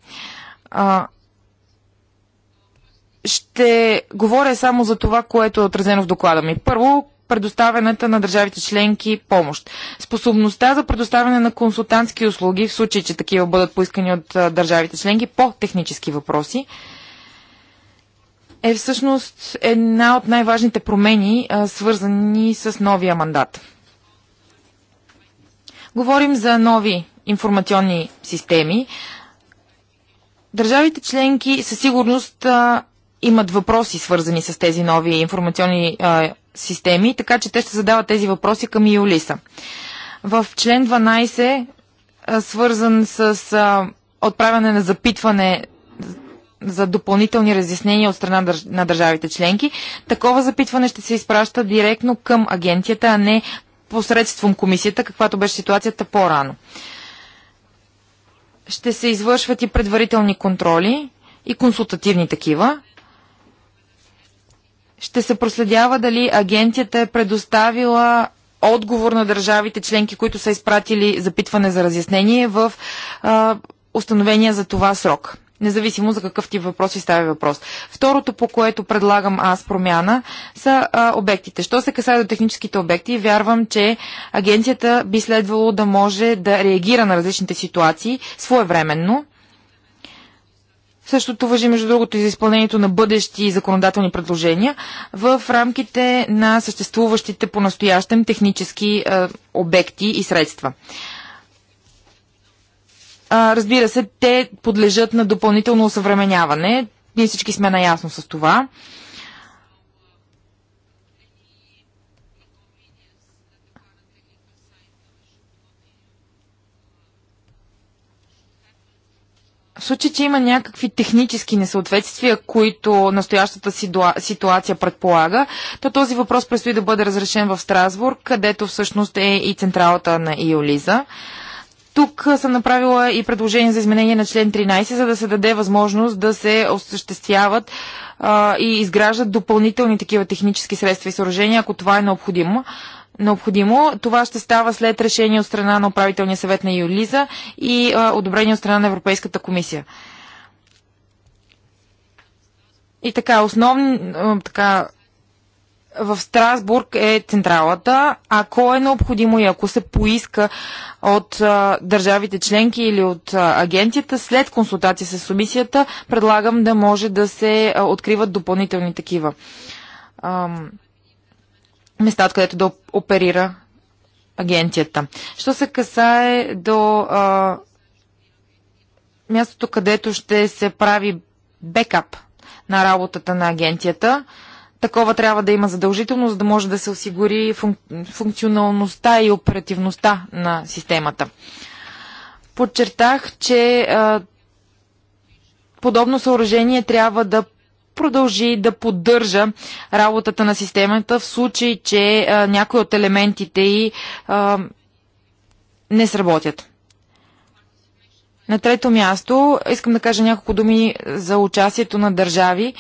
Ще говоря само за това, което е отразено в доклада ми. Първо, предоставената на държавите членки помощ. Способността за предоставяне на консултантски услуги, в случай, че такива бъдат поискани от държавите членки по технически въпроси, е всъщност една от най-важните промени, свързани с новия мандат. Говорим за нови информационни системи. Държавите членки със сигурност имат въпроси, свързани с тези нови информационни а, системи, така че те ще задават тези въпроси към Юлиса. В член 12, свързан с отправяне на запитване за допълнителни разяснения от страна на държавите членки, такова запитване ще се изпраща директно към агенцията, а не посредством комисията, каквато беше ситуацията по-рано. Ще се извършват и предварителни контроли и консултативни такива ще се проследява дали агенцията е предоставила отговор на държавите членки, които са изпратили запитване за разяснение в а, установения за това срок. Независимо за какъв тип и става въпрос. Второто, по което предлагам аз промяна, са а, обектите. Що се касае до техническите обекти, вярвам, че агенцията би следвало да може да реагира на различните ситуации своевременно Същото въжи, между другото, и за изпълнението на бъдещи законодателни предложения в рамките на съществуващите по-настоящем технически е, обекти и средства. А, разбира се, те подлежат на допълнително осъвременяване. Ние всички сме наясно с това. случай, че има някакви технически несъответствия, които настоящата ситуация предполага, то този въпрос предстои да бъде разрешен в Страсбург, където всъщност е и централата на Иолиза. Тук съм направила и предложение за изменение на член 13, за да се даде възможност да се осъществяват а, и изграждат допълнителни такива технически средства и съоръжения, ако това е необходимо необходимо. Това ще става след решение от страна на управителния съвет на Юлиза и а, одобрение от страна на Европейската комисия. И така, основни, а, така, в Страсбург е централата. Ако е необходимо и ако се поиска от а, държавите членки или от а, агенцията, след консултация с комисията, предлагам да може да се а, откриват допълнителни такива. А, места, откъдето да оперира агенцията. Що се касае до а, мястото, където ще се прави бекап на работата на агенцията, такова трябва да има задължително, за да може да се осигури функ- функционалността и оперативността на системата. Подчертах, че а, подобно съоръжение трябва да продължи да поддържа работата на системата в случай, че някои от елементите й не сработят. На трето място искам да кажа няколко думи за участието на държави,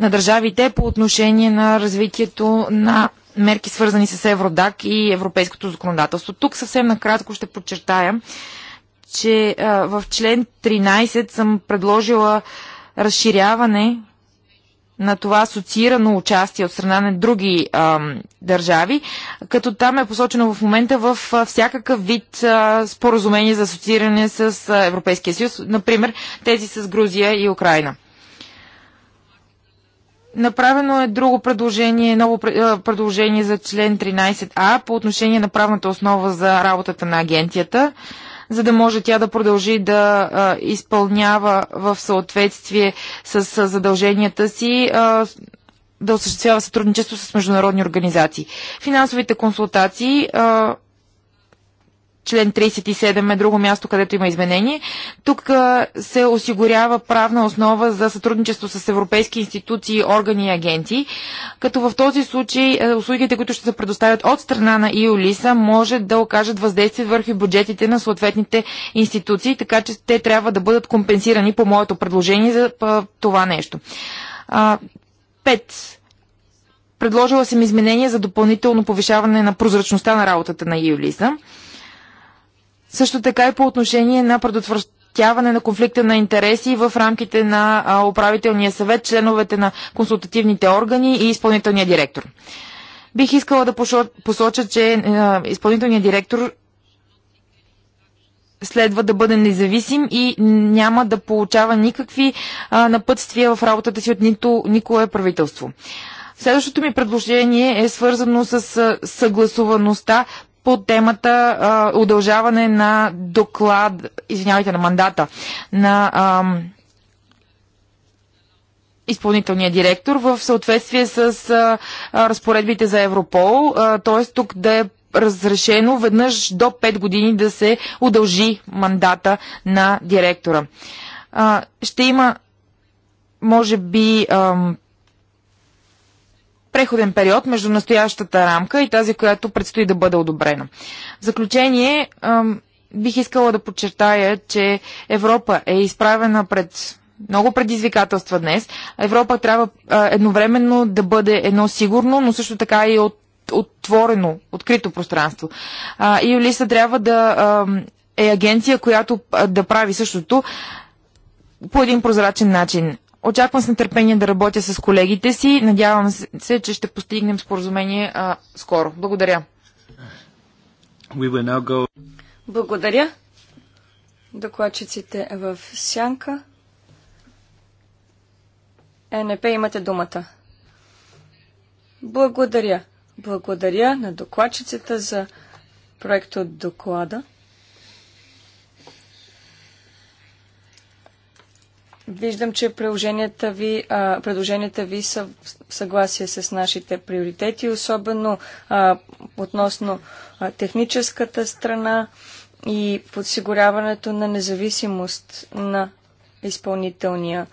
на държавите по отношение на развитието на мерки свързани с Евродак и европейското законодателство. Тук съвсем накратко ще подчертая, че а, в член 13 съм предложила разширяване на това асоциирано участие от страна на други а, държави, като там е посочено в момента в всякакъв вид а, споразумение за асоцииране с а, Европейския съюз, например тези с Грузия и Украина. Направено е друго предложение, ново предложение за член 13а по отношение на правната основа за работата на агенцията за да може тя да продължи да а, изпълнява в съответствие с, с задълженията си а, да осъществява сътрудничество с международни организации. Финансовите консултации а, Член 37 е друго място, където има изменение. Тук се осигурява правна основа за сътрудничество с европейски институции, органи и агенти, като в този случай е, услугите, които ще се предоставят от страна на ИОЛИСА, може да окажат въздействие върху бюджетите на съответните институции, така че те трябва да бъдат компенсирани по моето предложение за това нещо. Пет. Предложила съм изменения за допълнително повишаване на прозрачността на работата на ИОЛИСА. Също така и по отношение на предотвратяване на конфликта на интереси в рамките на управителния съвет, членовете на консултативните органи и изпълнителния директор. Бих искала да посоча, че изпълнителният директор следва да бъде независим и няма да получава никакви напътствия в работата си от нито никое правителство. Следващото ми предложение е свързано с съгласуваността по темата а, удължаване на доклад, извинявайте, на мандата на а, изпълнителния директор в съответствие с а, разпоредбите за Европол, т.е. тук да е разрешено веднъж до 5 години да се удължи мандата на директора. А, ще има, може би, а, преходен период между настоящата рамка и тази, която предстои да бъде одобрена. В заключение, бих искала да подчертая, че Европа е изправена пред много предизвикателства днес. Европа трябва едновременно да бъде едно сигурно, но също така и от отворено, открито пространство. и Олиса трябва да е агенция, която да прави същото по един прозрачен начин. Очаквам с нетърпение да работя с колегите си. Надявам се, че ще постигнем споразумение а, скоро. Благодаря. We will now go... Благодаря. Докладчиците е в сянка. ЕНП имате думата. Благодаря. Благодаря на докладчицата за проекта от доклада. Виждам, че предложенията ви, предложенията ви са в съгласие с нашите приоритети, особено относно техническата страна и подсигуряването на независимост на изпълнителния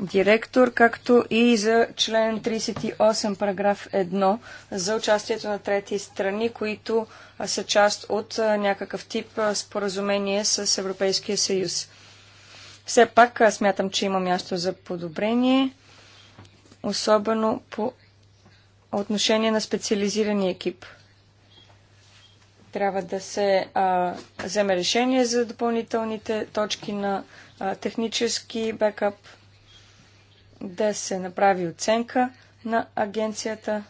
директор, както и за член 38, параграф 1, за участието на трети страни, които са част от някакъв тип споразумение с Европейския съюз. Все пак смятам, че има място за подобрение, особено по отношение на специализирания екип. Трябва да се а, вземе решение за допълнителните точки на а, технически бекап, да се направи оценка на агенцията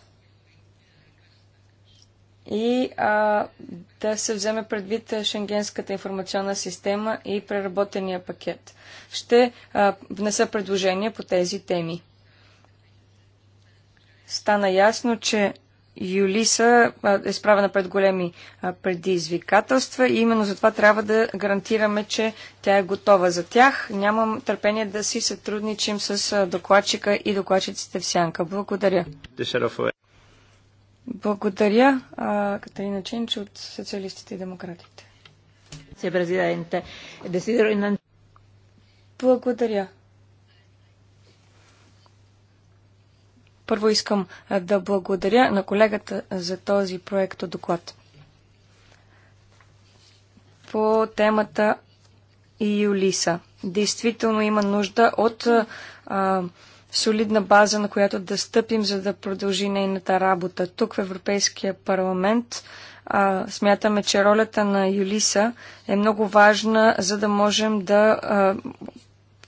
и а, да се вземе предвид Шенгенската информационна система и преработения пакет. Ще а, внеса предложения по тези теми. Стана ясно, че Юлиса е справена пред големи предизвикателства и именно затова трябва да гарантираме, че тя е готова за тях. Нямам търпение да си сътрудничим с докладчика и докладчиците в сянка. Благодаря. Благодаря, Катерина Чинч от Социалистите и Демократите. Благодаря. Първо искам да благодаря на колегата за този проект от доклад. По темата Юлиса. Действително има нужда от а, солидна база, на която да стъпим, за да продължи нейната работа. Тук в Европейския парламент а, смятаме, че ролята на Юлиса е много важна, за да можем да а,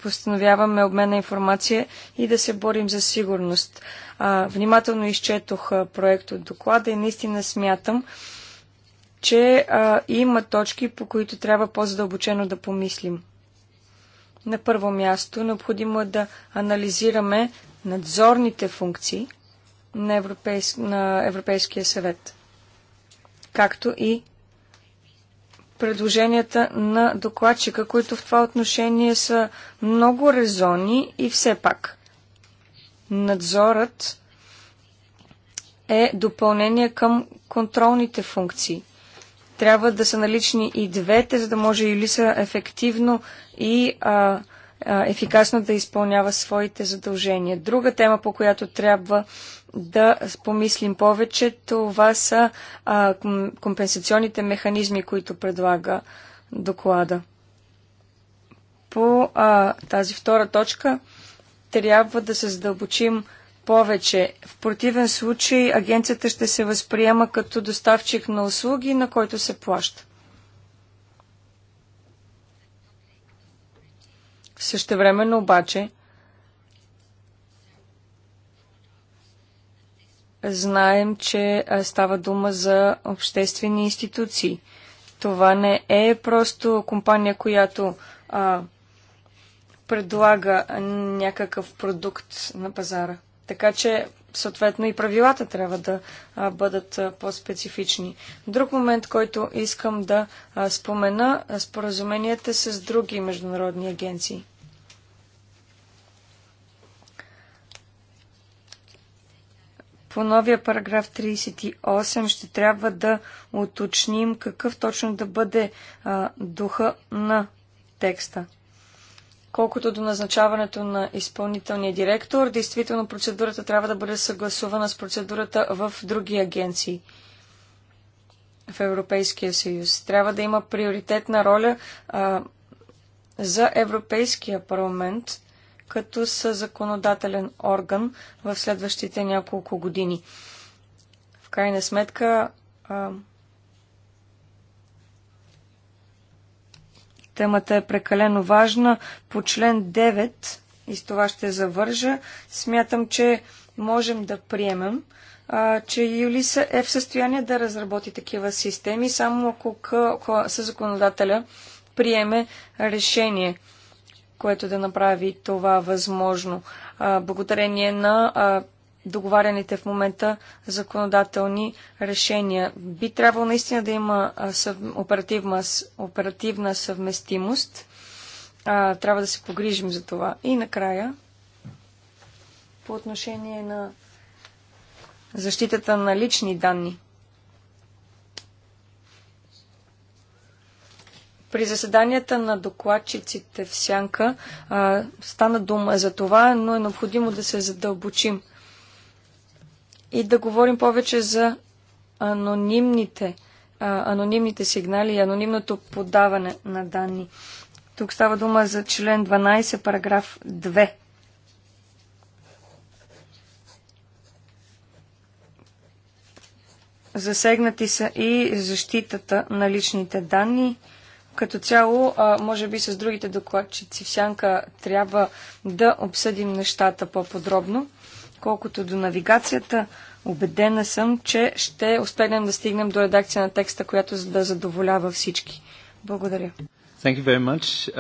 постановяваме обмен на информация и да се борим за сигурност. А, внимателно изчетох проект от доклада и наистина смятам, че а, има точки, по които трябва по-задълбочено да помислим. На първо място, необходимо е да анализираме надзорните функции на, Европейс... на Европейския съвет, както и предложенията на докладчика, които в това отношение са много резони и все пак надзорът е допълнение към контролните функции. Трябва да са налични и двете, за да може или са ефективно и а, а, ефикасно да изпълнява своите задължения. Друга тема, по която трябва да помислим повече, това са а, компенсационните механизми, които предлага доклада. По а, тази втора точка трябва да се задълбочим повече. В противен случай агенцията ще се възприема като доставчик на услуги, на който се плаща. Същевременно обаче знаем, че става дума за обществени институции. Това не е просто компания, която а, предлага някакъв продукт на пазара. Така че съответно и правилата трябва да бъдат по-специфични. Друг момент, който искам да спомена, споразуменията с други международни агенции. по новия параграф 38 ще трябва да уточним какъв точно да бъде а, духа на текста. Колкото до назначаването на изпълнителния директор, действително процедурата трябва да бъде съгласувана с процедурата в други агенции в Европейския съюз. Трябва да има приоритетна роля а, за Европейския парламент като със законодателен орган в следващите няколко години. В крайна сметка а, Темата е прекалено важна. По член 9, и с това ще завържа, смятам, че можем да приемем, а, че Юлиса е в състояние да разработи такива системи, само ако със законодателя приеме решение, което да направи това възможно. А, благодарение на а, договаряните в момента законодателни решения. Би трябвало наистина да има съв... оперативна, оперативна съвместимост. А, трябва да се погрижим за това. И накрая, по отношение на защитата на лични данни. При заседанията на докладчиците в Сянка а, стана дума за това, но е необходимо да се задълбочим – и да говорим повече за анонимните, а, анонимните сигнали и анонимното подаване на данни. Тук става дума за член 12, параграф 2. Засегнати са и защитата на личните данни. Като цяло, може би с другите докладчици в Сянка трябва да обсъдим нещата по-подробно. Колкото до навигацията, Обедена съм, че ще успеем да стигнем до редакция на текста, която да задоволява всички. Благодаря. Thank you very much.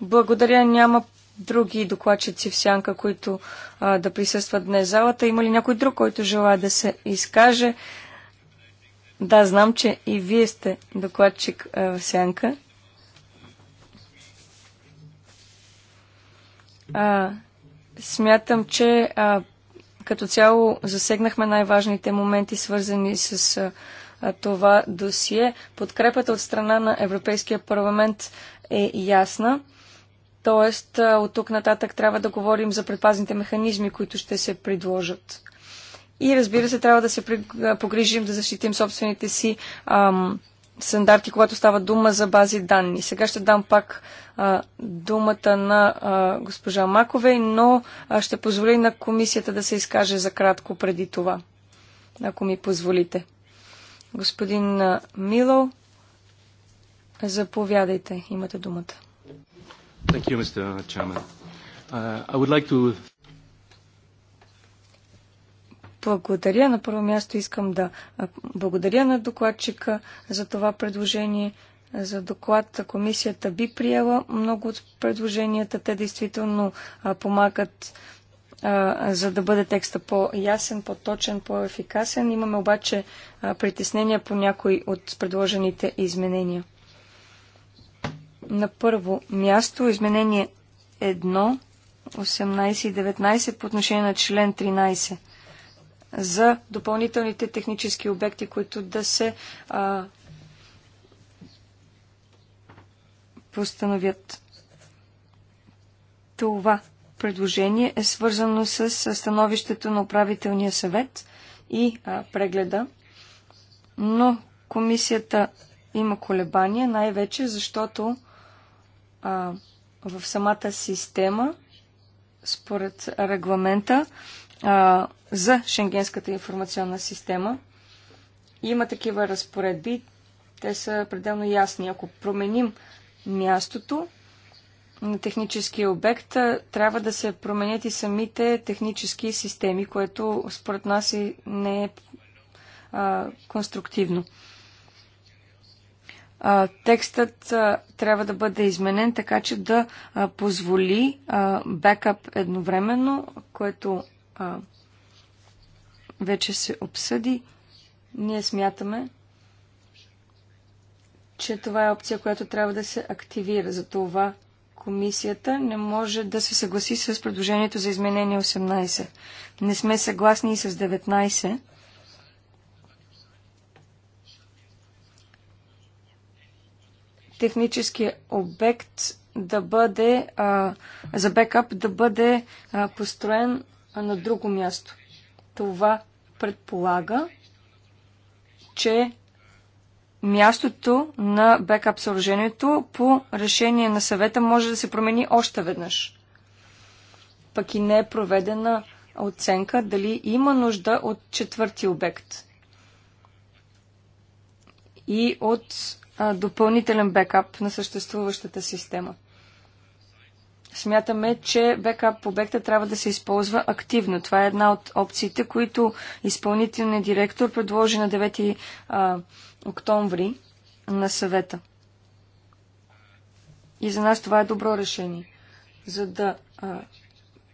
Благодаря. Няма други докладчици в сянка, които а, да присъстват днес в залата. Има ли някой друг, който желая да се изкаже? Да, знам, че и вие сте докладчик а, в сянка. А, Смятам, че а, като цяло засегнахме най-важните моменти, свързани с а, това досие. Подкрепата от страна на Европейския парламент е ясна. Тоест, от тук нататък трябва да говорим за предпазните механизми, които ще се предложат. И разбира се, трябва да се погрижим да защитим собствените си ам, стандарти, когато става дума за бази данни. Сега ще дам пак а, думата на а, госпожа Маковей, но а, ще позволя и на комисията да се изкаже за кратко преди това, ако ми позволите. Господин а, Мило, заповядайте, имате думата. Thank you, Mr. Chairman. Uh, I would like to благодаря. На първо място искам да благодаря на докладчика за това предложение. За доклад комисията би приела много от предложенията. Те действително помагат за да бъде текста по-ясен, по-точен, по-ефикасен. Имаме обаче притеснения по някои от предложените изменения. На първо място изменение 1, 18 и 19 по отношение на член 13 за допълнителните технически обекти, които да се а, постановят. Това предложение е свързано с становището на управителния съвет и а, прегледа, но комисията има колебания, най-вече защото а, в самата система, според регламента, а, за Шенгенската информационна система. Има такива разпоредби, те са пределно ясни. Ако променим мястото на техническия обект, трябва да се променят и самите технически системи, което според нас и не е а, конструктивно. А, текстът а, трябва да бъде изменен така, че да а, позволи бекап едновременно, което а, вече се обсъди, ние смятаме, че това е опция, която трябва да се активира. Затова комисията не може да се съгласи с предложението за изменение 18. Не сме съгласни и с 19. Техническия обект да бъде а, за бекап да бъде а, построен а на друго място. Това предполага, че мястото на бекап съоръжението по решение на съвета може да се промени още веднъж. Пък и не е проведена оценка дали има нужда от четвърти обект и от а, допълнителен бекап на съществуващата система смятаме, че бекап обекта трябва да се използва активно. Това е една от опциите, които изпълнителният директор предложи на 9 а, октомври на съвета. И за нас това е добро решение. За да а,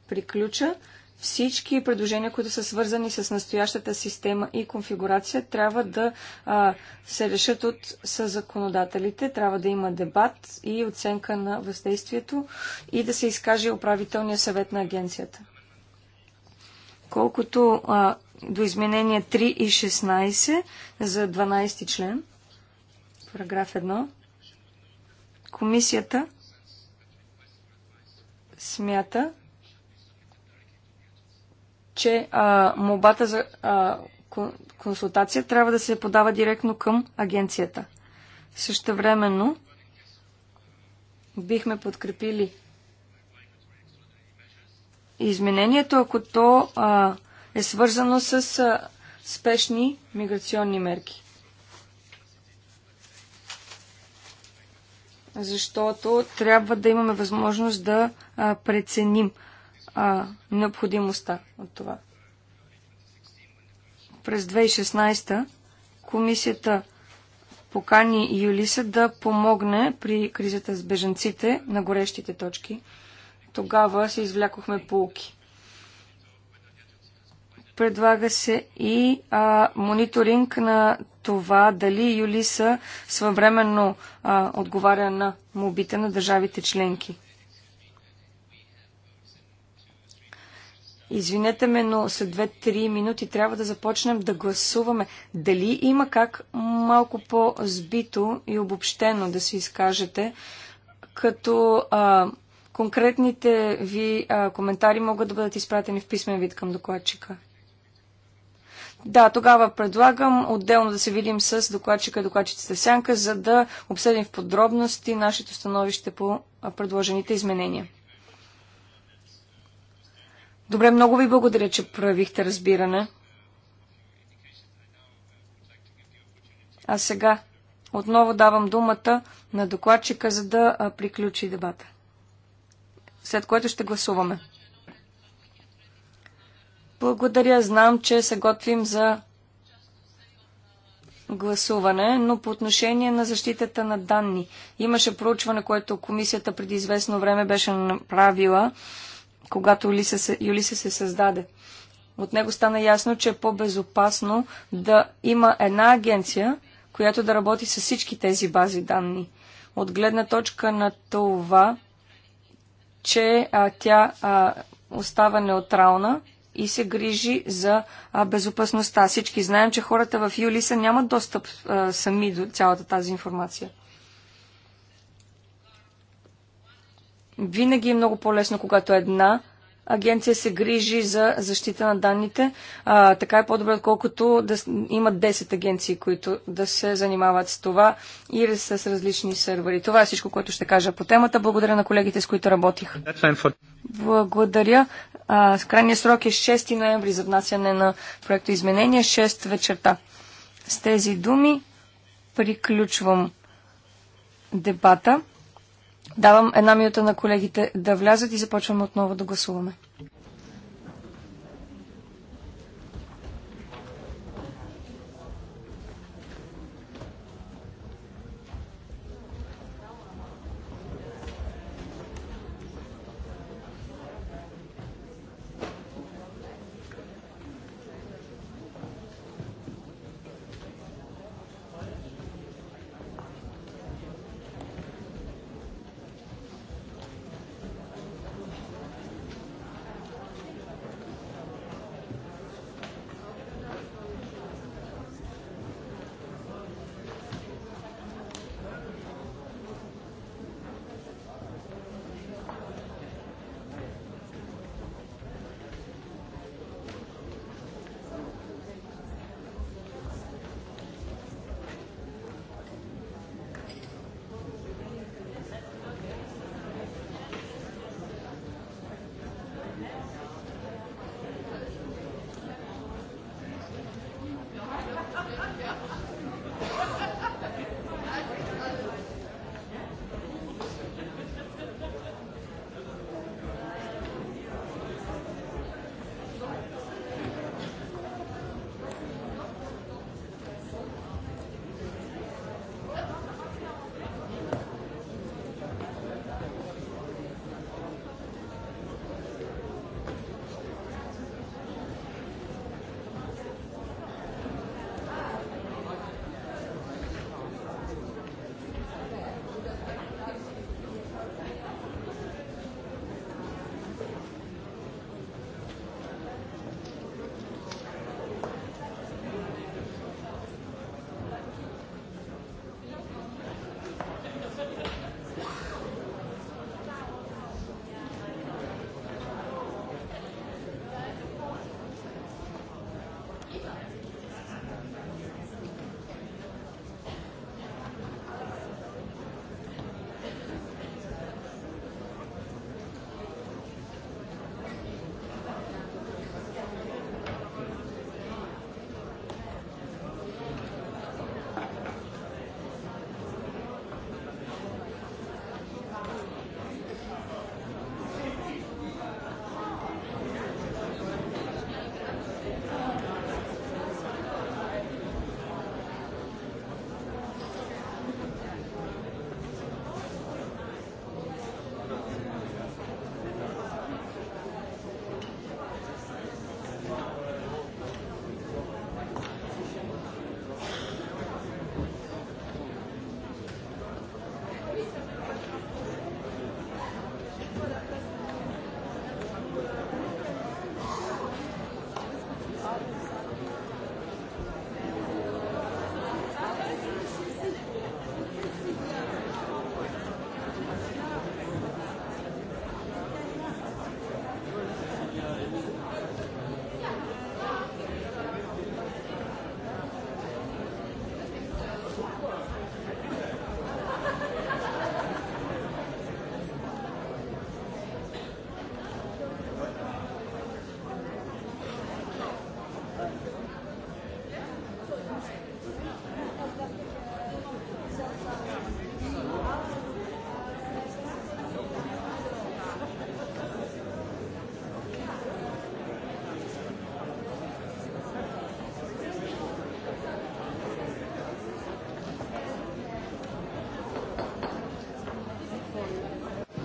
приключа, всички предложения, които са свързани с настоящата система и конфигурация, трябва да а, се решат от законодателите, трябва да има дебат и оценка на въздействието и да се изкаже управителния съвет на агенцията. Колкото а, до изменения 3 и 16 за 12 член, параграф 1, комисията смята, че а, мобата за а, консултация трябва да се подава директно към агенцията. Също времено бихме подкрепили изменението, ако то а, е свързано с а, спешни миграционни мерки. Защото трябва да имаме възможност да а, преценим а, необходимостта от това. През 2016 комисията покани Юлиса да помогне при кризата с беженците на горещите точки. Тогава се извлякохме полки. Предлага се и а, мониторинг на това дали Юлиса своевременно а, отговаря на мобите на държавите членки. Извинете ме, но след 2-3 минути трябва да започнем да гласуваме. Дали има как малко по-збито и обобщено да се изкажете, като а, конкретните ви а, коментари могат да бъдат изпратени в писмен вид към докладчика? Да, тогава предлагам отделно да се видим с докладчика и докладчицата Сянка, за да обсъдим в подробности нашето становище по предложените изменения. Добре, много ви благодаря, че проявихте разбиране. А сега отново давам думата на докладчика, за да приключи дебата. След което ще гласуваме. Благодаря. Знам, че се готвим за гласуване, но по отношение на защитата на данни. Имаше проучване, което комисията преди известно време беше направила когато Юлиса, се създаде. От него стана ясно, че е по-безопасно да има една агенция, която да работи с всички тези бази данни. От гледна точка на това, че а, тя а, остава неутрална и се грижи за а, безопасността. Всички знаем, че хората в Юлиса нямат достъп а, сами до цялата тази информация. Винаги е много по-лесно, когато една агенция се грижи за защита на данните. А, така е по-добре, отколкото да имат 10 агенции, които да се занимават с това или с различни сървъри. Това е всичко, което ще кажа по темата. Благодаря на колегите, с които работих. Благодаря. А, крайния срок е 6 ноември за внасяне на проекто изменения, 6 вечерта. С тези думи приключвам дебата. Давам една минута на колегите да влязат и започваме отново да гласуваме.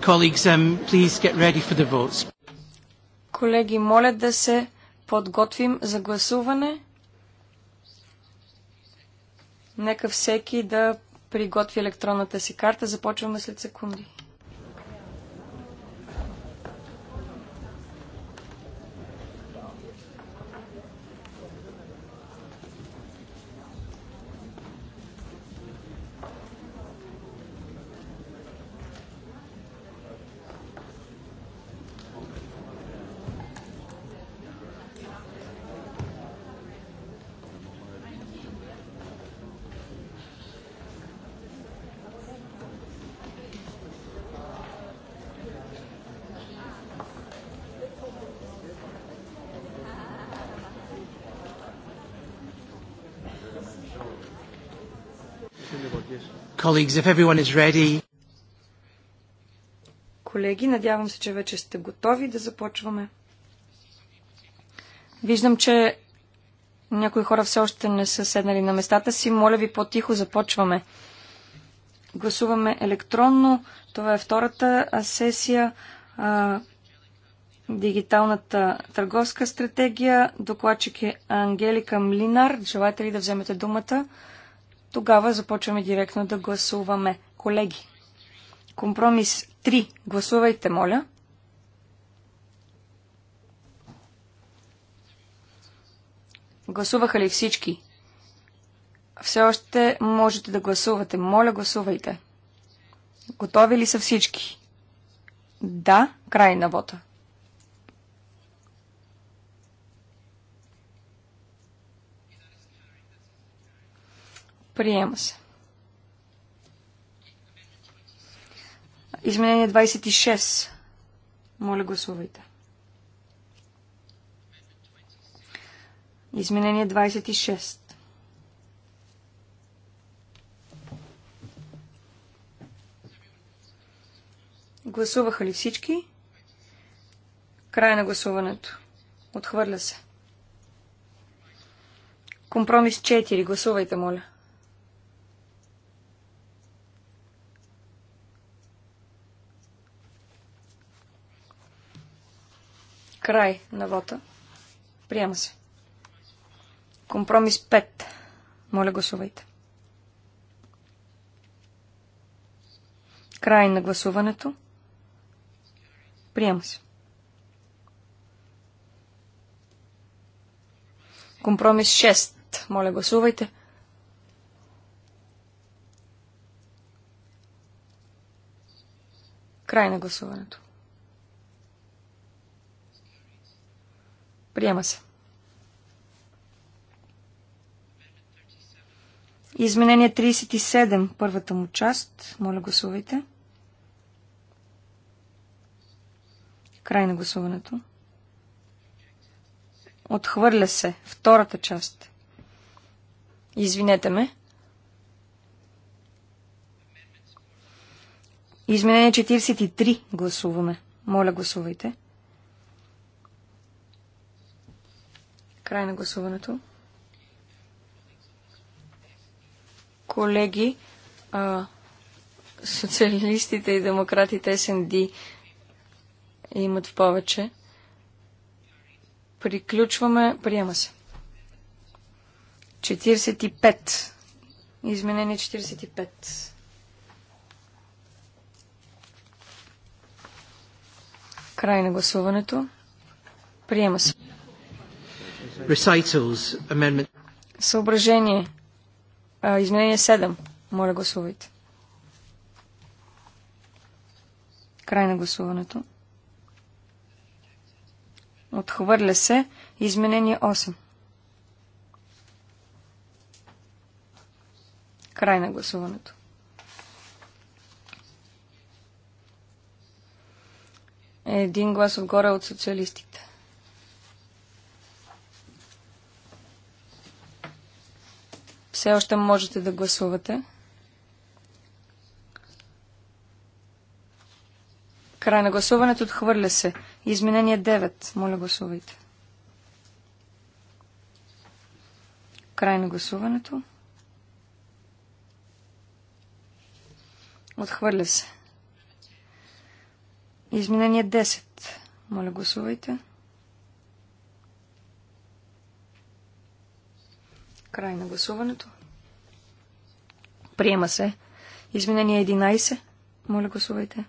Colleagues, um, please get ready for the votes. Колеги, моля да се подготвим за гласуване. Нека всеки да приготви електронната си карта. Започваме след секунди. Colleagues, if everyone is ready. Колеги, надявам се, че вече сте готови да започваме. Виждам, че някои хора все още не са седнали на местата си. Моля ви, по-тихо започваме. Гласуваме електронно. Това е втората сесия. А, дигиталната търговска стратегия. Докладчик е Ангелика Млинар. Желаете ли да вземете думата? Тогава започваме директно да гласуваме. Колеги, компромис 3. Гласувайте, моля. Гласуваха ли всички? Все още можете да гласувате. Моля, гласувайте. Готови ли са всички? Да, край на вота. Приема се. Изменение 26. Моля, гласувайте. Изменение 26. Гласуваха ли всички? Край на гласуването. Отхвърля се. Компромис 4. Гласувайте, моля. Край на вота. Приема се. Компромис 5. Моля, гласувайте. Край на гласуването. Приема се. Компромис 6. Моля, гласувайте. Край на гласуването. Приема се. Изменение 37, първата му част. Моля, гласувайте. Край на гласуването. Отхвърля се втората част. Извинете ме. Изменение 43 гласуваме. Моля, гласувайте. Край на гласуването. Колеги, а, социалистите и демократите СНД имат в повече. Приключваме. Приема се. 45. Изменение 45. Край на гласуването. Приема се. Съображение. Изменение 7. Моля гласувайте. Край на гласуването. Отхвърля се. Изменение 8. Край на гласуването. Един глас отгоре от социалистите. Все още можете да гласувате. Край на гласуването отхвърля се. Изменение 9. Моля гласувайте. Край на гласуването. Отхвърля се. Изменение 10. Моля гласувайте. Край на гласуването. Приема се. Изменение 11. Моля, гласувайте.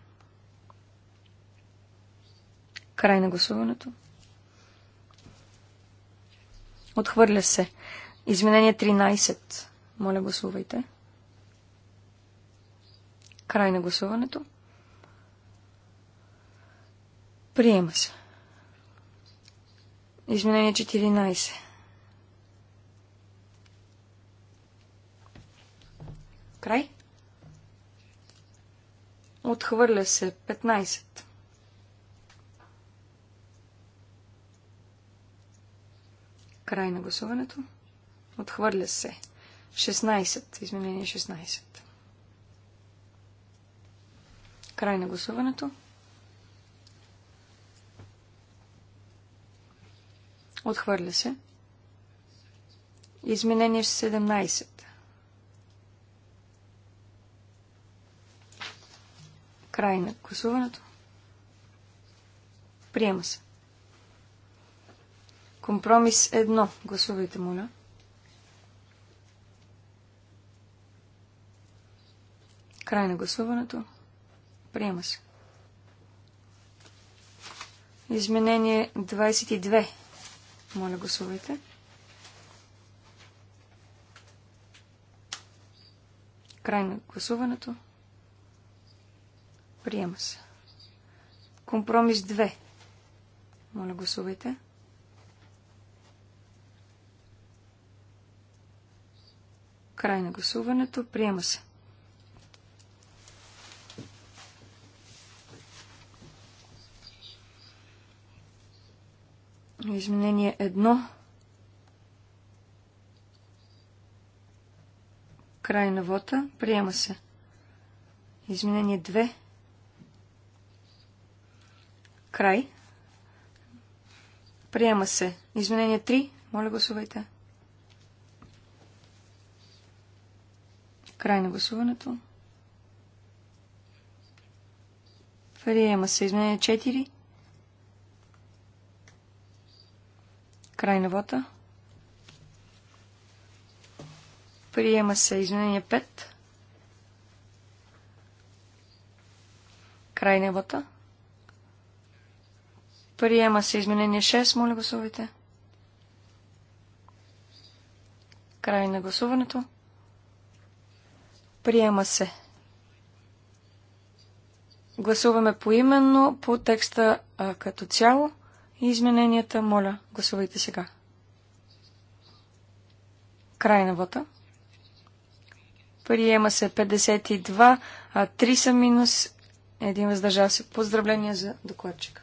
Край на гласуването. Отхвърля се. Изменение 13. Моля, гласувайте. Край на гласуването. Приема се. Изменение 14. Край. Отхвърля се 15. Край на гласуването. Отхвърля се 16. Изменение 16. Край на гласуването. Отхвърля се. Изменение 17. Край на гласуването. Приема се. Компромис 1. Гласувайте, моля. Край на гласуването. Приема се. Изменение 22. Моля, гласувайте. Край на гласуването. Приема се. Компромис 2. Моля, гласувайте. Край на гласуването. Приема се. Изменение 1. Край на вота. Приема се. Изменение 2. Край. Приема се. Изменение 3. Моля гласувайте. Край на гласуването. Приема се. Изменение 4. Край на вота. Приема се. Изменение 5. Край на вота. Приема се изменение 6. Моля гласувайте. Край на гласуването. Приема се. Гласуваме поименно по текста а, като цяло и измененията. Моля, гласувайте сега. Край на вота. Приема се 52, а 3 са минус 1 въздържа се. Поздравления за докладчика.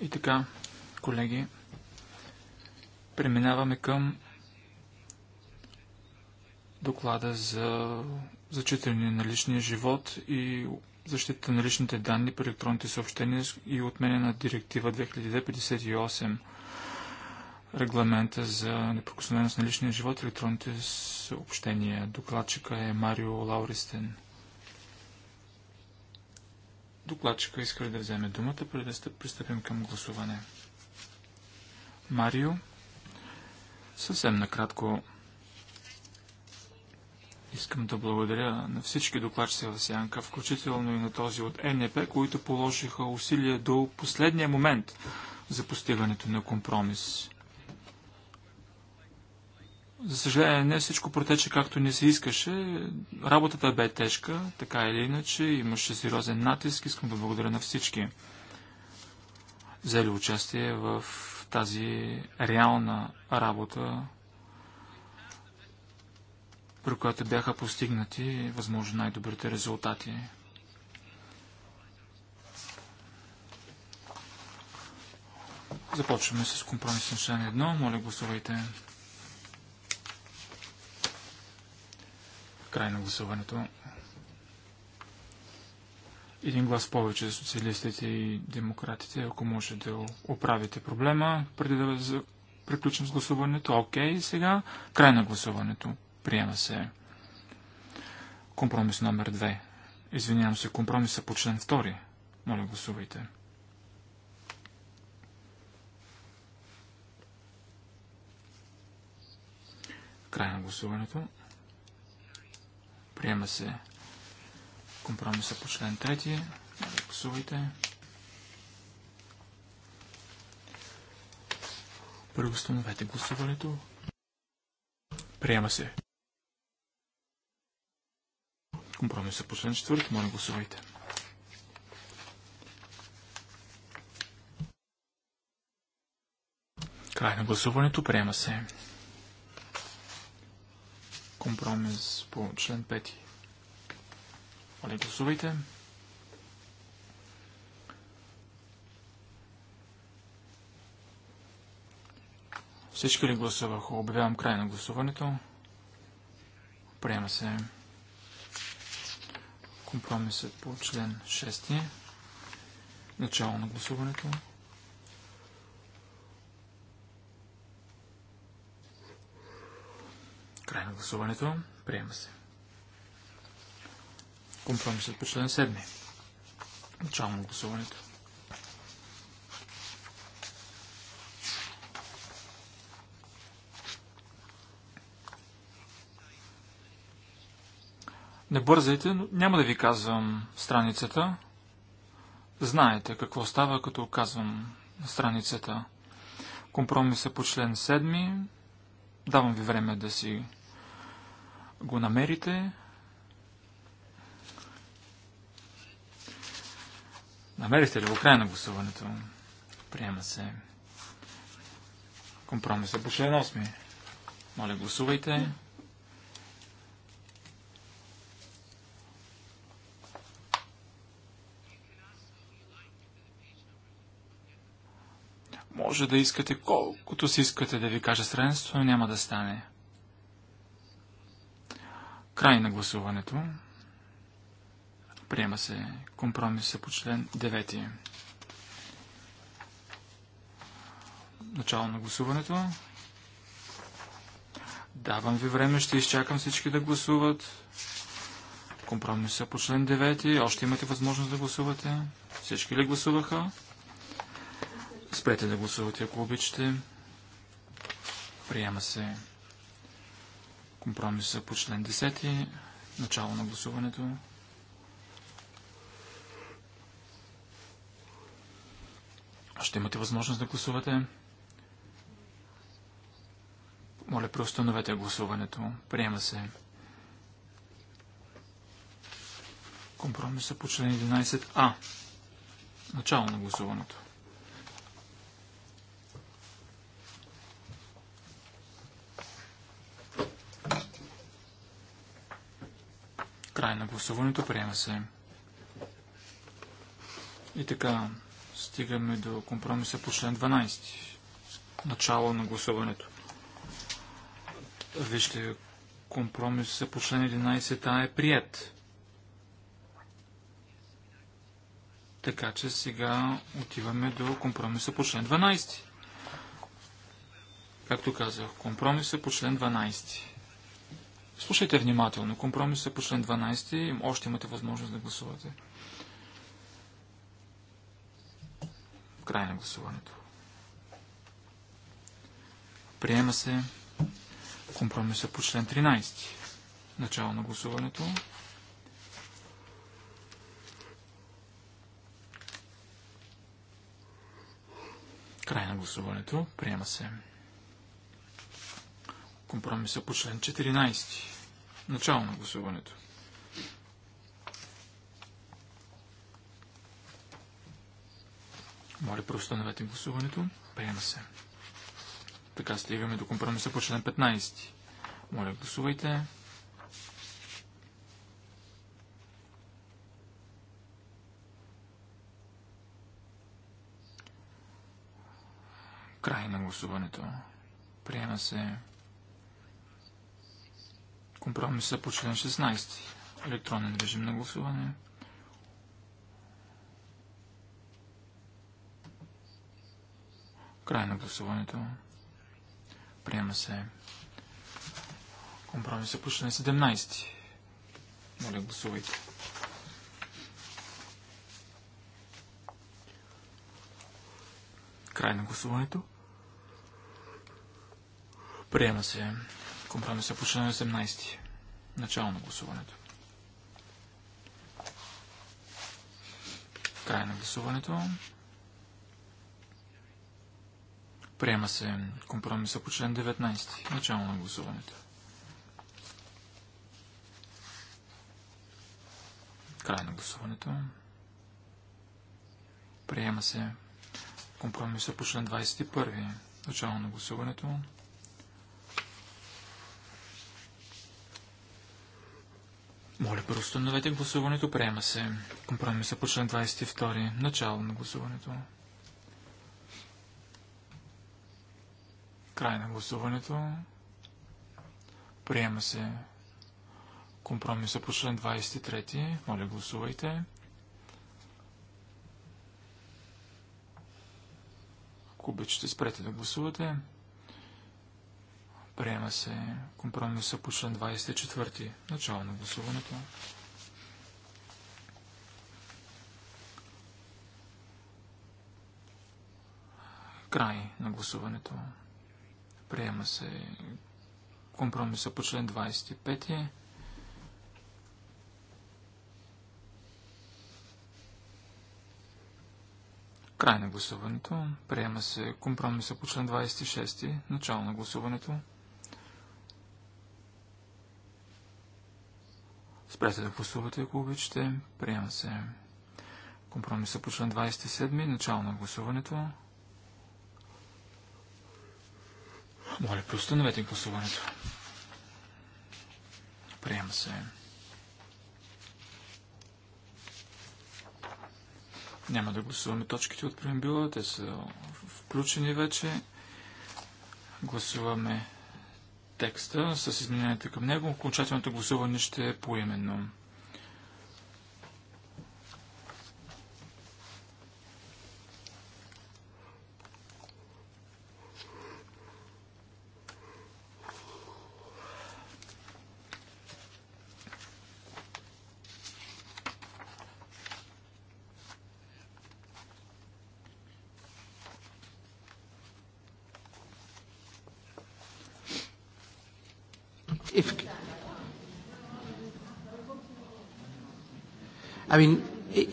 И така, колеги, преминаваме към доклада за зачитане на личния живот и защита на личните данни при електронните съобщения и отмене на директива 2258 регламента за неприкосновеност на личния живот и електронните съобщения. Докладчика е Марио Лауристен. Докладчика иска да вземе думата, преди да пристъпим към гласуване. Марио, съвсем накратко искам да благодаря на всички докладчици в Сянка, включително и на този от НП, които положиха усилия до последния момент за постигането на компромис. За съжаление, не всичко протече както не се искаше. Работата бе тежка, така или иначе. Имаше сериозен натиск. Искам да благодаря на всички, взели участие в тази реална работа, при която бяха постигнати възможно най-добрите резултати. Започваме с компромисно член 1. Моля, гласувайте. Край на гласуването. Един глас повече за социалистите и демократите, ако може да оправите проблема, преди да приключим с гласуването. Окей, сега край на гласуването. Приема се. Компромис номер 2. Извинявам се, компромиса по член 2. Моля, гласувайте. Край на гласуването. Приема се компромиса по член 3. Гласувайте. Преустановете гласуването. Приема се. Компромиса по член 4. Моля, гласувайте. Край на гласуването. Приема се. Компромис по член 5. Моля, гласувайте. Всички ли гласуваха? Обявявам край на гласуването. Приема се компромисът по член 6. Начало на гласуването. Край на гласуването. Приема се. Компромисът по член 7. Начало на гласуването. Не бързайте, но няма да ви казвам страницата. Знаете какво става, като казвам страницата. Компромиса по член 7. Давам ви време да си го намерите, намерихте ли го край на гласуването? Приема се. Компромиса по член 8. Моля, гласувайте. Може да искате колкото си искате да ви кажа средство, но няма да стане. Край на гласуването. Приема се компромиса по член 9. Начало на гласуването. Давам ви време, ще изчакам всички да гласуват. Компромиса по член 9. Още имате възможност да гласувате. Всички ли гласуваха? Спрете да гласувате, ако обичате. Приема се. Компромиса по член 10. Начало на гласуването. Ще имате възможност да гласувате. Моля, преустановете гласуването. Приема се. Компромиса по член 11а. Начало на гласуването. Край на гласуването. Приема се. И така, стигаме до компромиса по член 12. Начало на гласуването. Вижте, компромиса по член 11а е прият. Така че сега отиваме до компромиса по член 12. Както казах, компромиса по член 12. Слушайте внимателно. Компромиса е по член 12 още имате възможност да гласувате. Край на гласуването. Приема се компромиса по член 13. Начало на гласуването. Край на гласуването. Приема се компромиса по член 14. Начало на гласуването. Моля, преустановете гласуването. Приема се. Така стигаме до компромиса по член 15. Моля, гласувайте. Край на гласуването. Приема се. Компромиса по член 16. Електронен режим на гласуване. Край на гласуването. Приема се компромиса по член 17. Моля, гласувайте. Край на гласуването. Приема се Компромиса по член 18. Начало на гласуването. Край на гласуването. Приема се компромиса по член 19. Начало на гласуването. Край на гласуването. Приема се компромиса по член 21. Начало на гласуването. Моля, преустановете гласуването. Приема се. Компромиса по член 22. Начало на гласуването. Край на гласуването. Приема се. Компромиса по член 23. Моля, гласувайте. Ако обичате, спрете да гласувате. Приема се компромиса по член 24. Начало на гласуването. Край на гласуването. Приема се компромиса по член 25. Край на гласуването. Приема се компромиса по член 26. Начало на гласуването. Спрете да гласувате, ако обичате. Приема се. Компромиса по член 27. Начало на гласуването. Моля, преустановете гласуването. Приема се. Няма да гласуваме точките от преамбюла, те са включени вече. Гласуваме текста с измененията към него. Окончателното гласуване ще е поименно.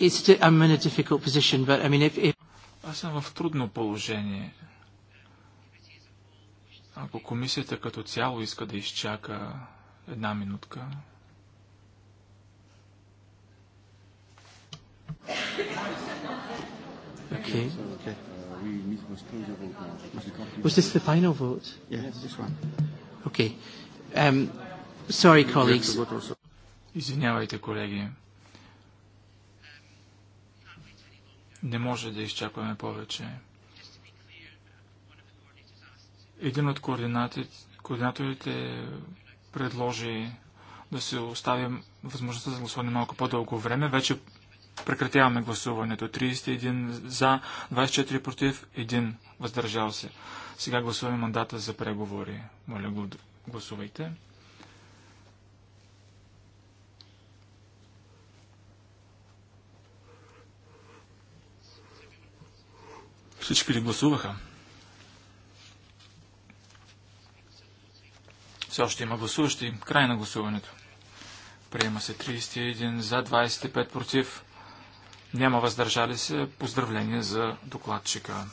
it's, I'm in a difficult position, but I mean, if, if... Аз съм в трудно положение. Ако комисията като цяло иска да изчака една минутка. Okay. okay. Was this the final vote? Yes, this one. Okay. Um, sorry, colleagues. Извинявайте, колеги. Не може да изчакваме повече. Един от координаторите предложи да се оставим възможността за гласуване малко по-дълго време. Вече прекратяваме гласуването. 31 за, 24 против, 1 въздържал се. Сега гласуваме мандата за преговори. Моля, го, гласувайте. Всички ли гласуваха? Все още има гласуващи. Край на гласуването. Приема се 31 за 25 против. Няма въздържали се. Поздравление за докладчика.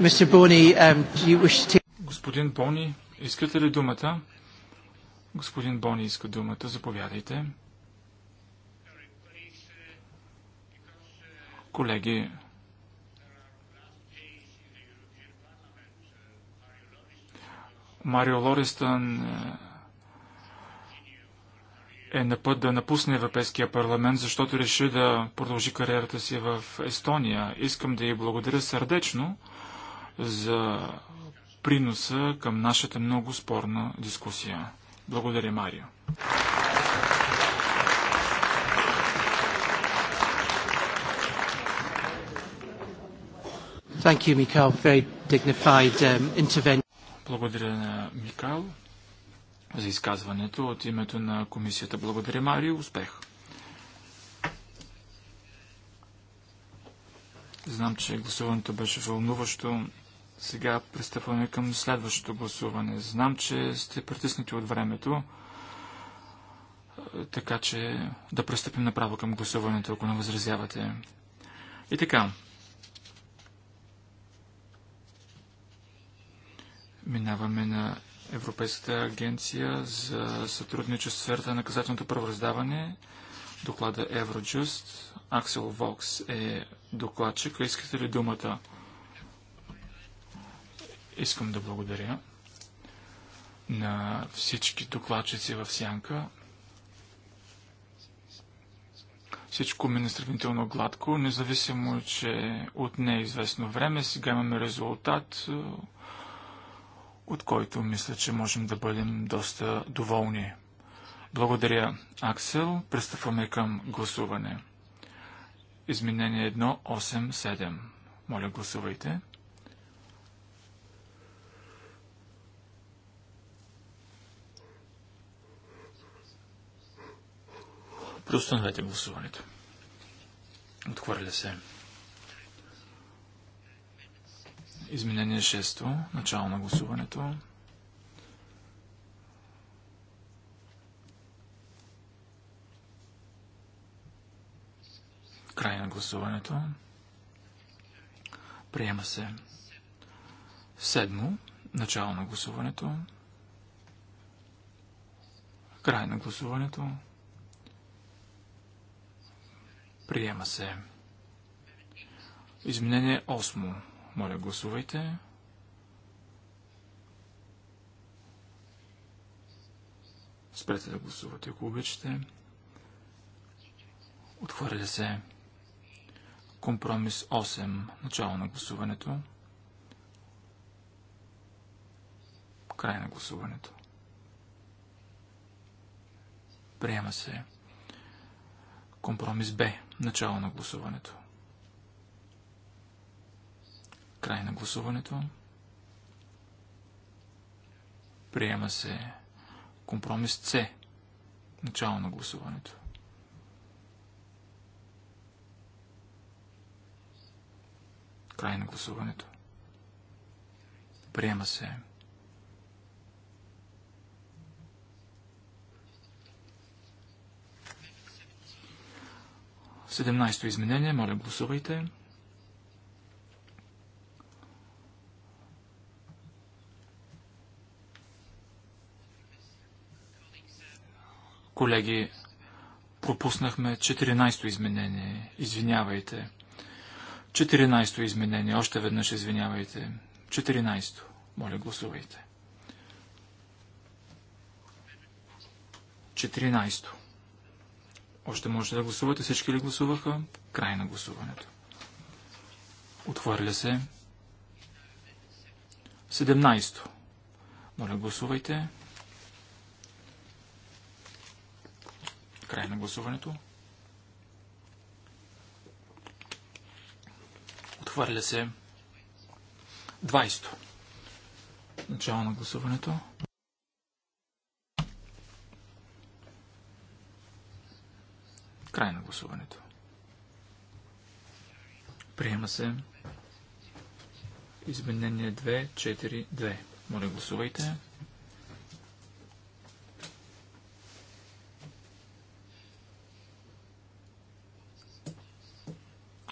Um, Господин Бони, искате ли думата? Господин Бони иска думата. Заповядайте. Колеги, Марио Лористън е, е на път да напусне Европейския парламент, защото реши да продължи кариерата си в Естония. Искам да й благодаря сърдечно за приноса към нашата много спорна дискусия. Благодаря, Марио. Thank you, Mikhail. Very dignified um, intervention. Благодаря на Микал за изказването от името на комисията. Благодаря, Марио. Успех! Знам, че гласуването беше вълнуващо. Сега пристъпваме към следващото гласуване. Знам, че сте притиснати от времето, е, така че да пристъпим направо към гласуването, ако не възразявате. И така. Минаваме на Европейската агенция за сътрудничество в сферата на наказателното правораздаване. Доклада Евроджуст. Аксел Вокс е докладчик. Искате ли думата? Искам да благодаря на всички докладчици в Сянка. Всичко мина сравнително гладко, независимо, че от неизвестно е време сега имаме резултат, от който мисля, че можем да бъдем доста доволни. Благодаря, Аксел. Пристъпваме към гласуване. Изменение 1.8.7. Моля, гласувайте. Преустановете гласуването. Отхвърля се. Изменение 6. Начало на гласуването. Край на гласуването. Приема се. Седмо. Начало на гласуването. Край на гласуването. Приема се. Изменение 8. Моля, гласувайте. Спрете да гласувате, ако обичате. Отхвърля се. Компромис 8. Начало на гласуването. Край на гласуването. Приема се. Компромис Б. Начало на гласуването. Край на гласуването. Приема се компромис С. Начало на гласуването. Край на гласуването. Приема се 17-то изменение, моля гласувайте. Колеги, пропуснахме 14-то изменение. Извинявайте. 14-то изменение. Още веднъж извинявайте. 14-то. Моля, гласувайте. 14-то. Още можете да гласувате. Всички ли гласуваха? Край на гласуването. Отхвърля се. 17. Моля, гласувайте. Край на гласуването. Отхвърля се. 20. Начало на гласуването. Край на гласуването. Приема се изменение 2, 4, 2. Моля, гласувайте.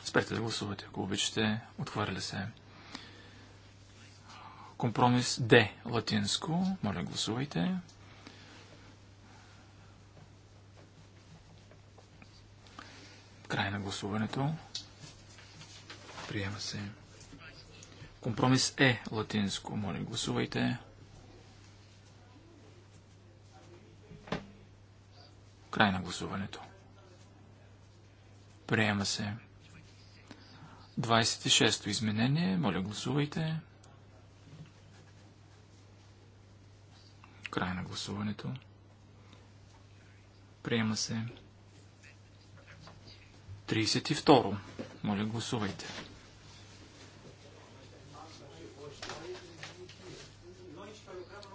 Спрете да гласувате, ако обичате. Отхвърля се. Компромис Д, латинско. Моля, Гласувайте. гласуването. Приема се. Компромис е латинско. Моля, гласувайте. Край на гласуването. Приема се. 26-то изменение. Моля, гласувайте. Край на гласуването. Приема се. 32. Моля, гласувайте.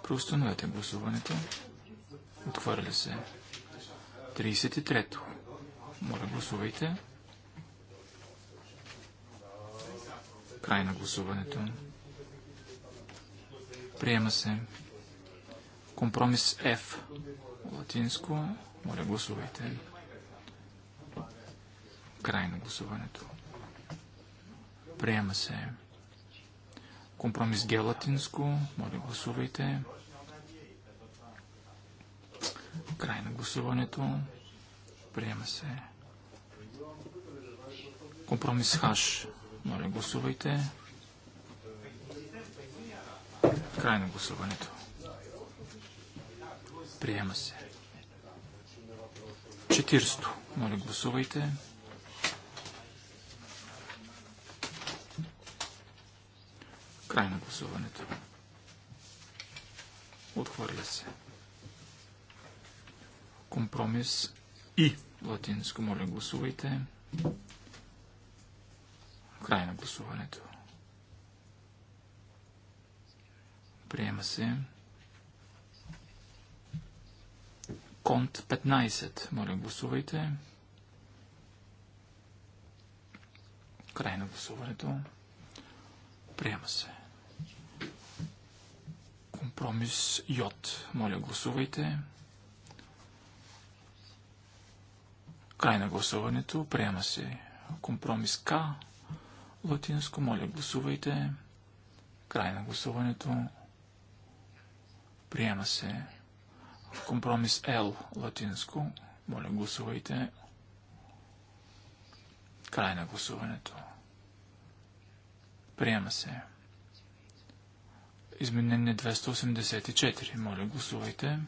Проустановете гласуването. Отхвърля се. 33. Моля, гласувайте. Край на гласуването. Приема се. Компромис F. Латинско. Моля, гласувайте. Край на гласуването. Приема се. Компромис Гелатинско. Моля, гласувайте. Край на гласуването. Приема се. Компромис Хаш. Моля, гласувайте. Край на гласуването. Приема се. Четирсто. Моля, гласувайте. Край на гласуването. Отхвърля се. Компромис и латинско. Моля, гласувайте. Край на гласуването. Приема се. Конт 15. Моля, гласувайте. Край на гласуването. Приема се. Компромис Йод. Моля, гласувайте. Край на гласуването. Приема се. Компромис К. Латинско. Моля, гласувайте. Край на гласуването. Приема се. Компромис Л. Латинско. Моля, гласувайте. Край на гласуването. Приема се. Изменение 284. Моля, гласувайте.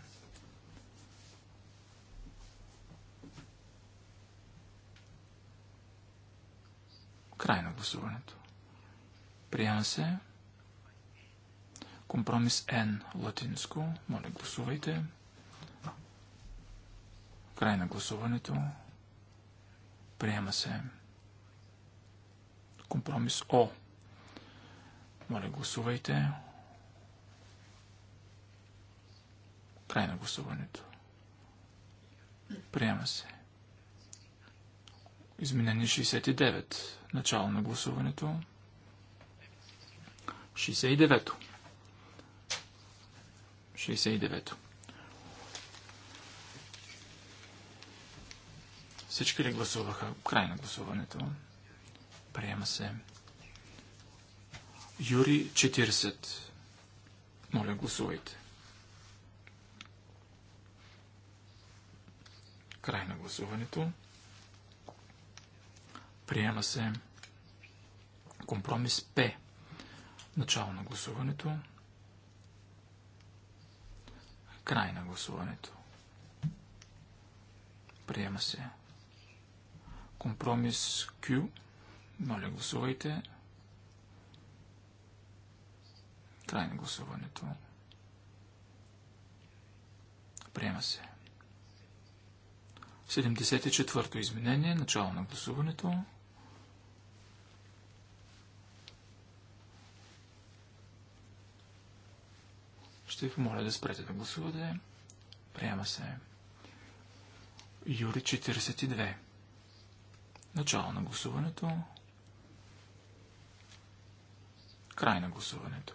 Край на гласуването. Приема се. Компромис N латинско. Моля, гласувайте. Край на гласуването. Приема се. Компромис О. Моля, гласувайте. Край на гласуването. Приема се. Изменени 69. Начало на гласуването. 69. 69. Всички ли гласуваха? Край на гласуването. Приема се. Юри 40. Моля, гласувайте. Край на гласуването. Приема се компромис П. Начало на гласуването. Край на гласуването. Приема се компромис Q. Моля, гласувайте. Край на гласуването. Приема се. 74-то изменение, начало на гласуването. Ще ви помоля да спрете да гласувате. Приема се. Юри 42. Начало на гласуването. Край на гласуването.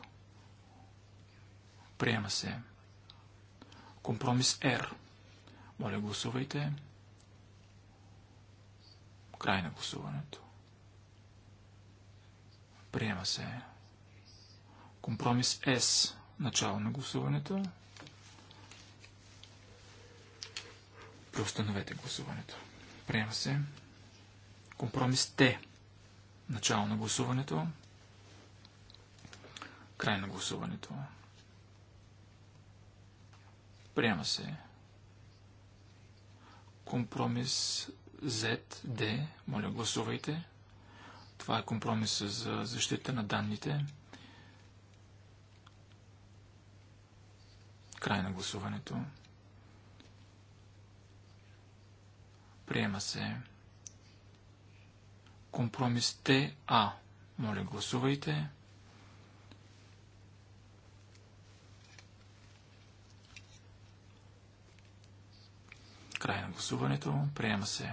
Приема се. Компромис R. Моля, гласувайте. Край на гласуването. Приема се. Компромис С. Начало на гласуването. Преустановете гласуването. Приема се. Компромис Т. Начало на гласуването. Край на гласуването. Приема се. Компромис Z, D. Моля, гласувайте. Това е компромиса за защита на данните. Край на гласуването. Приема се. Компромис ТА. Моля, гласувайте. Край на гласуването. Приема се.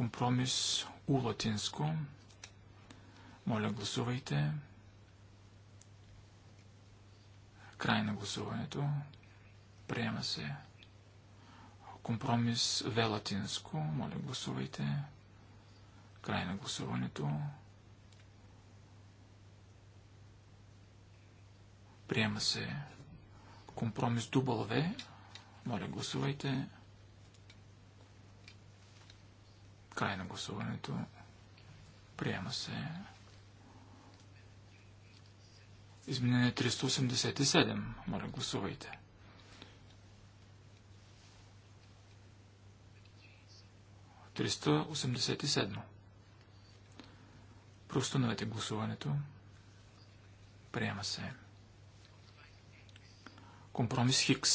Компромис У латинско. Моля, гласувайте. Край на гласуването. Приема се. Компромис В латинско. Моля, гласувайте. Край на гласуването. Приема се компромис дубъл В. Моля, гласувайте. Край на гласуването. Приема се. Изменение 387. Моля, гласувайте. Триста осемдесет гласуването. Приема се. Компромис Хикс.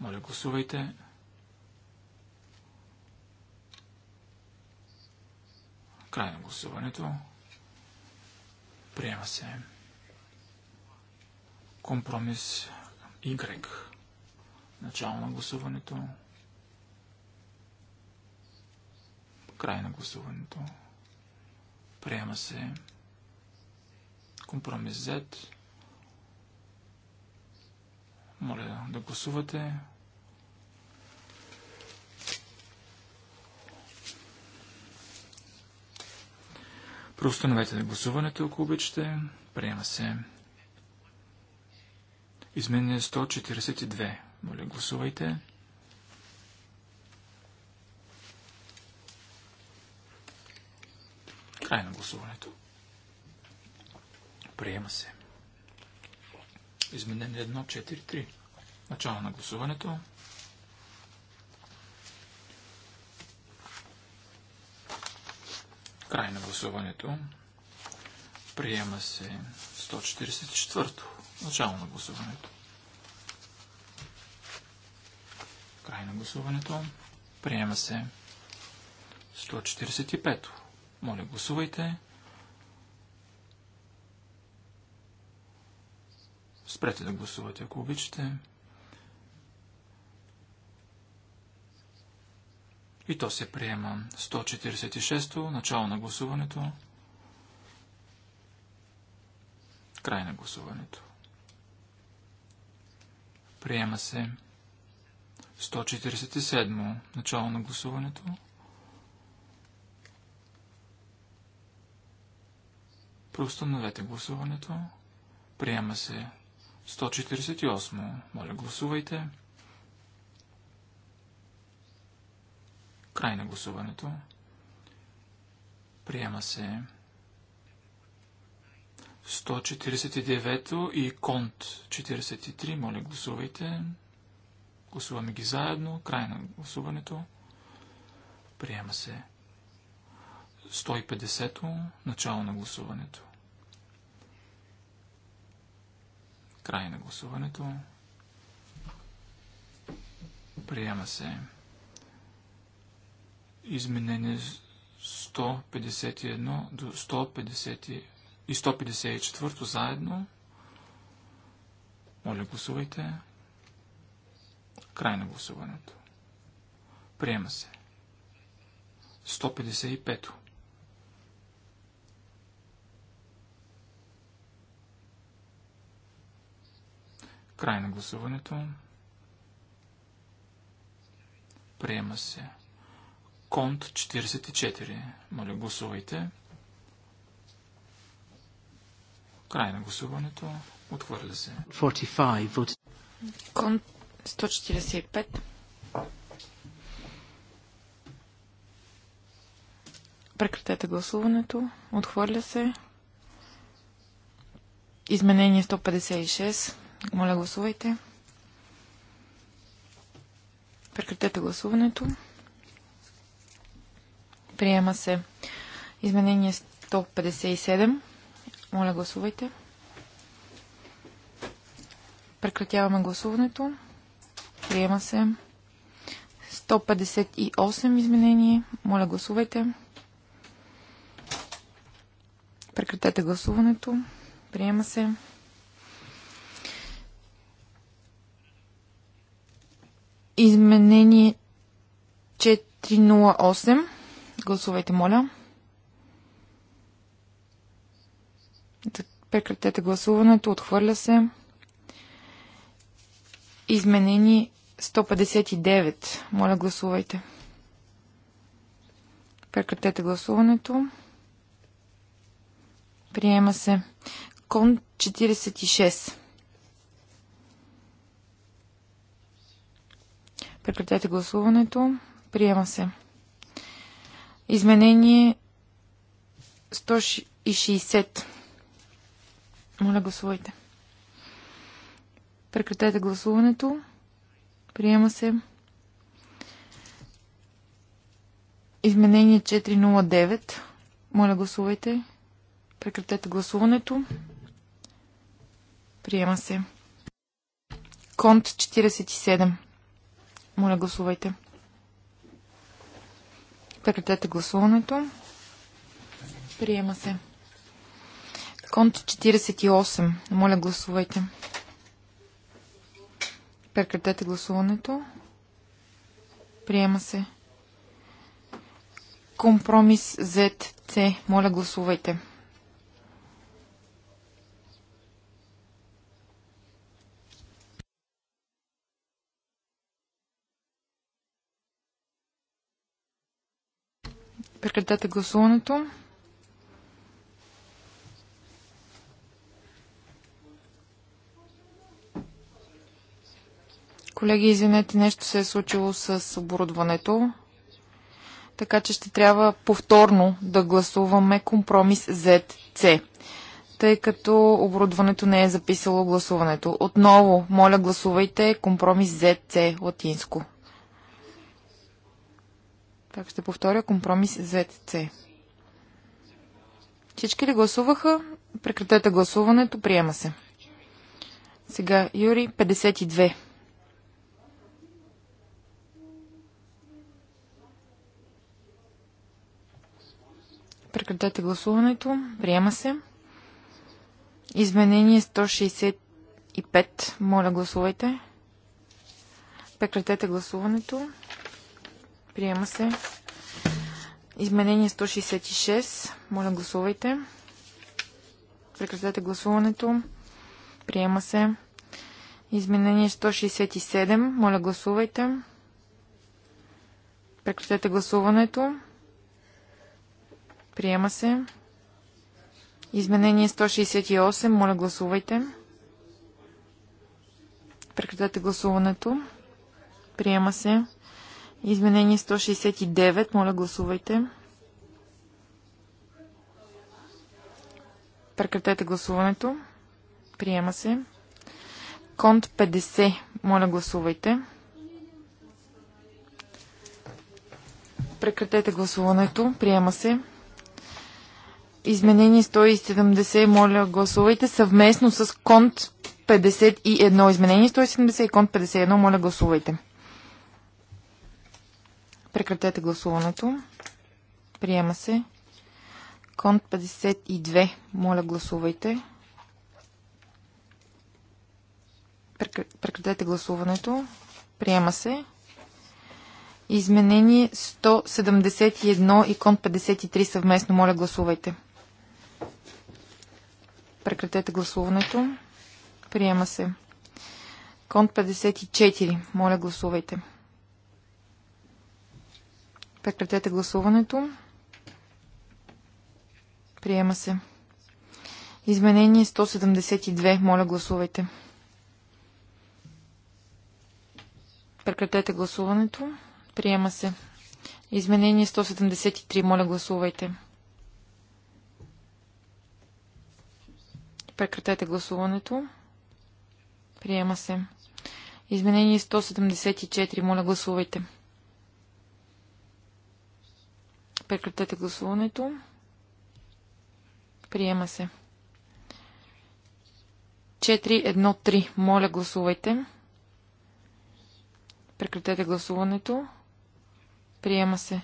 Моля, гласувайте. Край на гласуването. Приема се. Компромис Y. Начало на гласуването. Край на гласуването. Приема се. Компромис Z. Моля да гласувате. Преустановете на гласуването, ако обичате. Приема се. Изменение 142. Моля, гласувайте. Край на гласуването. Приема се. Изменение 1.4.3. Начало на гласуването. Край на гласуването. Приема се 144-то. Начало на гласуването. Край на гласуването. Приема се 145-то. Моля, гласувайте. Спрете да гласувате, ако обичате. И то се приема. 146-то, начало на гласуването. Край на гласуването. Приема се. 147 начало на гласуването. Преустановете гласуването. Приема се. 148 моля гласувайте. Край на гласуването. Приема се 149 и конт 43. Моля, гласувайте. Гласуваме ги заедно. Край на гласуването. Приема се 150. Начало на гласуването. Край на гласуването. Приема се изменение 151 до 150 и 154 заедно. Моля, гласувайте. Край на гласуването. Приема се. 155. Край на гласуването. Приема се. Конт 44. Моля, гласувайте. Край на гласуването. Отхвърля се. 45. Конт 145. Прекратете гласуването. Отхвърля се. Изменение 156. Моля, гласувайте. Прекратете гласуването. Приема се. Изменение 157. Моля, гласувайте. Прекратяваме гласуването. Приема се. 158 изменение. Моля, гласувайте. Прекратете гласуването. Приема се. Изменение 408. Гласувайте, моля. Прекратете гласуването. Отхвърля се. Изменени 159. Моля, гласувайте. Прекратете гласуването. Приема се. Кон 46. Прекратете гласуването. Приема се. Изменение 160. Моля, гласувайте. Прекратете гласуването. Приема се. Изменение 409. Моля, гласувайте. Прекратете гласуването. Приема се. Конт 47. Моля, гласувайте. Прекратете гласуването. Приема се. Конт 48. Моля, гласувайте. Прекратете гласуването. Приема се. Компромис ZC. Моля, гласувайте. Прекратете гласуването. Колеги, извинете, нещо се е случило с оборудването, така че ще трябва повторно да гласуваме компромис ZC, тъй като оборудването не е записало гласуването. Отново, моля гласувайте компромис ZC латинско. Так, ще повторя компромис ZC. Всички ли гласуваха? Прекратете гласуването. Приема се. Сега Юри 52. Прекратете гласуването. Приема се. Изменение 165. Моля, гласувайте. Прекратете гласуването. Приема се. Изменение 166. Моля, гласувайте. Прекратете гласуването. Приема се. Изменение 167. Моля, гласувайте. Прекратете гласуването. Приема се. Изменение 168. Моля, гласувайте. Прекратете гласуването. Приема се. Изменение 169. Моля, гласувайте. Прекратете гласуването. Приема се. Конт 50. Моля, гласувайте. Прекратете гласуването. Приема се. Изменение 170. Моля, гласувайте съвместно с Конт 51. Изменение 170 и Конт 51. Моля, гласувайте. Прекратете гласуването. Приема се. Конт 52. Моля, гласувайте. Прекратете гласуването. Приема се. Изменение 171 и конт 53 съвместно. Моля, гласувайте. Прекратете гласуването. Приема се. Конт 54. Моля, гласувайте. Прекратете гласуването. Приема се. Изменение 172. Моля, гласувайте. Прекратете гласуването. Приема се. Изменение 173. Моля, гласувайте. Прекратете гласуването. Приема се. Изменение 174. Моля, гласувайте. Прекратете гласуването. Приема се. 4-1-3. Моля, гласувайте. Прекратете гласуването. Приема се.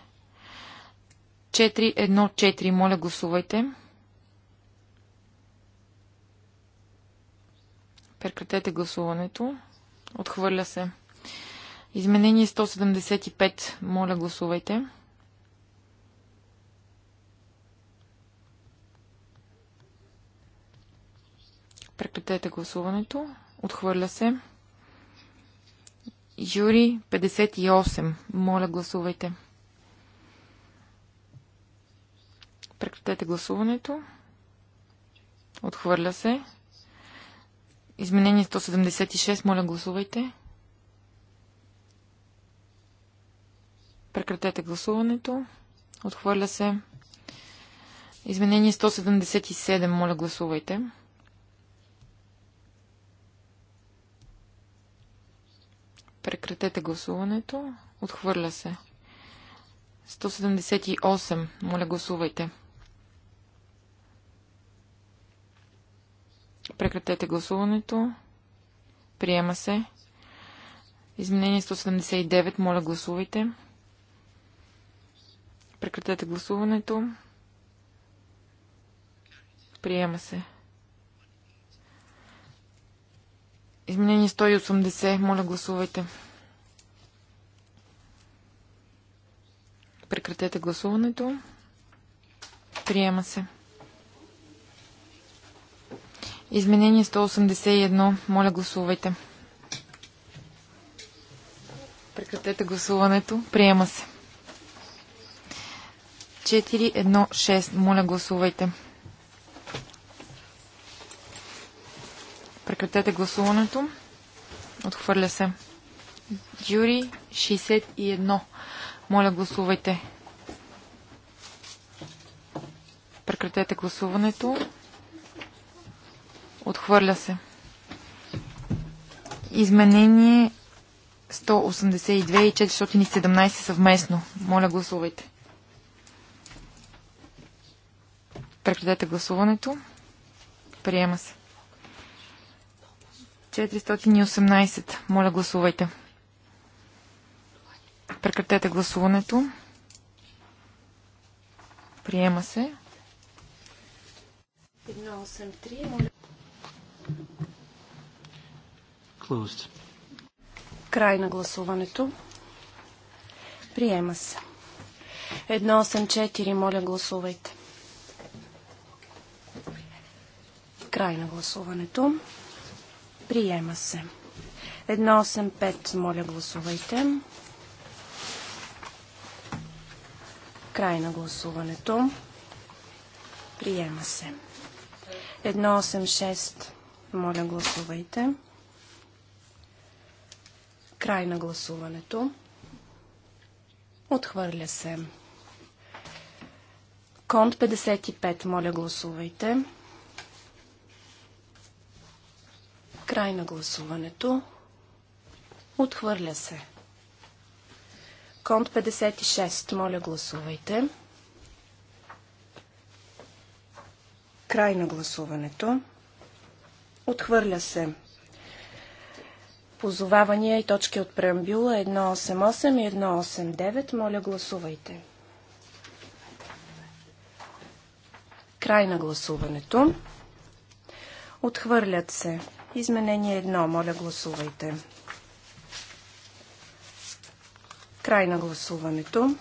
4-1-4. Моля, гласувайте. Прекратете гласуването. Отхвърля се. Изменение 175. Моля, гласувайте. Прекратете гласуването. Отхвърля се. Жюри 58. Моля, гласувайте. Прекратете гласуването. Отхвърля се. Изменение 176. Моля, гласувайте. Прекратете гласуването. Отхвърля се. Изменение 177. Моля, гласувайте. Прекратете гласуването. Отхвърля се. 178. Моля, гласувайте. Прекратете гласуването. Приема се. Изменение 179. Моля, гласувайте. Прекратете гласуването. Приема се. Изменение 180. Моля, гласувайте. Прекратете гласуването. Приема се. Изменение 181. Моля, гласувайте. Прекратете гласуването. Приема се. 416. Моля, гласувайте. Прекратете гласуването. Отхвърля се. Джури 61. Моля, гласувайте. Прекратете гласуването. Отхвърля се. Изменение 182 и 417 съвместно. Моля, гласувайте. Прекратете гласуването. Приема се. 418. Моля, гласувайте. Прекратете гласуването. Приема се. 183. Моля. Closed. Край на гласуването. Приема се. 184. Моля, гласувайте. Край на гласуването. Приема се. 185, моля гласувайте. Край на гласуването. Приема се. 186, моля гласувайте. Край на гласуването. Отхвърля се. Конт 55, моля гласувайте. Край на гласуването. Отхвърля се. Конт 56. Моля, гласувайте. Край на гласуването. Отхвърля се. Позовавания и точки от преамбюла 188 и 189. Моля, гласувайте. Край на гласуването. Отхвърлят се. Изменение 1. Моля гласувайте. Край на гласуването.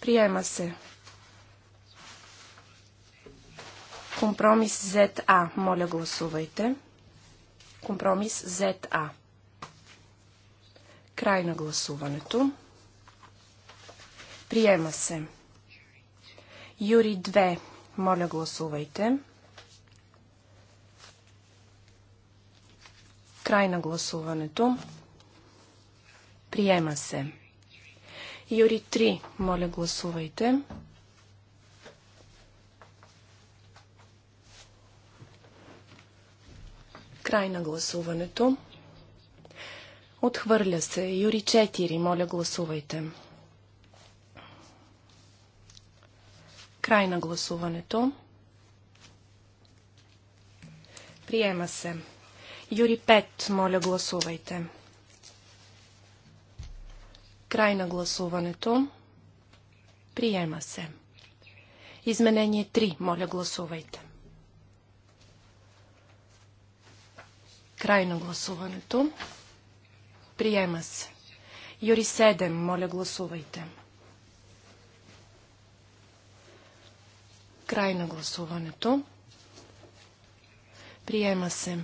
Приема се. Компромис ЗА. Моля гласувайте. Компромис ЗА. Край на гласуването. Приема се. Юри 2. Моля гласувайте. Край на гласуването. Приема се. Юри 3, моля гласувайте. Край на гласуването. Отхвърля се. Юри 4, моля гласувайте. Край на гласуването. Приема се. Юри 5, моля гласувайте. Край на гласуването. Приема се. Изменение 3, моля гласувайте. Край на гласуването. Приема се. Юри 7, моля гласувайте. Край на гласуването. Приема се.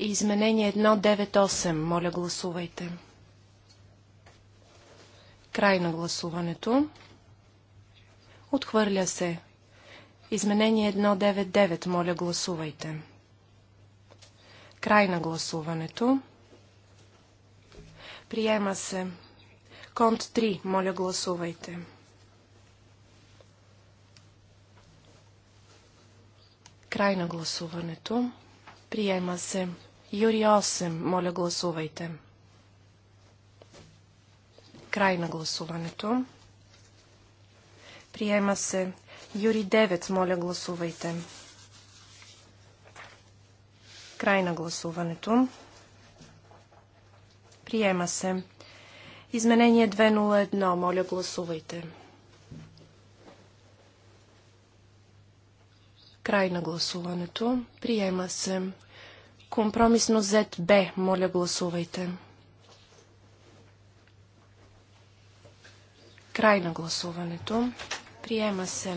Изменение 198. Моля, гласувайте. Край на гласуването. Отхвърля се. Изменение 199. Моля, гласувайте. Край на гласуването. Приема се. Конт 3. Моля, гласувайте. Край на гласуването. Приема се. Юри 8. Моля, гласувайте. Край на гласуването. Приема се. Юри 9. Моля, гласувайте. Край на гласуването. Приема се. Изменение 201. Моля, гласувайте. Край на гласуването. Приема се. Компромисно Б, Моля, гласувайте. Край на гласуването. Приема се.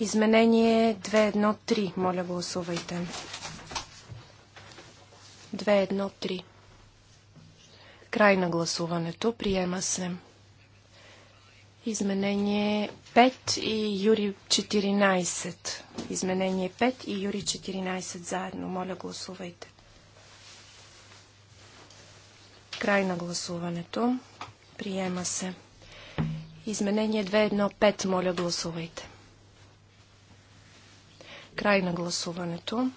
Изменение 213. Моля, гласувайте. 213. Край на гласуването. Приема се. Изменение 5 и Юри 14. Изменение 5 и Юри 14 заедно. Моля, гласувайте. Край на гласуването. Приема се. Изменение 2.1.5. Моля, гласувайте. Край на гласуването.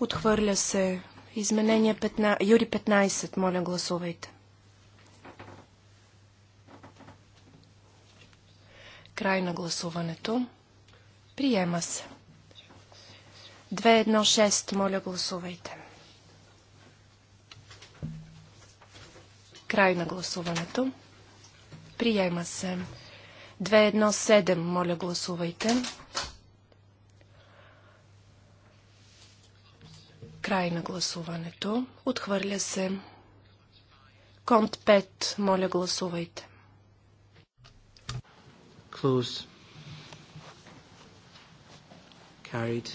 Отхвърля се. Изменение 15... Юри 15. Моля, гласувайте. Край на гласуването. Приема се. 216, моля гласувайте. Край на гласуването. Приема се. 217, моля гласувайте. Край на гласуването. Отхвърля се. Конт 5, моля гласувайте. Closed. Carried.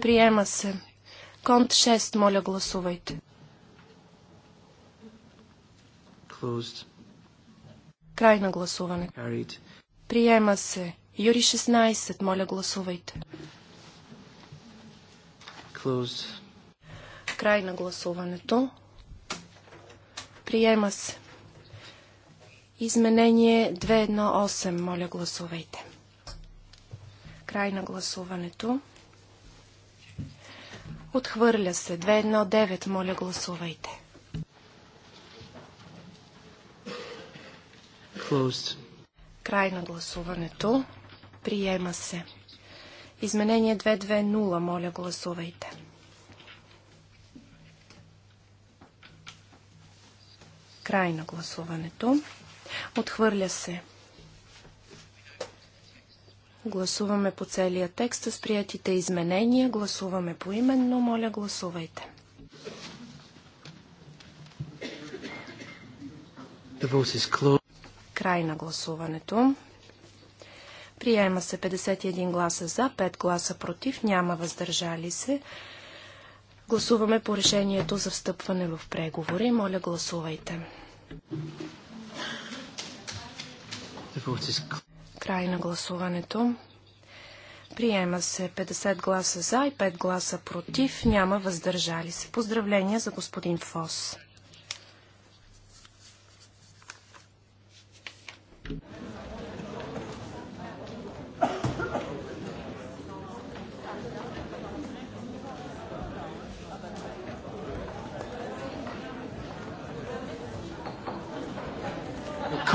Приема се. Конт 6, моля гласувайте. Closed. Край на гласуване. Carried. Приема се. Юри 16, моля гласувайте. Closed. Край на гласуването. Приема се. Изменение 218. Моля, гласувайте. Край на гласуването. Отхвърля се. 219. Моля, гласувайте. Closed. Край на гласуването. Приема се. Изменение 220. Моля, гласувайте. Край на гласуването. Отхвърля се. Гласуваме по целия текст с приятите изменения. Гласуваме по именно. Моля, гласувайте. Край на гласуването. Приема се 51 гласа за, 5 гласа против, няма въздържали се. Гласуваме по решението за встъпване в преговори. Моля, гласувайте. Край на гласуването. Приема се 50 гласа за и 5 гласа против. Няма въздържали се. Поздравления за господин Фос.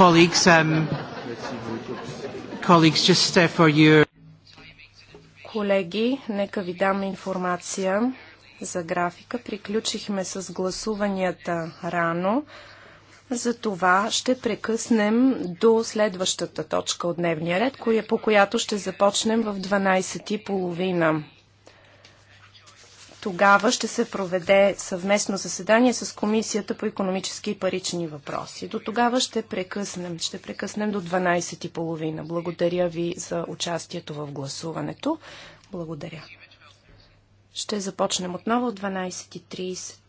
Colleagues, um, Колеги, нека ви дам информация за графика. Приключихме с гласуванията рано. За това ще прекъснем до следващата точка от дневния ред, по която ще започнем в 12.30. Тогава ще се проведе съвместно заседание с Комисията по економически и парични въпроси. До тогава ще прекъснем. Ще прекъснем до 12.30. Благодаря ви за участието в гласуването. Благодаря. Ще започнем отново от 12.30.